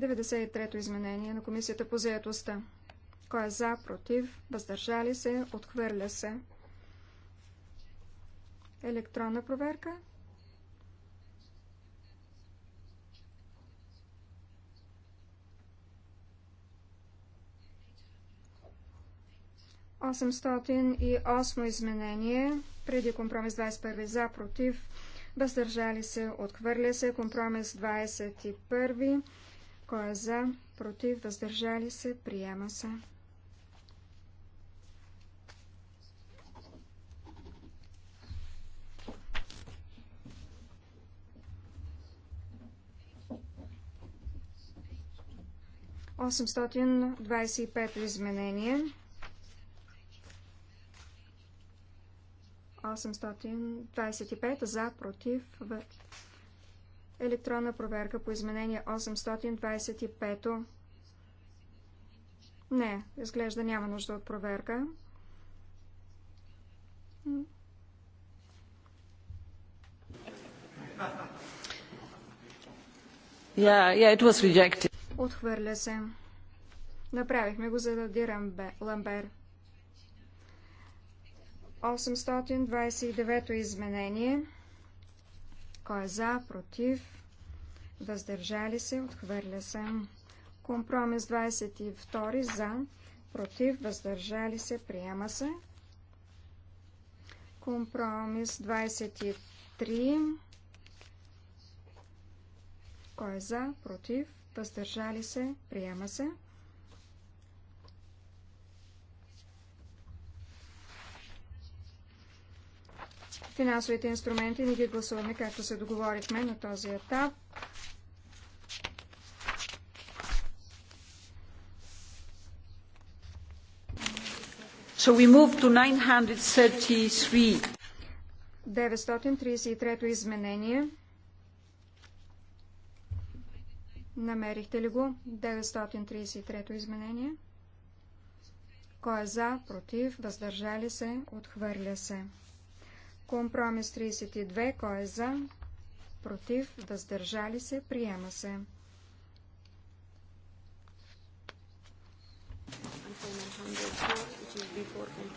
93-то изменение на Комисията по заедостта. Кой е за, против, въздържали се, отхвърля се. Електронна проверка. Осемстотин и осмо изменение преди компромис 21 за, против, въздържали се, отхвърля се, компромис 21, кой е за, против, въздържали се, приема се. 825 изменение. 825 за, против, в електронна проверка по изменение 825. Не, изглежда няма нужда от проверка. Yeah, yeah, it was rejected. Отхвърля се. Направихме го за Ди Ламбер. 829 изменение. Кой е за, против, въздържали се, отхвърля се. Компромис 22 за, против, въздържали се, приема се. Компромис 23. Кой е за, против, въздържали се, приема се. Финансовите инструменти не ги гласуваме, както се договорихме на този етап. So we move to 933. 933 изменение. Намерихте ли го? 933 изменение. Кой е за, против, въздържали се, отхвърля се. Компромис 32. Кой е за, против, въздържали се, приема се.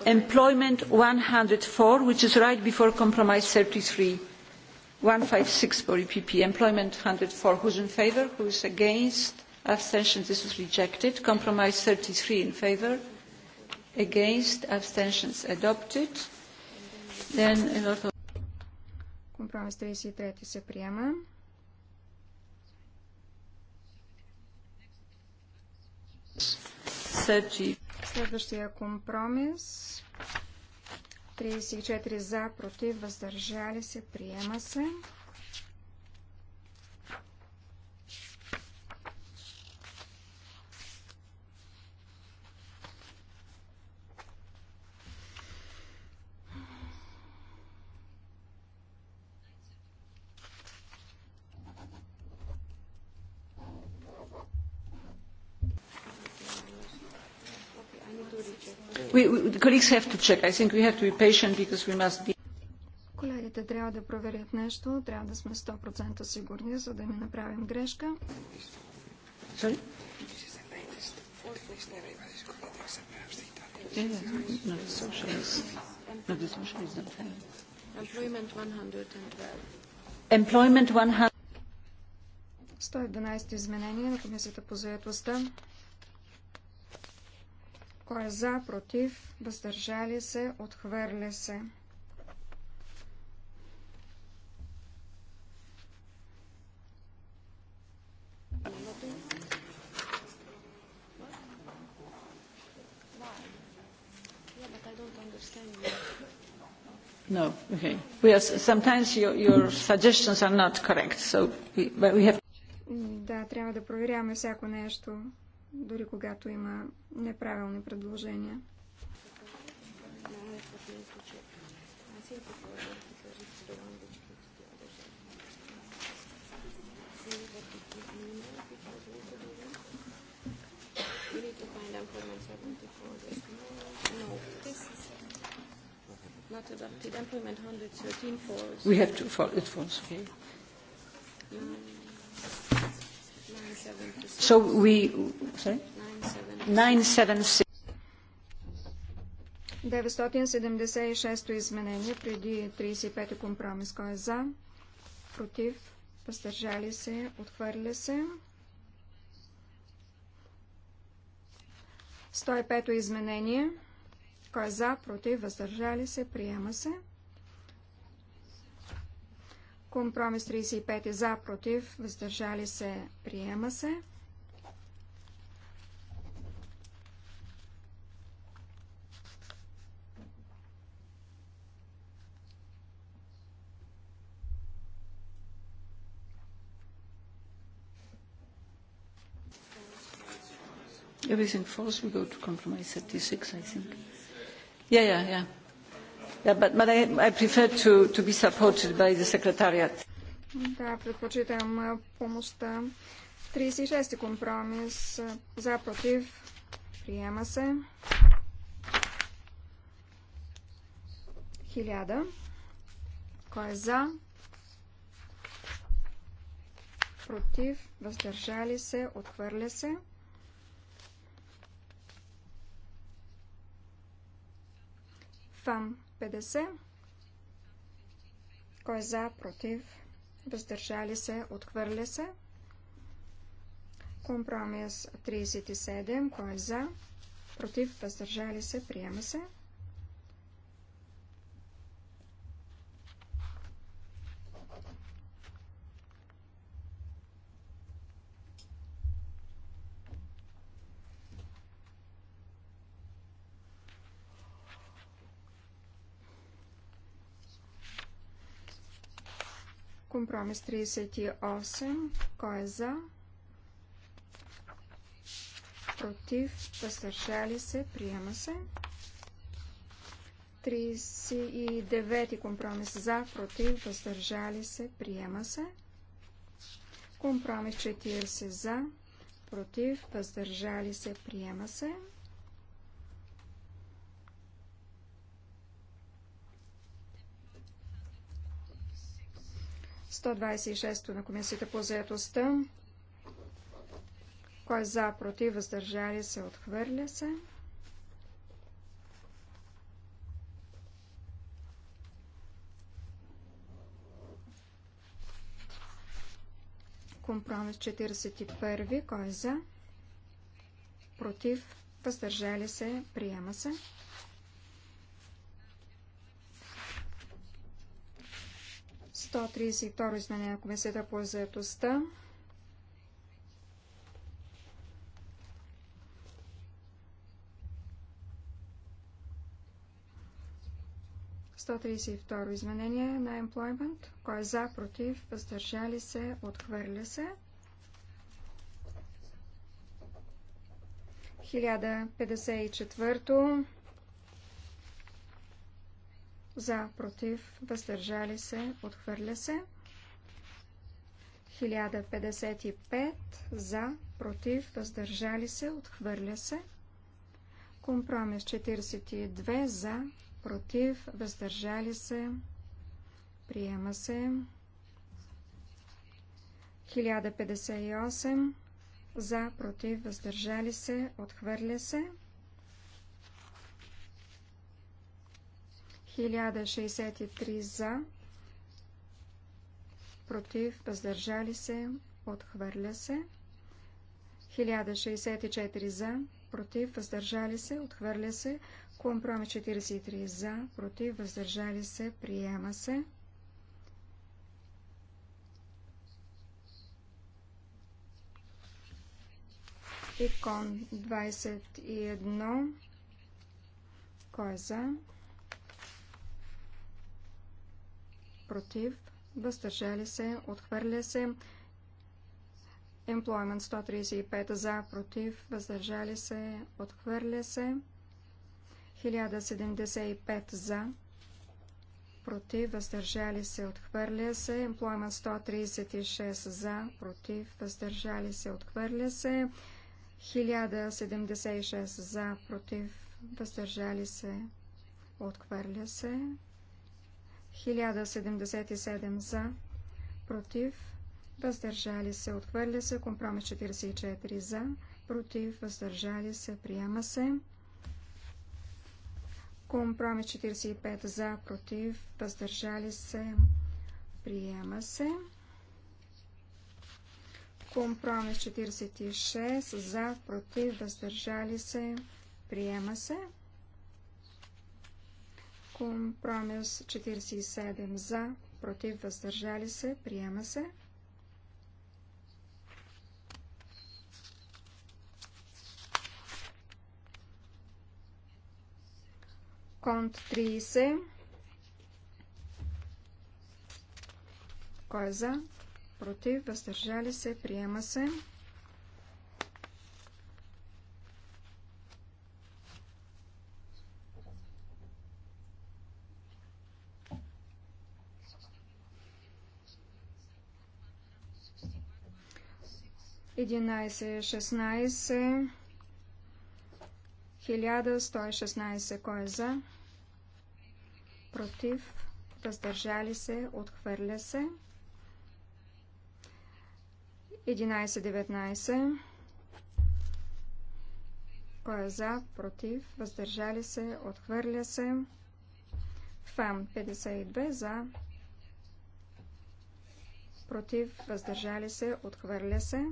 Employment 104, which is right before compromise 33. 156 for EPP, employment 104. is in favour? Who is against? abstention, This is rejected. Compromise 33 in favour. Against. Abstentions adopted. Then a lot of... Компромис 33 се приема. Следващия компромис 34 за, против, въздържали се, приема се. Колегите трябва да проверят нещо. Трябва да сме 100% сигурни, за да не направим грешка. Employment 112 изменение на Комисията по заедостта. Кой е за, против, въздържали се, отхвърля се. No, okay. We are, sometimes your, your suggestions are not correct, so we, but we have... Да, трябва да проверяваме всяко нещо дори когато има неправилни предложения. We need to find not adopted. Employment 113 falls. We have two falls. It falls. Okay. Mm. So we, sorry? 976. 976 изменение преди 35-то компромис. Кой е за? Против? Въздържали се? Отхвърля се? 105-то изменение. Кой е за? Против? Въздържали се? Приема се? 106 Компромис 35 за, против, въздържали се, приема се. Everything falls, we go to compromise 36, I think. Yeah, yeah, yeah but, I, prefer to, be supported by the Secretariat. Да, предпочитам помощта. 36-ти компромис. За, против. Приема се. Хиляда. Кой е за? Против. Въздържали се. Отхвърля се. Фам. 50. Кой е за, против, въздържали се, отхвърля се. Компромис 37. Кой е за, против, въздържали се, приема се. Компромис 38. Кой е за? Против. Въздържали се. Приема се. 39. Компромис за. Против. Въздържали се. Приема се. Компромис 40 за. Против. Въздържали се. Приема се. 126 на Комисията по заедостта. Кой е за, против, въздържали се, отхвърля се. Компромис 41. Кой е за? Против, въздържали се, приема се. 132 изменение на Комисията по заедостта. второ изменение на Employment. Кой е за, против, въздържали се, отхвърля се. 1054 за, против, въздържали се, отхвърля се. 1055 за, против, въздържали се, отхвърля се. Компромис 42 за, против, въздържали се, приема се. 1058 за, против, въздържали се, отхвърля се. 1063 за, против, въздържали се, отхвърля се. 1064 за, против, въздържали се, отхвърля се. Компромис 43 за, против, въздържали се, приема се. Икон 21. Кой е за? против, въздържали се, отхвърля се. Employment 135 за, против, въздържали се, отхвърля се. 1075 за, против, въздържали се, отхвърля се. Employment 136 за, против, въздържали се, отхвърля се. 1076 за, против, въздържали се, отхвърля се. 1077 за, против, въздържали се, отхвърля се, компромис 44 за, против, въздържали се, приема се. Компромис 45 за, против, въздържали се, приема се. Компромис 46 за, против, въздържали се, приема се. Компромис 47 за, против, въздържали се, приема се. Конт 30. Кой е за? Против, въздържали се, приема се. 1116 кой е за против въздържали се отхвърля се 1119 кой е за против въздържали се отхвърля се ФАМ 52 за против въздържали се отхвърля се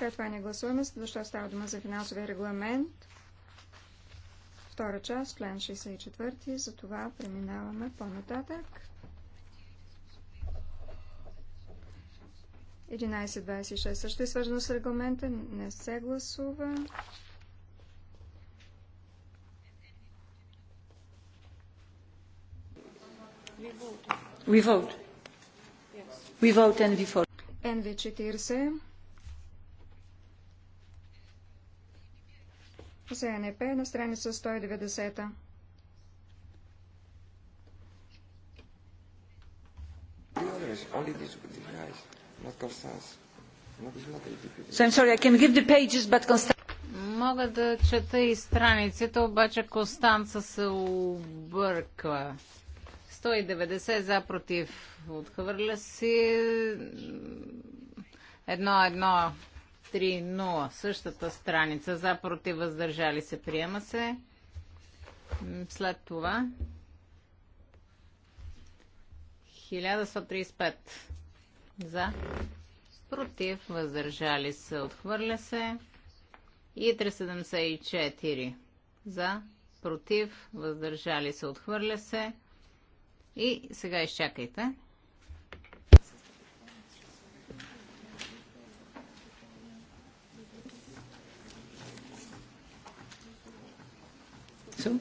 След това не гласуваме, защото става дума за финансовия регламент. Втора част, член 64. За това преминаваме по-нататък. 11.26 също е свързано с регламента. Не се гласува. We vote. We vote and we vote. NV40. за НП на страница 190. Мога да чета и страниците, обаче Костанца се обърква. 190 за против. Отхвърля си едно едно 3-0. Същата страница. За, против, въздържали се. Приема се. След това. 1135. За. Против, въздържали се. Отхвърля се. И 374. За. Против, въздържали се. Отхвърля се. И сега изчакайте. So?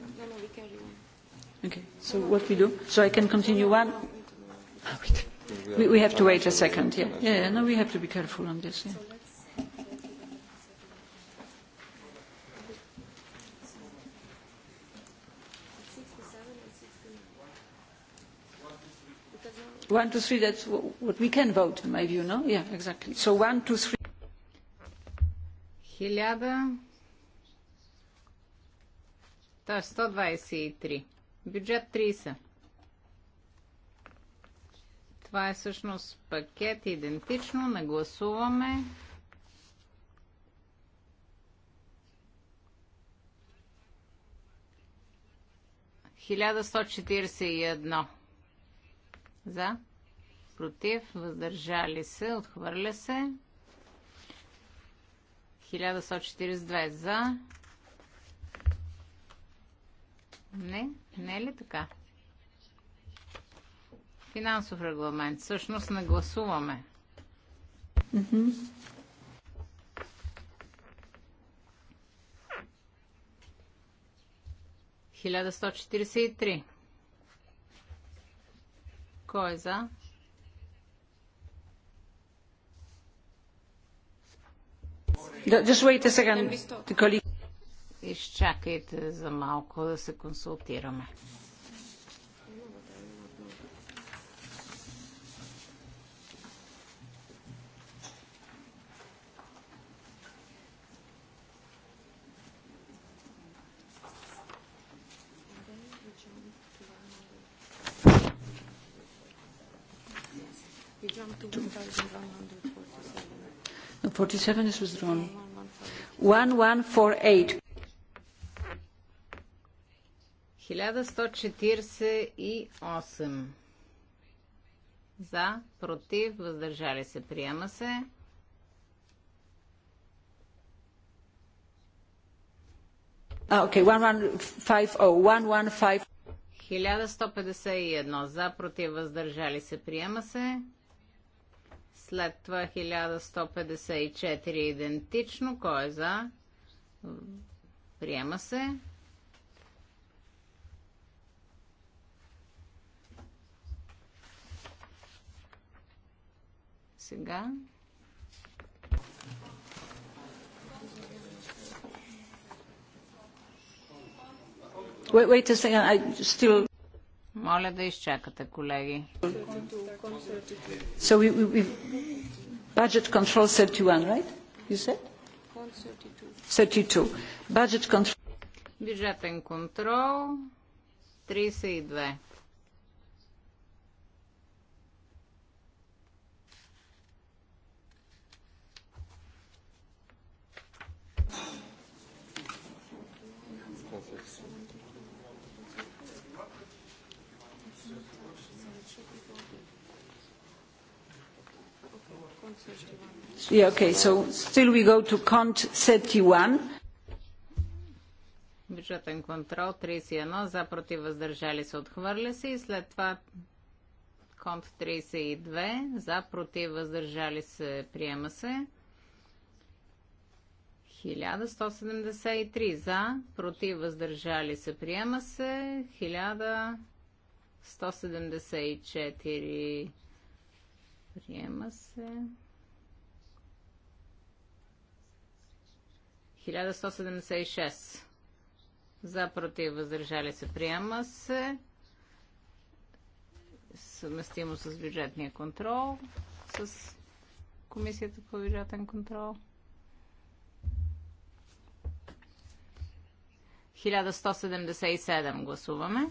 Okay. So what we do? So I can continue one. Oh, wait. We, we have to wait a second. Yeah. Yeah. yeah no, we have to be careful on this. Yeah. One, two, three, that's what we can vote, in my view, no? Yeah, exactly. So one, two, three. Та 123. Бюджет 30. Това е всъщност пакет идентично. Нагласуваме. Хиляда За. Против. Въздържали се. Отхвърля се. 1142 за не, не е ли така? Финансов регламент. Всъщност не гласуваме. Mm -hmm. Кой е за? Just wait a second. The Изчакайте за малко да се консултираме. No, 47 is withdrawn. 1148. 1148. За, против, въздържали се, приема се. А, 1151 за, против, въздържали се, приема се. След това 1154 идентично. Кой е за? Приема се. сега. Wait, wait a second. I still... Моля да изчакате, колеги. So we, we, we... Budget control 31, right? You said? 32. 32. Budget control... 32. Yeah, okay, so still we go to count 31. Бюджетен контрол 31 за против въздържали се отхвърля се и след това конт 32 за против въздържали се приема се. 1173 за, против въздържали се, приема се 1174 приема се 1176. За, против, въздържали се, приема се. Съвместимо с бюджетния контрол, с Комисията по бюджетен контрол. 1177 гласуваме.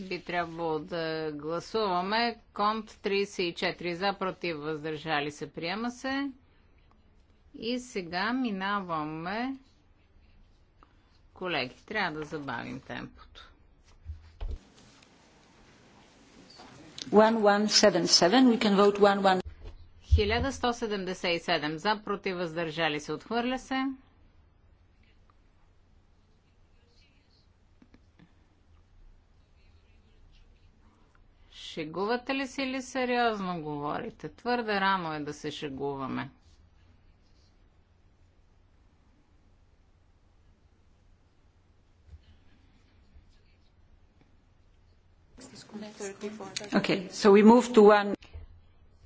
би трябвало да гласуваме. Конт 34 за, против, въздържали се, приема се. И сега минаваме. Колеги, трябва да забавим темпото. 1177 за, против, въздържали се, отхвърля се. Шегувате ли си или сериозно говорите? Твърде рано е да се шегуваме. Okay, so we move to one...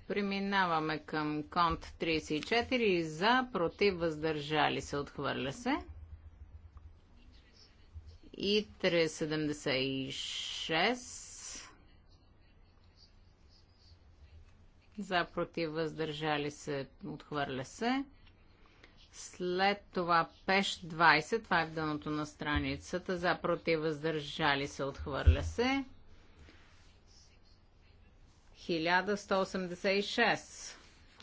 Преминаваме към конт 34 за, против, въздържали се, отхвърля се. И 376 за против въздържали се, отхвърля се. След това пеш 20, това е в дъното на страницата, за против въздържали се, отхвърля се. 1186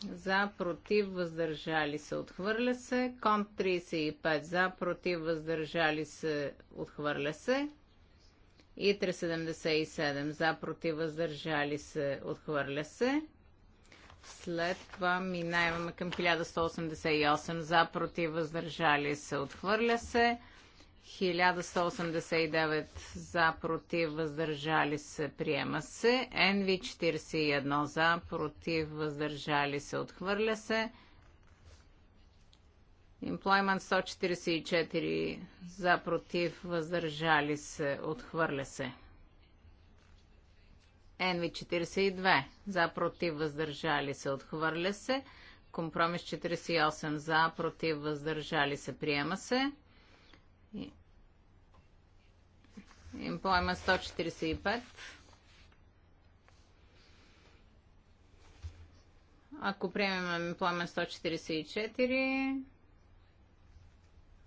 за против въздържали се, отхвърля се. Кон 35 за против въздържали се, отхвърля се. И 377 за против въздържали се, отхвърля се. След това минаваме към 1188 за, против, въздържали се, отхвърля се. 1189 за, против, въздържали се, приема се. НВ 41 за, против, въздържали се, отхвърля се. Employment 144 за, против, въздържали се, отхвърля се. NV42 за против въздържали се отхвърля се. Компромис 48 за против въздържали се приема се. Имплойма 145. Ако приемем имплойма 144,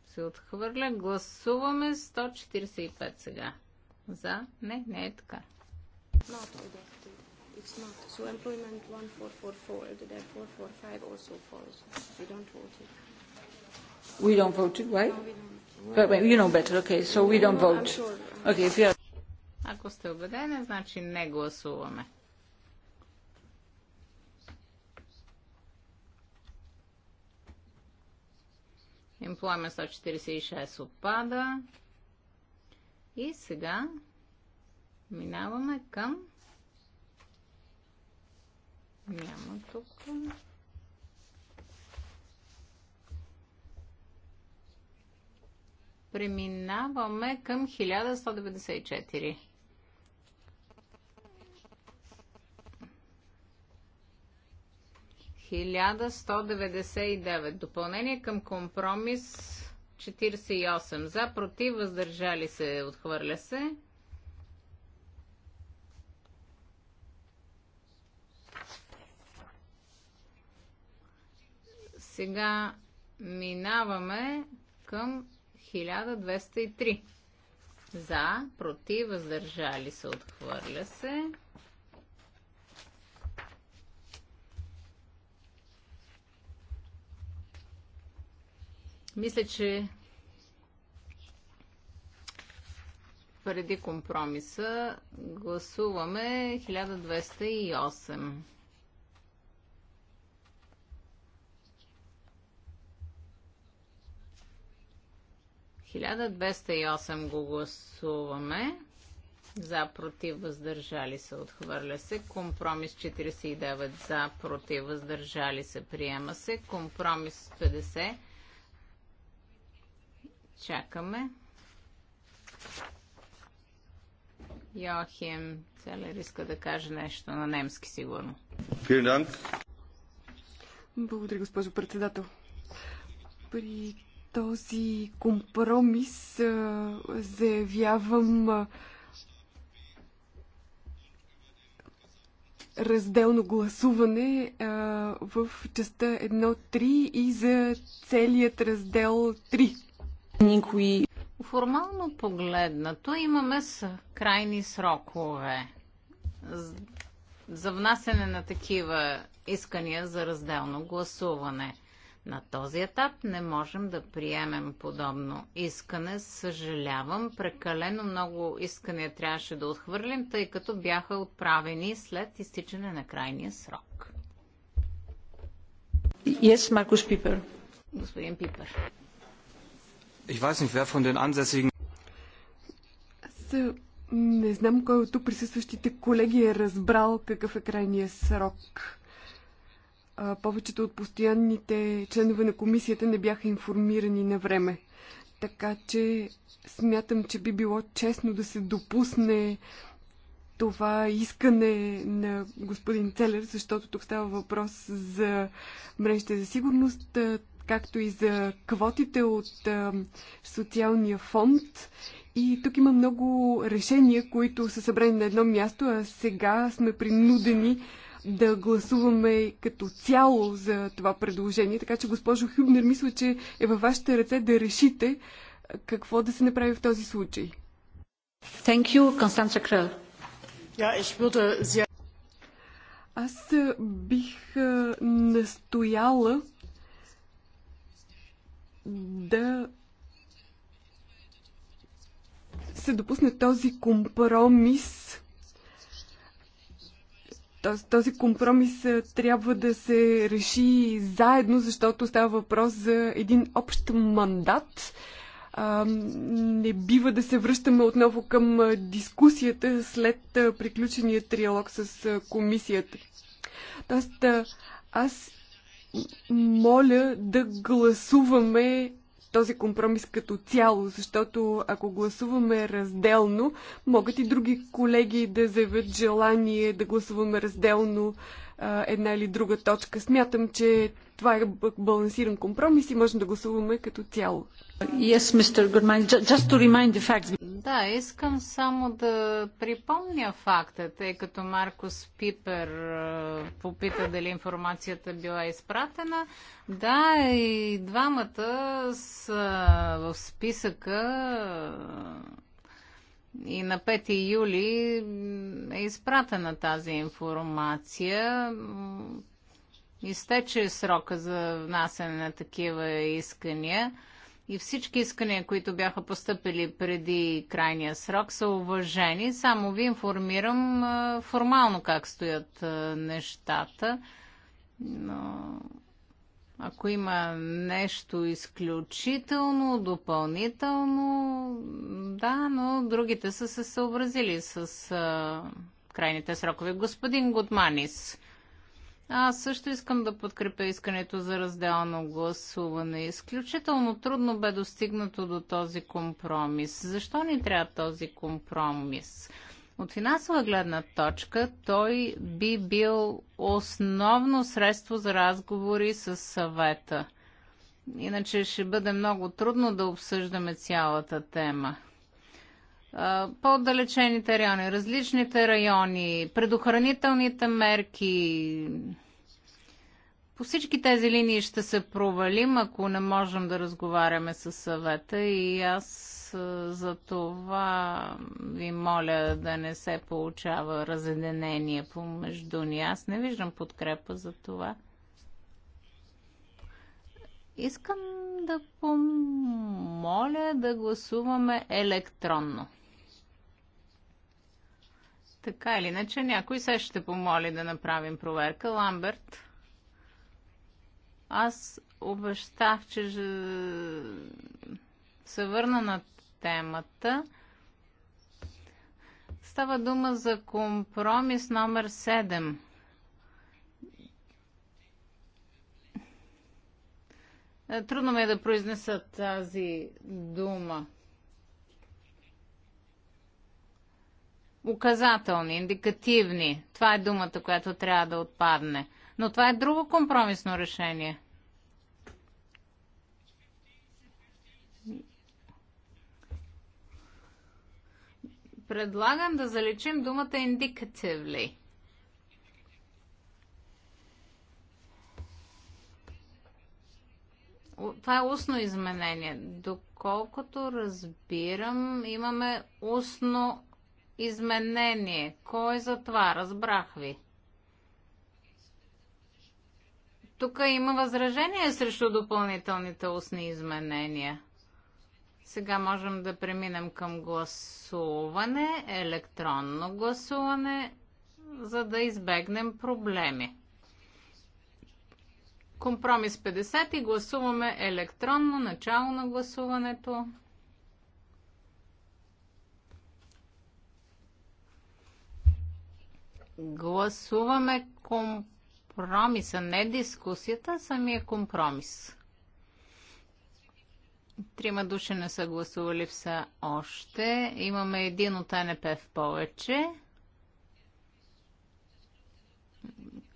се отхвърля. Гласуваме 145 сега. За? Не, не е така. Not adopted. It's not. So employment 1444, then 445 also falls. We don't vote it. We don't vote it, right? No, we don't. But, you know better, okay, so we don't vote. Okay, if you are... Ако сте убедени, значи не гласуваме. Employment 146 опада. И сега Минаваме към... Няма тук. Преминаваме към 1194. Хиляда сто Допълнение към компромис 48. За, против, въздържали се, отхвърля се. Сега минаваме към 1203. За, против, въздържали се, отхвърля се. Мисля, че преди компромиса гласуваме 1208. 1208 го гласуваме. За, против, въздържали се, отхвърля се. Компромис 49 за, против, въздържали се, приема се. Компромис 50. Чакаме. Йохим Целер иска да каже нещо на немски, сигурно. Благодаря, госпожо председател. При този компромис заявявам разделно гласуване а, в частта 1.3 и за целият раздел 3. Никой. Формално погледнато имаме с крайни срокове за внасене на такива искания за разделно гласуване – на този етап не можем да приемем подобно искане. Съжалявам, прекалено много искания трябваше да отхвърлим, тъй като бяха отправени след изтичане на крайния срок. Yes, Маркус Пипер. Господин Пипер. Ich weiß nicht, wer von den ansässigen... Аз не знам кой от присъстващите колеги е разбрал какъв е крайния срок повечето от постоянните членове на комисията не бяха информирани на време. Така че смятам, че би било честно да се допусне това искане на господин Целер, защото тук става въпрос за мрежите за сигурност, както и за квотите от социалния фонд. И тук има много решения, които са събрани на едно място, а сега сме принудени да гласуваме като цяло за това предложение. Така че, госпожо Хюбнер, мисля, че е във вашите ръце да решите какво да се направи в този случай. Thank you, Constanza Кръл. Yeah, ich würde sehr... Аз бих настояла да се допусне този компромис този, този компромис е, трябва да се реши заедно, защото става въпрос за един общ мандат. А, не бива да се връщаме отново към дискусията след приключения триалог с комисията. Тоест, аз моля да гласуваме този компромис като цяло, защото ако гласуваме разделно, могат и други колеги да заявят желание да гласуваме разделно една или друга точка. Смятам, че това е балансиран компромис и можем да гласуваме като цяло. Yes, Mr. Goodman, just to remind the facts. Да, искам само да припомня факта, тъй като Маркус Пипер е, попита дали информацията била изпратена. Да, и двамата са в списъка е, и на 5 юли е изпратена тази информация изтече срока за внасяне на такива искания и всички искания, които бяха поступили преди крайния срок, са уважени. Само ви информирам формално как стоят нещата. Но ако има нещо изключително, допълнително, да, но другите са се съобразили с крайните срокове. Господин Гудманис, аз също искам да подкрепя искането за разделно гласуване. Изключително трудно бе достигнато до този компромис. Защо ни трябва този компромис? От финансова гледна точка той би бил основно средство за разговори с съвета. Иначе ще бъде много трудно да обсъждаме цялата тема по-далечените райони, различните райони, предохранителните мерки. По всички тези линии ще се провалим, ако не можем да разговаряме с съвета и аз за това ви моля да не се получава разединение помежду ни. Аз не виждам подкрепа за това. Искам да помоля да гласуваме електронно. Така или иначе, някой се ще помоли да направим проверка. Ламберт, аз обещах, че се върна на темата. Става дума за компромис номер 7. Е, трудно ме е да произнеса тази дума. Указателни, индикативни. Това е думата, която трябва да отпадне. Но това е друго компромисно решение. Предлагам да заличим думата indicatively. това е устно изменение. Доколкото разбирам, имаме устно изменение. Кой е за това? Разбрах ви. Тук има възражение срещу допълнителните устни изменения. Сега можем да преминем към гласуване, електронно гласуване, за да избегнем проблеми. Компромис 50 и гласуваме електронно начало на гласуването. Гласуваме компромиса, не дискусията, самия компромис. Трима души не са гласували все още. Имаме един от НП в повече.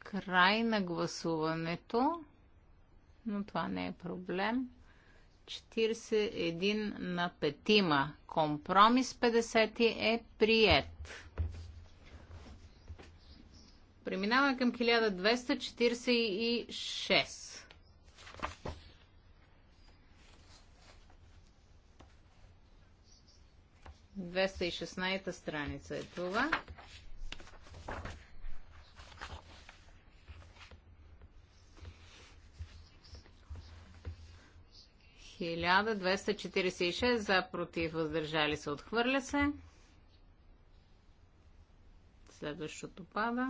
Край на гласуването но това не е проблем. 41 на петима. Компромис 50 е прият. Преминаваме към 1246. 216 страница е това. 1246 за против въздържали се отхвърля се. Следващото пада.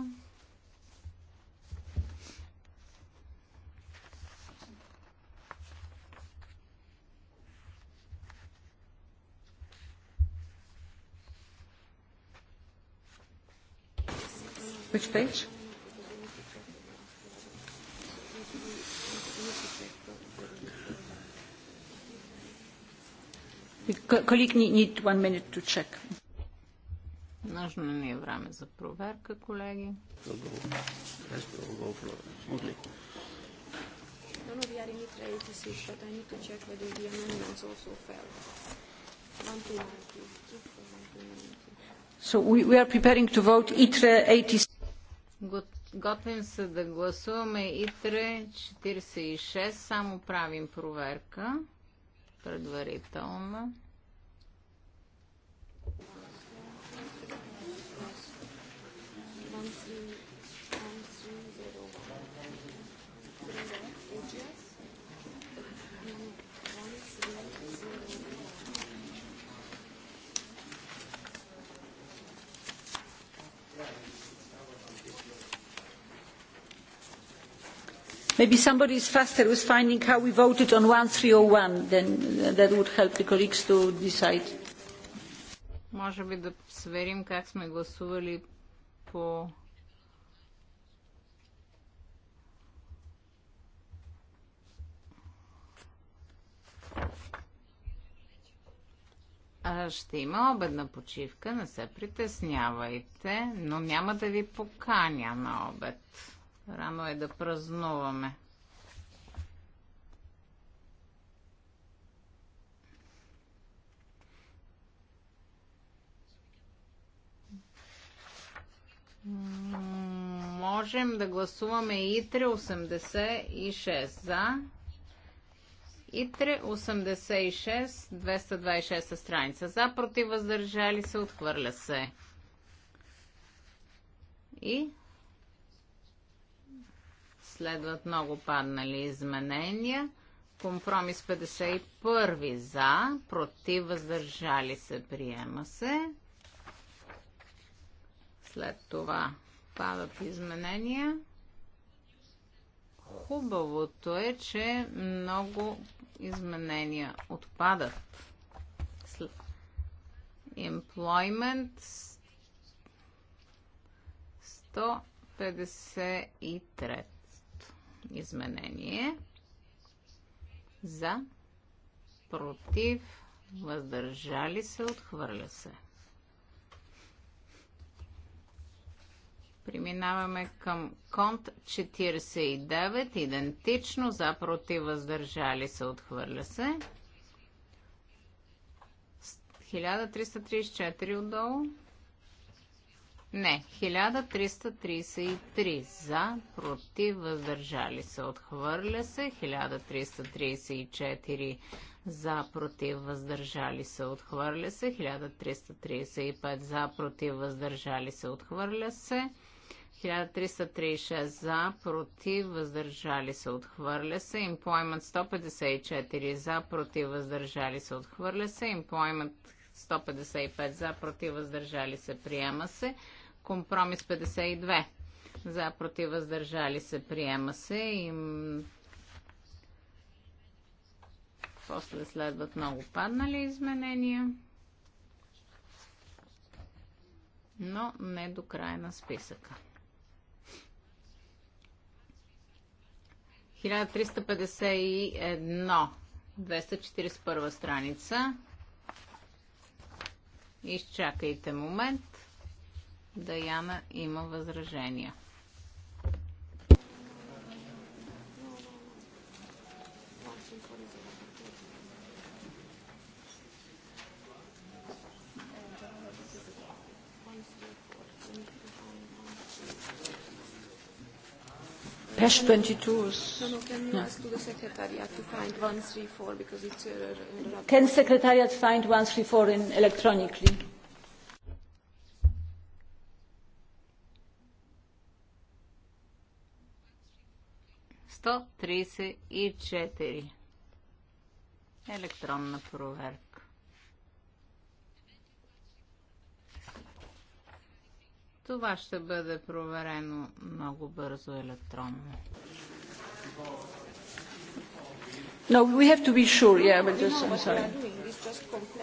Which page? Колик need one minute to check. Нужно ни е време за проверка, колеги. No, no, we are in it 86, but I need to check whether the amendments also fell. 1 So we, we are preparing to vote ITRE 86. Готвим се да гласуваме ИТРЕ 46, само правим проверка предварително. Maybe somebody is faster with finding how we voted on 1301, then that would help the colleagues to decide. Може би да сверим как сме гласували по Ще има обедна почивка, не се притеснявайте, но няма да ви поканя на обед. Рано е да празнуваме. Можем да гласуваме ИТРЕ 86 за. ИТРЕ 86, 226 страница за, против въздържали се, отхвърля се. И Следват много паднали изменения. Компромис 51 за, против, въздържали се, приема се. След това падат изменения. Хубавото е, че много изменения отпадат. Employment 153 изменение. За, против, въздържали се, отхвърля се. Преминаваме към конт 49, идентично, за, против, въздържали се, отхвърля се. 1334 отдолу. Не, 1333 за, против, въздържали се, отхвърля се. 1334 за, против, въздържали се, отхвърля се. 1335 за, против, въздържали се, отхвърля се. 1336 за, против, въздържали се, отхвърля се. Employment 154 за, против, въздържали се, отхвърля се. Employment 155 за, против, въздържали се, приема се. Компромис 52. За, против, въздържали се, приема се. И после следват много паднали изменения. Но не до края на списъка. 1351. 241 страница. Изчакайте момент. Даяна има възражения. Page 22. No, no, can you no. ask to the Secretariat to find 134 because it's... Uh, can Secretariat find 134 in electronically? 134. Електронна проверка. Това ще бъде проверено много бързо електронно. No, we have to be sure, yeah, but just, I'm sorry.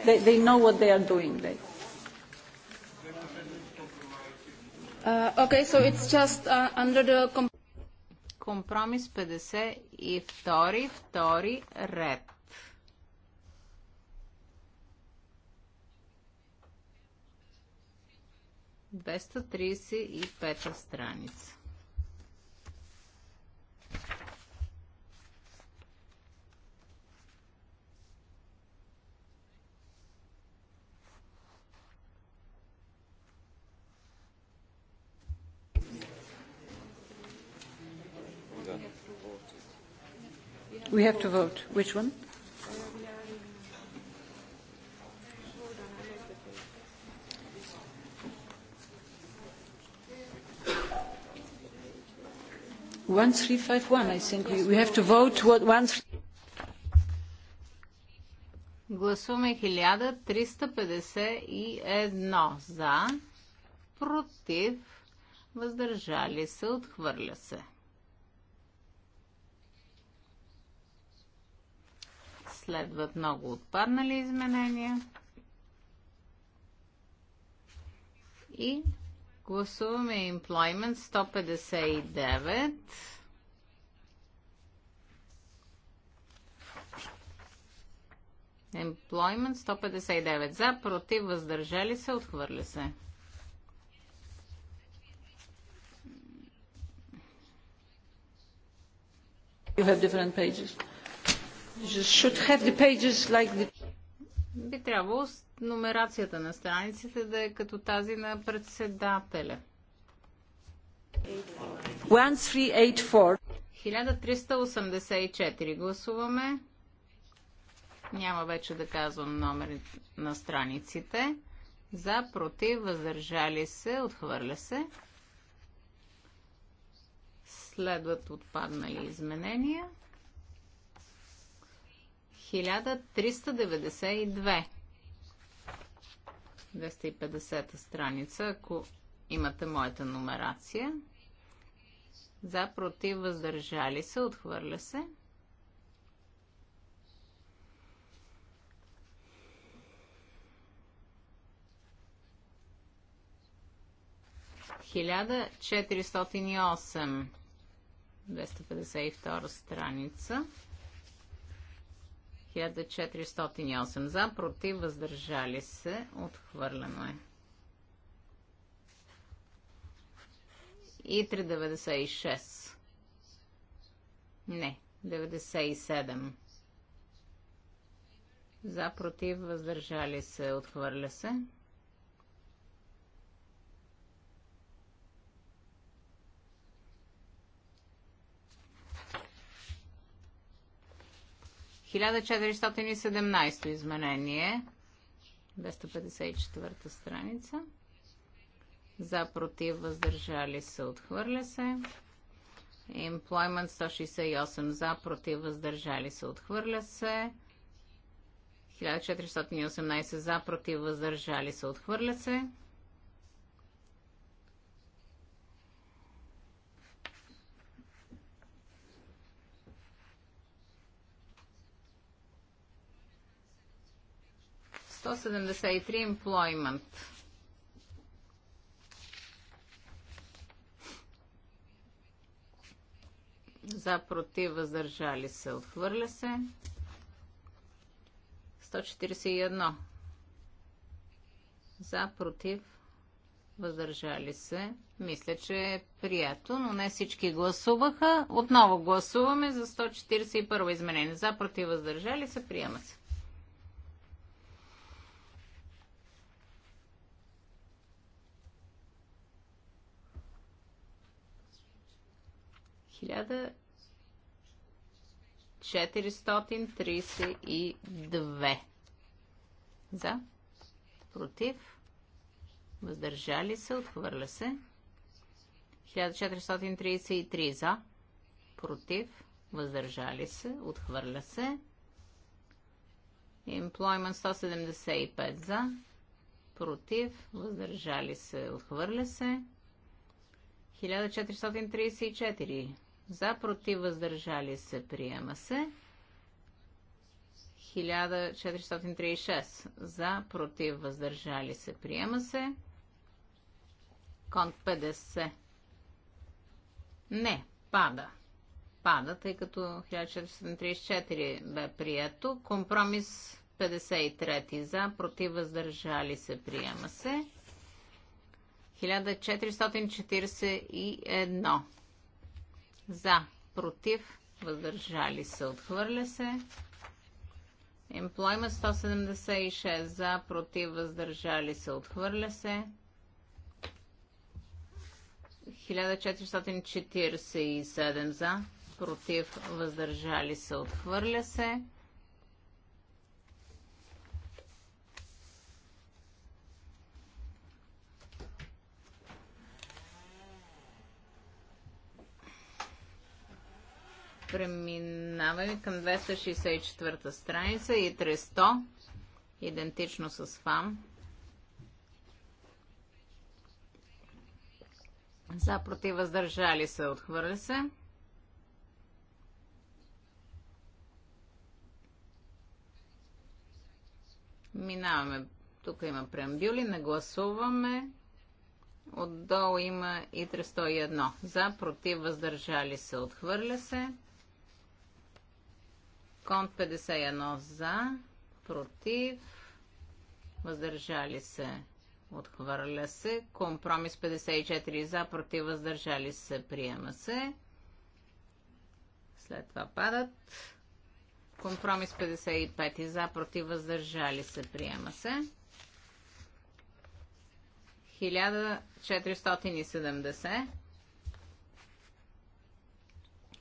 They, they know what they are doing. They... Uh, okay, so it's just uh, under the... Компромис 52, втори ред. Двеста страница. We have to vote. Which one? One three five one. I think we, we have to vote what one. Гласуваме 1351 за, против, въздържали се, отхвърля се. Следват много отпаднали изменения. И гласуваме Employment 159. Employment 159 за, против, въздържали се, отхвърля се. You have different pages. Like the... Би трябвало номерацията на страниците да е като тази на председателя. 1384 гласуваме. Няма вече да казвам номер на страниците. За, против, въздържали се, отхвърля се. Следват отпаднали изменения. 1392. 250 страница, ако имате моята нумерация. За, против, въздържали се, отхвърля се. Хиляда 252 страница. 1408 за, против, въздържали се, отхвърлено е. И 396. Не, 97. За, против, въздържали се, отхвърля се. 1417 изменение. 254 страница. За, против, въздържали се, отхвърля се. Employment 168 за, против, въздържали се, отхвърля се. 1418 за, против, въздържали се, отхвърля се. 173 employment. За против въздържали се. Отхвърля се. 141. За против въздържали се. Мисля, че е прието, но не всички гласуваха. Отново гласуваме за 141 изменение. За против въздържали се. Приема се. 1432. За. Против. Въздържали се. Отхвърля се. 1433 за. Против. Въздържали се. Отхвърля се. Employment 175 за. Против. Въздържали се. Отхвърля се. 1434 за, против, въздържали се, приема се. 1436. За, против, въздържали се, приема се. Конт 50. Не, пада. Пада, тъй като 1434 бе прието. Компромис 53 за, против, въздържали се, приема се. 1441 за. Против. Въздържали се. Отхвърля се. Employment 176 за, против, въздържали се, отхвърля се. 1447 за, против, въздържали се, отхвърля се. Преминаваме към 264-та страница и 300, идентично с ФАМ. За против въздържали се, отхвърли се. Минаваме. Тук има преамбюли, не гласуваме. Отдолу има и 301. За, против, въздържали се, отхвърля се. Конт 51 за, против, въздържали се, отхвърля се. Компромис 54 за, против, въздържали се, приема се. След това падат. Компромис 55 за, против, въздържали се, приема се. 1470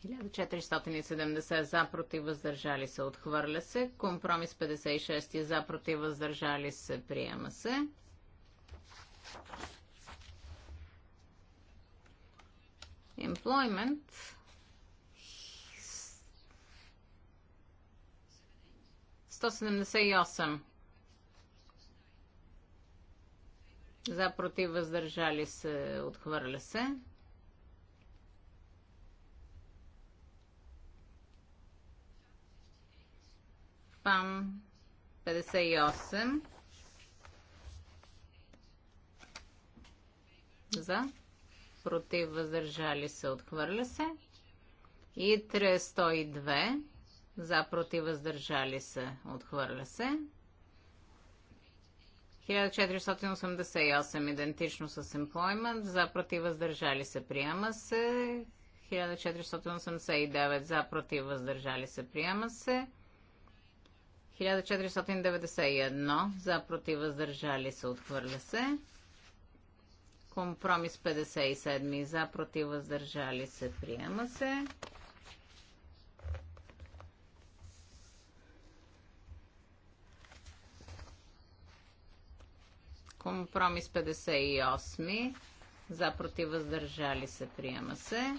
1470 за против въздържали се отхвърля се. Компромис 56 е за против въздържали се приема се. Employment 178 за против въздържали се отхвърля се. ФАМ 58. За. Против. Въздържали се. Отхвърля се. И 302. За. Против. Въздържали се. Отхвърля се. 1488 идентично с employment, за против въздържали се приема се, 1489 за против въздържали се приема се, 1491 за против въздържали се отхвърля се. Компромис 57 за против въздържали се приема се. Компромис 58 за против въздържали се приема се.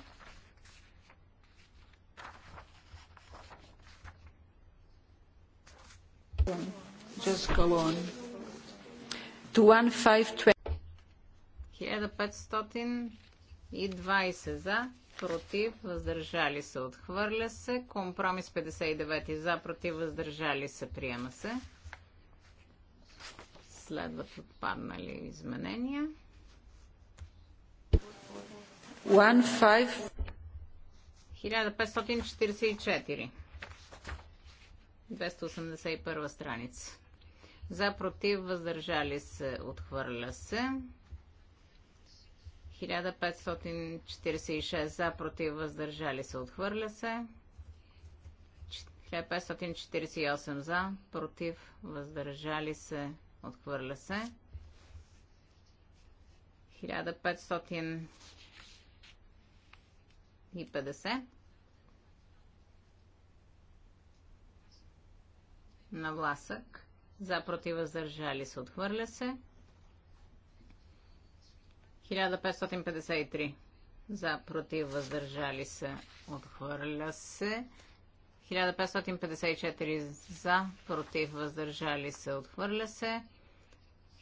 Just go To 1520 за, против, въздържали се, отхвърля се. Компромис 59 за, против, въздържали се, приема се. Следват отпаднали изменения. 1544. 281 страница. За, против, въздържали се, отхвърля се. 1546 за, против, въздържали се, отхвърля се. 1548 за, против, въздържали се, отхвърля се. 1550 на Власък. За против въздържали се. Отхвърля се. 1553. За против въздържали се. Отхвърля се. 1554 за, против, въздържали се, отхвърля се.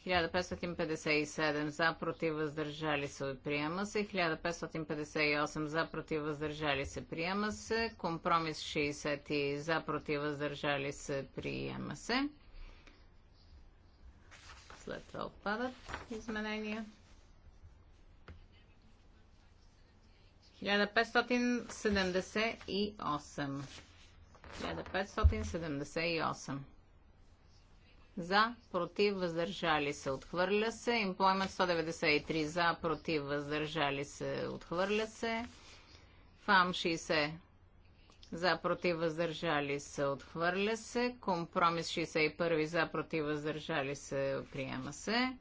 1557 за против въздържали се приема се, 1558 за против въздържали се приема се, компромис 60 за против въздържали се приема се. След това отпадат изменения. 1578 1578 за, против, въздържали се, отхвърля се. Employment 193 за, против, въздържали се, отхвърля се. ФАМ 60 за, против, въздържали се, отхвърля се. Компромис 61 за, против, въздържали се, приема се.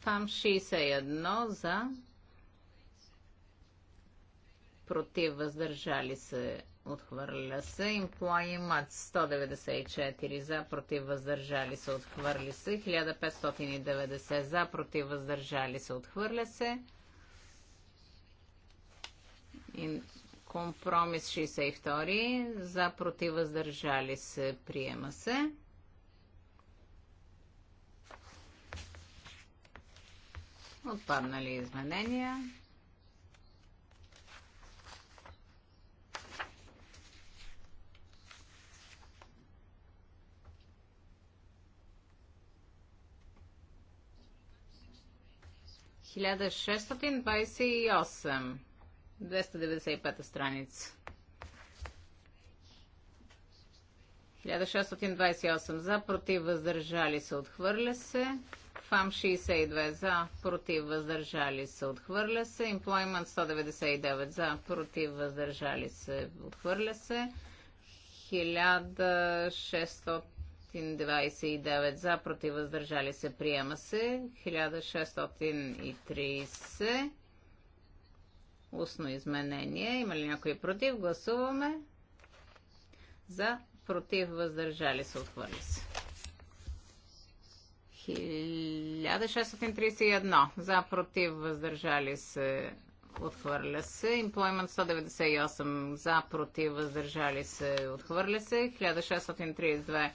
ФАМ 61 за, против, въздържали се, отхвърля се. Имплои мат 194 за, против, въздържали се, отхвърли се. 1590 за, против, въздържали се, отхвърля се. компромис 62 за, против, въздържали се, приема се. Отпаднали изменения. 1628. 295 страница. 1628 за, против, въздържали се, отхвърля се. ФАМ 62 за, против, въздържали се, отхвърля се. Employment 199 за, против, въздържали се, отхвърля се. 1600 529 за, против, въздържали се, приема се. 1630 устно изменение. Има ли някой против? Гласуваме. За, против, въздържали се, отхвърли се. 1631 за, против, въздържали се, отхвърля се. Employment 198 за, против, въздържали се, отхвърля се. 1632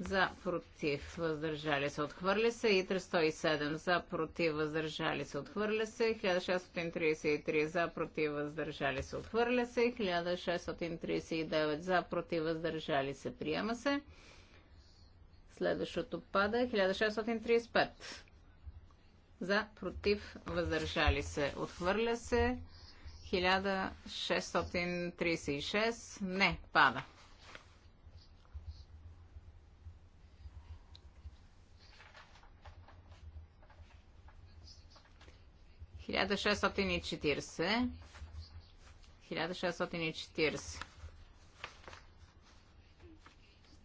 за против, въздържали се, отхвърля се. И 307 за против, въздържали се, отхвърля се. 1633 за против, въздържали се, отхвърля се. 1639 за против, въздържали се, приема се. Следващото пада 1635. За против, въздържали се, отхвърля се. 1636 не пада. 1640. 1640.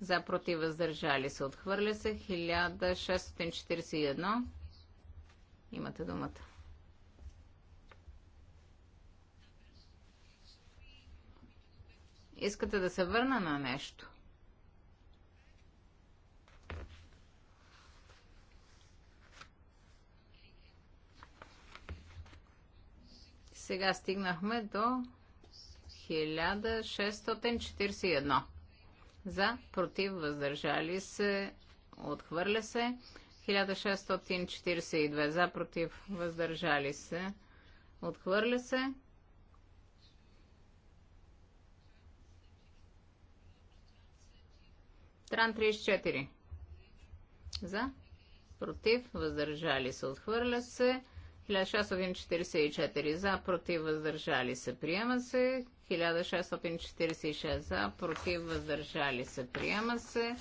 За против въздържали се. Отхвърля се. 1641. Имате думата. Искате да се върна на нещо? Сега стигнахме до 1641. За, против, въздържали се, отхвърля се. 1642 за, против, въздържали се, отхвърля се. Тран 34. За, против, въздържали се, отхвърля се. 1644 за, против, въздържали се, приема се. 1646 за, против, въздържали се, приема се.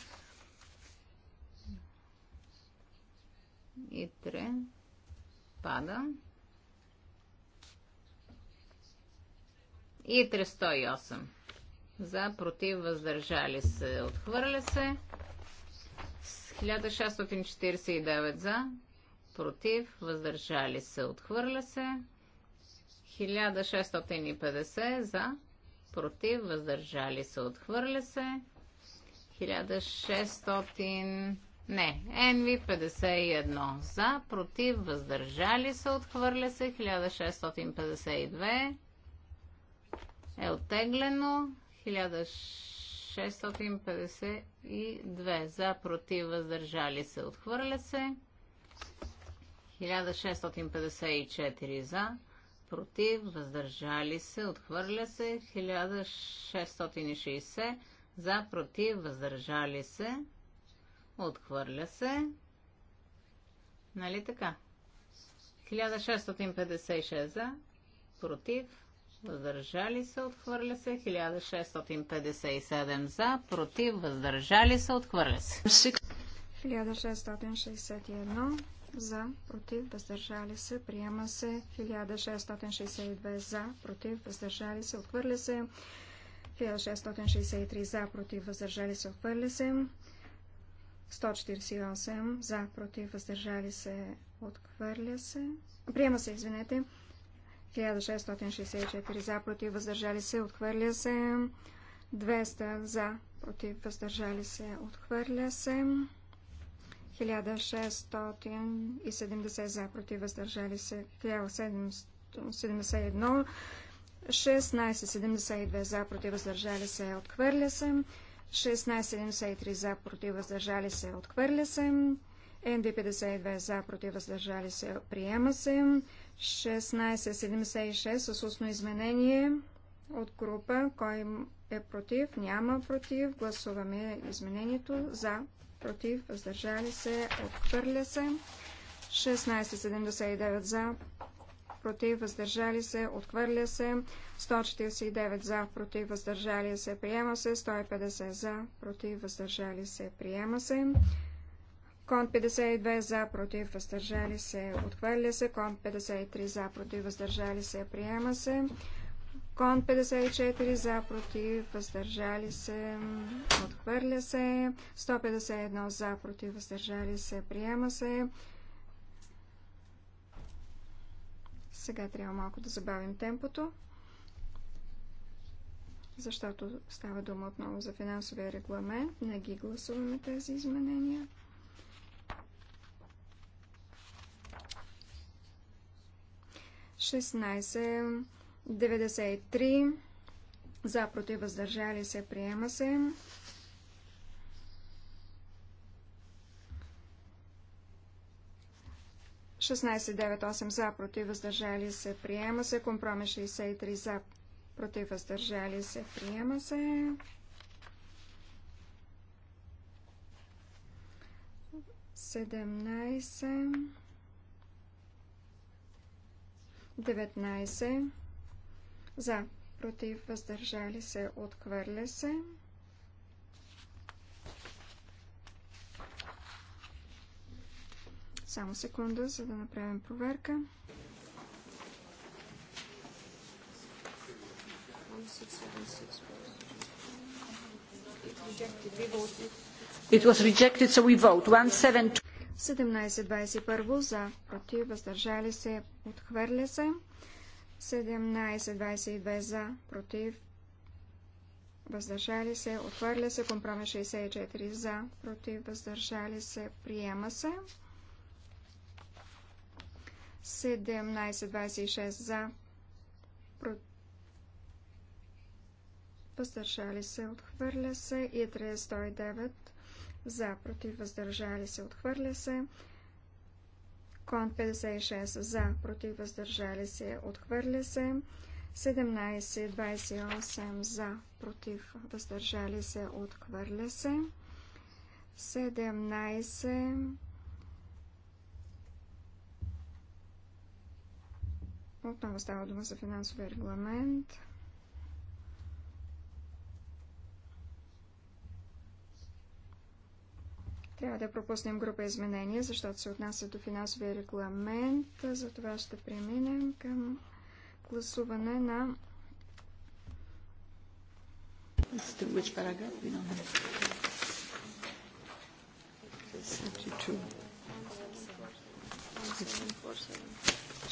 И 3 пада. И 308 за, против, въздържали се, отхвърля се. 1649 за, против, въздържали се, отхвърля се. 1650 за, против, въздържали се, отхвърля се. 1600... Не, NV 51 за, против, въздържали се, отхвърля се. 1652 е оттеглено. 1652 за, против, въздържали се, отхвърля се. 1654 за, против, въздържали се, отхвърля се. 1660 за, против, въздържали се, отхвърля се. Нали така? 1656 за, против, въздържали се, отхвърля се, 1657 за, против, въздържали се, отхвърля се. 1661 за, против, въздържали се, приема се 1662 за, против, въздържали се, отхвърля се 1663 за, против, въздържали се, отхвърля се 148 за, против, въздържали се, отхвърля се. Приема се, извинете. 1664 за, против, въздържали се, отхвърля се. 200 за, против, въздържали се, отхвърля се. 1670 за, против, въздържали се 1771, 1672 за, против, въздържали се, отхвърля се, 1673 за, против, въздържали се, отхвърля се, НД-52 за, против, въздържали се, приема се, 1676 с устно изменение от група, кой е против, няма против, гласуваме изменението за, против, въздържали се, отхвърля се. 1679 за, против, въздържали се, отхвърля се. 149 за, против, въздържали се, приема се. 150 за, против, въздържали се, приема се. Кон 52 за, против, въздържали се, отхвърля се. Кон 53 за, против, въздържали се, приема се закон 54 за, против, въздържали се, отхвърля се. 151 за, против, въздържали се, приема се. Сега трябва малко да забавим темпото, защото става дума отново за финансовия регламент. Не ги гласуваме тези изменения. Шестнайсет. 16 93 за против въздържали се приема се. Шестнадесет за против въздържали се приема се. Компромис 63 за против въздържали се приема се. Седемнадесет. Деветнадесет. За. Против. Въздържали се. Отхвърля се. Само секунда, за да направим проверка. It was rejected, so we vote. 1721 за, против, въздържали се, отхвърля се. 17-22 за, против, въздържали се, отвърля се, компромис 64 за, против, въздържали се, приема се. 17-26 за, против, въздържали се, отхвърля се и 309 за, против, въздържали се, отхвърля се. Кон 56 за, против, въздържали се, отхвърля се. 17, 28 за, против, въздържали се, отхвърля се. 17, отново става дума за финансовия регламент. Трябва да пропуснем група изменения, защото се отнася до финансовия регламент. Затова ще преминем към гласуване на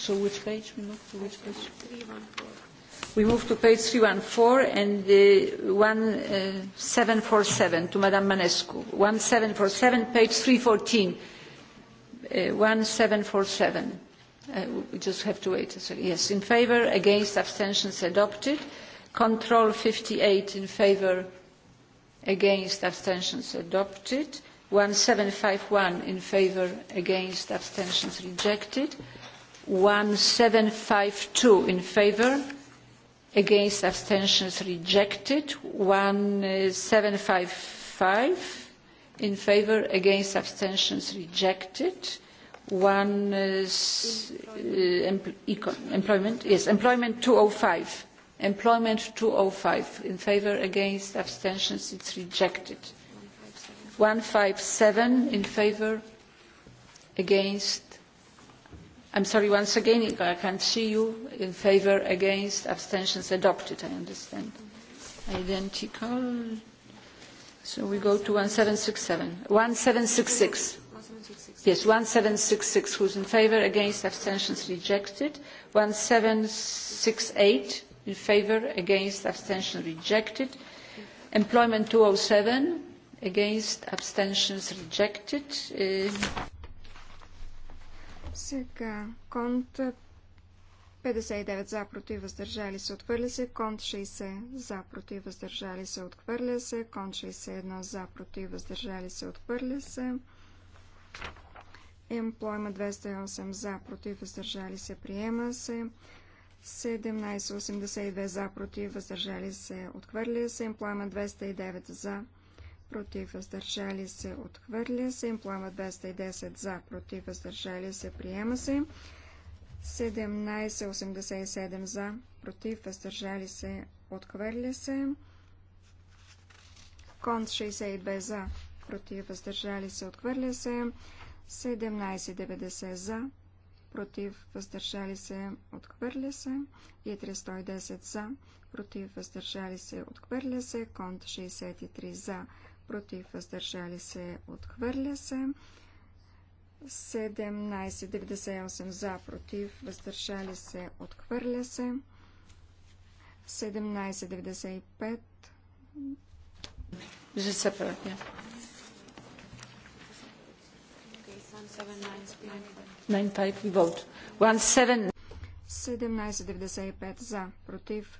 So which page we move for which page? 314. We move to page 314 and uh, 1747 to Madame Manescu. 1747, page 314. Uh, 1747. Uh, we just have to wait. Sorry. Yes, in favour, against, abstentions adopted. Control 58 in favour? against, abstentions adopted. 1751 in favour, against, abstentions rejected. 1752 in favour? against abstentions rejected one seven five five in favor against abstentions rejected one employment yes employment two hundred five employment two oh five in favor against abstentions it's rejected one five seven in favor against I'm sorry, once again, I can't see you. In favour, against, abstentions adopted, I understand. Identical. So we go to one seven six 1766. Yes, one seven six 1766. Who's in favour, against, abstentions rejected. one seven six eight In favour, against, abstention rejected. Employment two seven Against, abstentions rejected. Uh, сега конт 59 за против въздържали се отхвърля се, конт 60 за против въздържали се отхвърля се, конт 61 за против въздържали се отхвърля се. Емплойма 208 за против въздържали се приема се. 1782 за против въздържали се отхвърля се. Емплойма 209 за против против въздържали се, отхвърля се. Плама 210 за, против въздържали се, приема се. 1787 за, против въздържали се, отхвърля се. Конт 62 за, против въздържали се, отхвърля се. 1790 за, против въздържали се, отхвърля се. И 310 за, против въздържали се, отхвърля се. Конт 63 за, против, въздържали се, отхвърля се. 17,98 за, против, въздържали се, отхвърля се. 17,95 1795 за, против,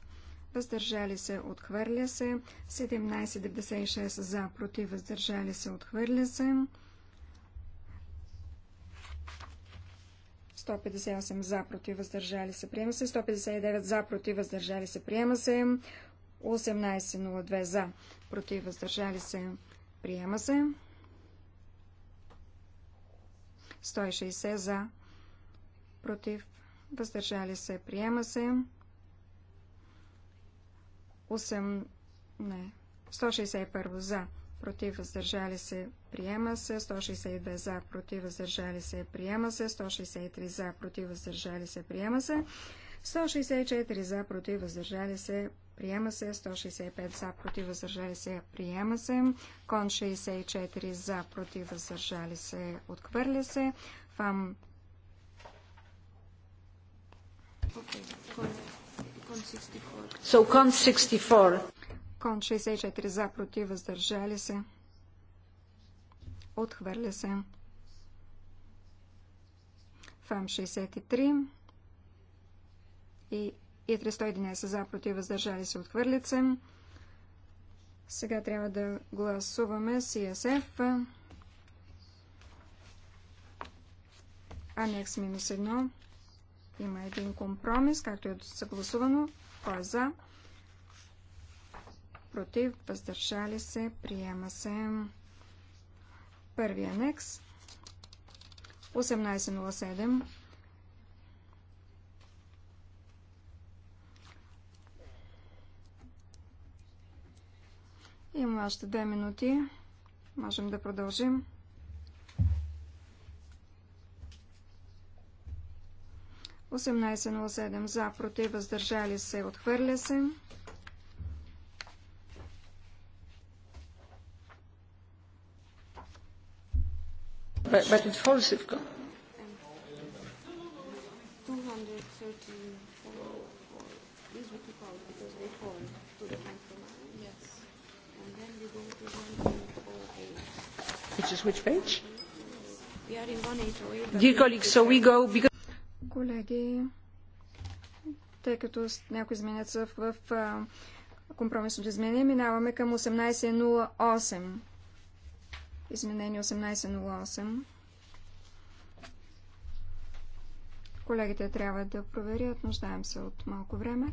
въздържали се, отхвърля се, 1796 за, против, въздържали се, отхвърля се, 158 за, против, въздържали се, приема се, 159 за, против, въздържали се, приема се, 1802 за, против, въздържали се, приема се, 160 за, против, въздържали се, приема се, 8, не, 161 за, против въздържали се, приема се, 162 за, против въздържали се, приема се, 163 за, против въздържали се, приема се, 164 за, против въздържали се, приема се, 165 за, против въздържали се, приема се, кон 64 за, против въздържали се, отхвърля се, фам... Okay. So, con 64. Кон 64 за, против, въздържали се. Отхвърля се. ФАМ 63 и Итри 111 за, против, въздържали се. Отхвърлят се. Сега трябва да гласуваме CSF. Анекс минус 1. Има един компромис, както е съгласувано. Кой е за? Против, въздържали се, приема се. Първи анекс. 1807. Има още две минути. Можем да продължим. 18.07 за, против, въздържали се, отхвърля се. But, but it falls if Which is which page? We are in 108. Dear colleagues, so we go because Колеги, тъй като някои изменят са в компромисното изменение, минаваме към 1808. Изменение 1808. Колегите трябва да проверят. Нуждаем се от малко време.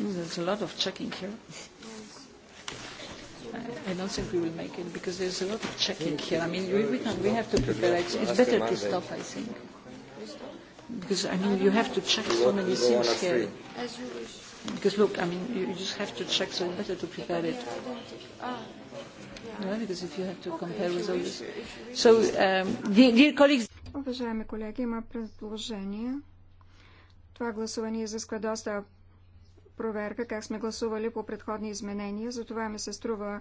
There's a lot of checking here. I don't think we will make it because there's a lot of checking here. I mean, we, we, can, we have to prepare. It's, it's better to stop, I think. Because, I mean, you have to check so many things here. As you wish. Because, look, I mean, you, you just have to check, so it's better to prepare it. No, because if you have to compare with all So, um, dear colleagues... Уважаеми колеги, има предложение. Това гласуване изисква доста проверка как сме гласували по предходни изменения. Затова ми се струва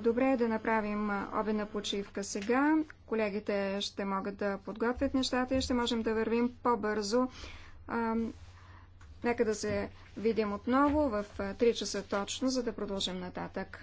добре е да направим обедна почивка сега. Колегите ще могат да подготвят нещата и ще можем да вървим по-бързо. Нека да се видим отново в 3 часа точно, за да продължим нататък.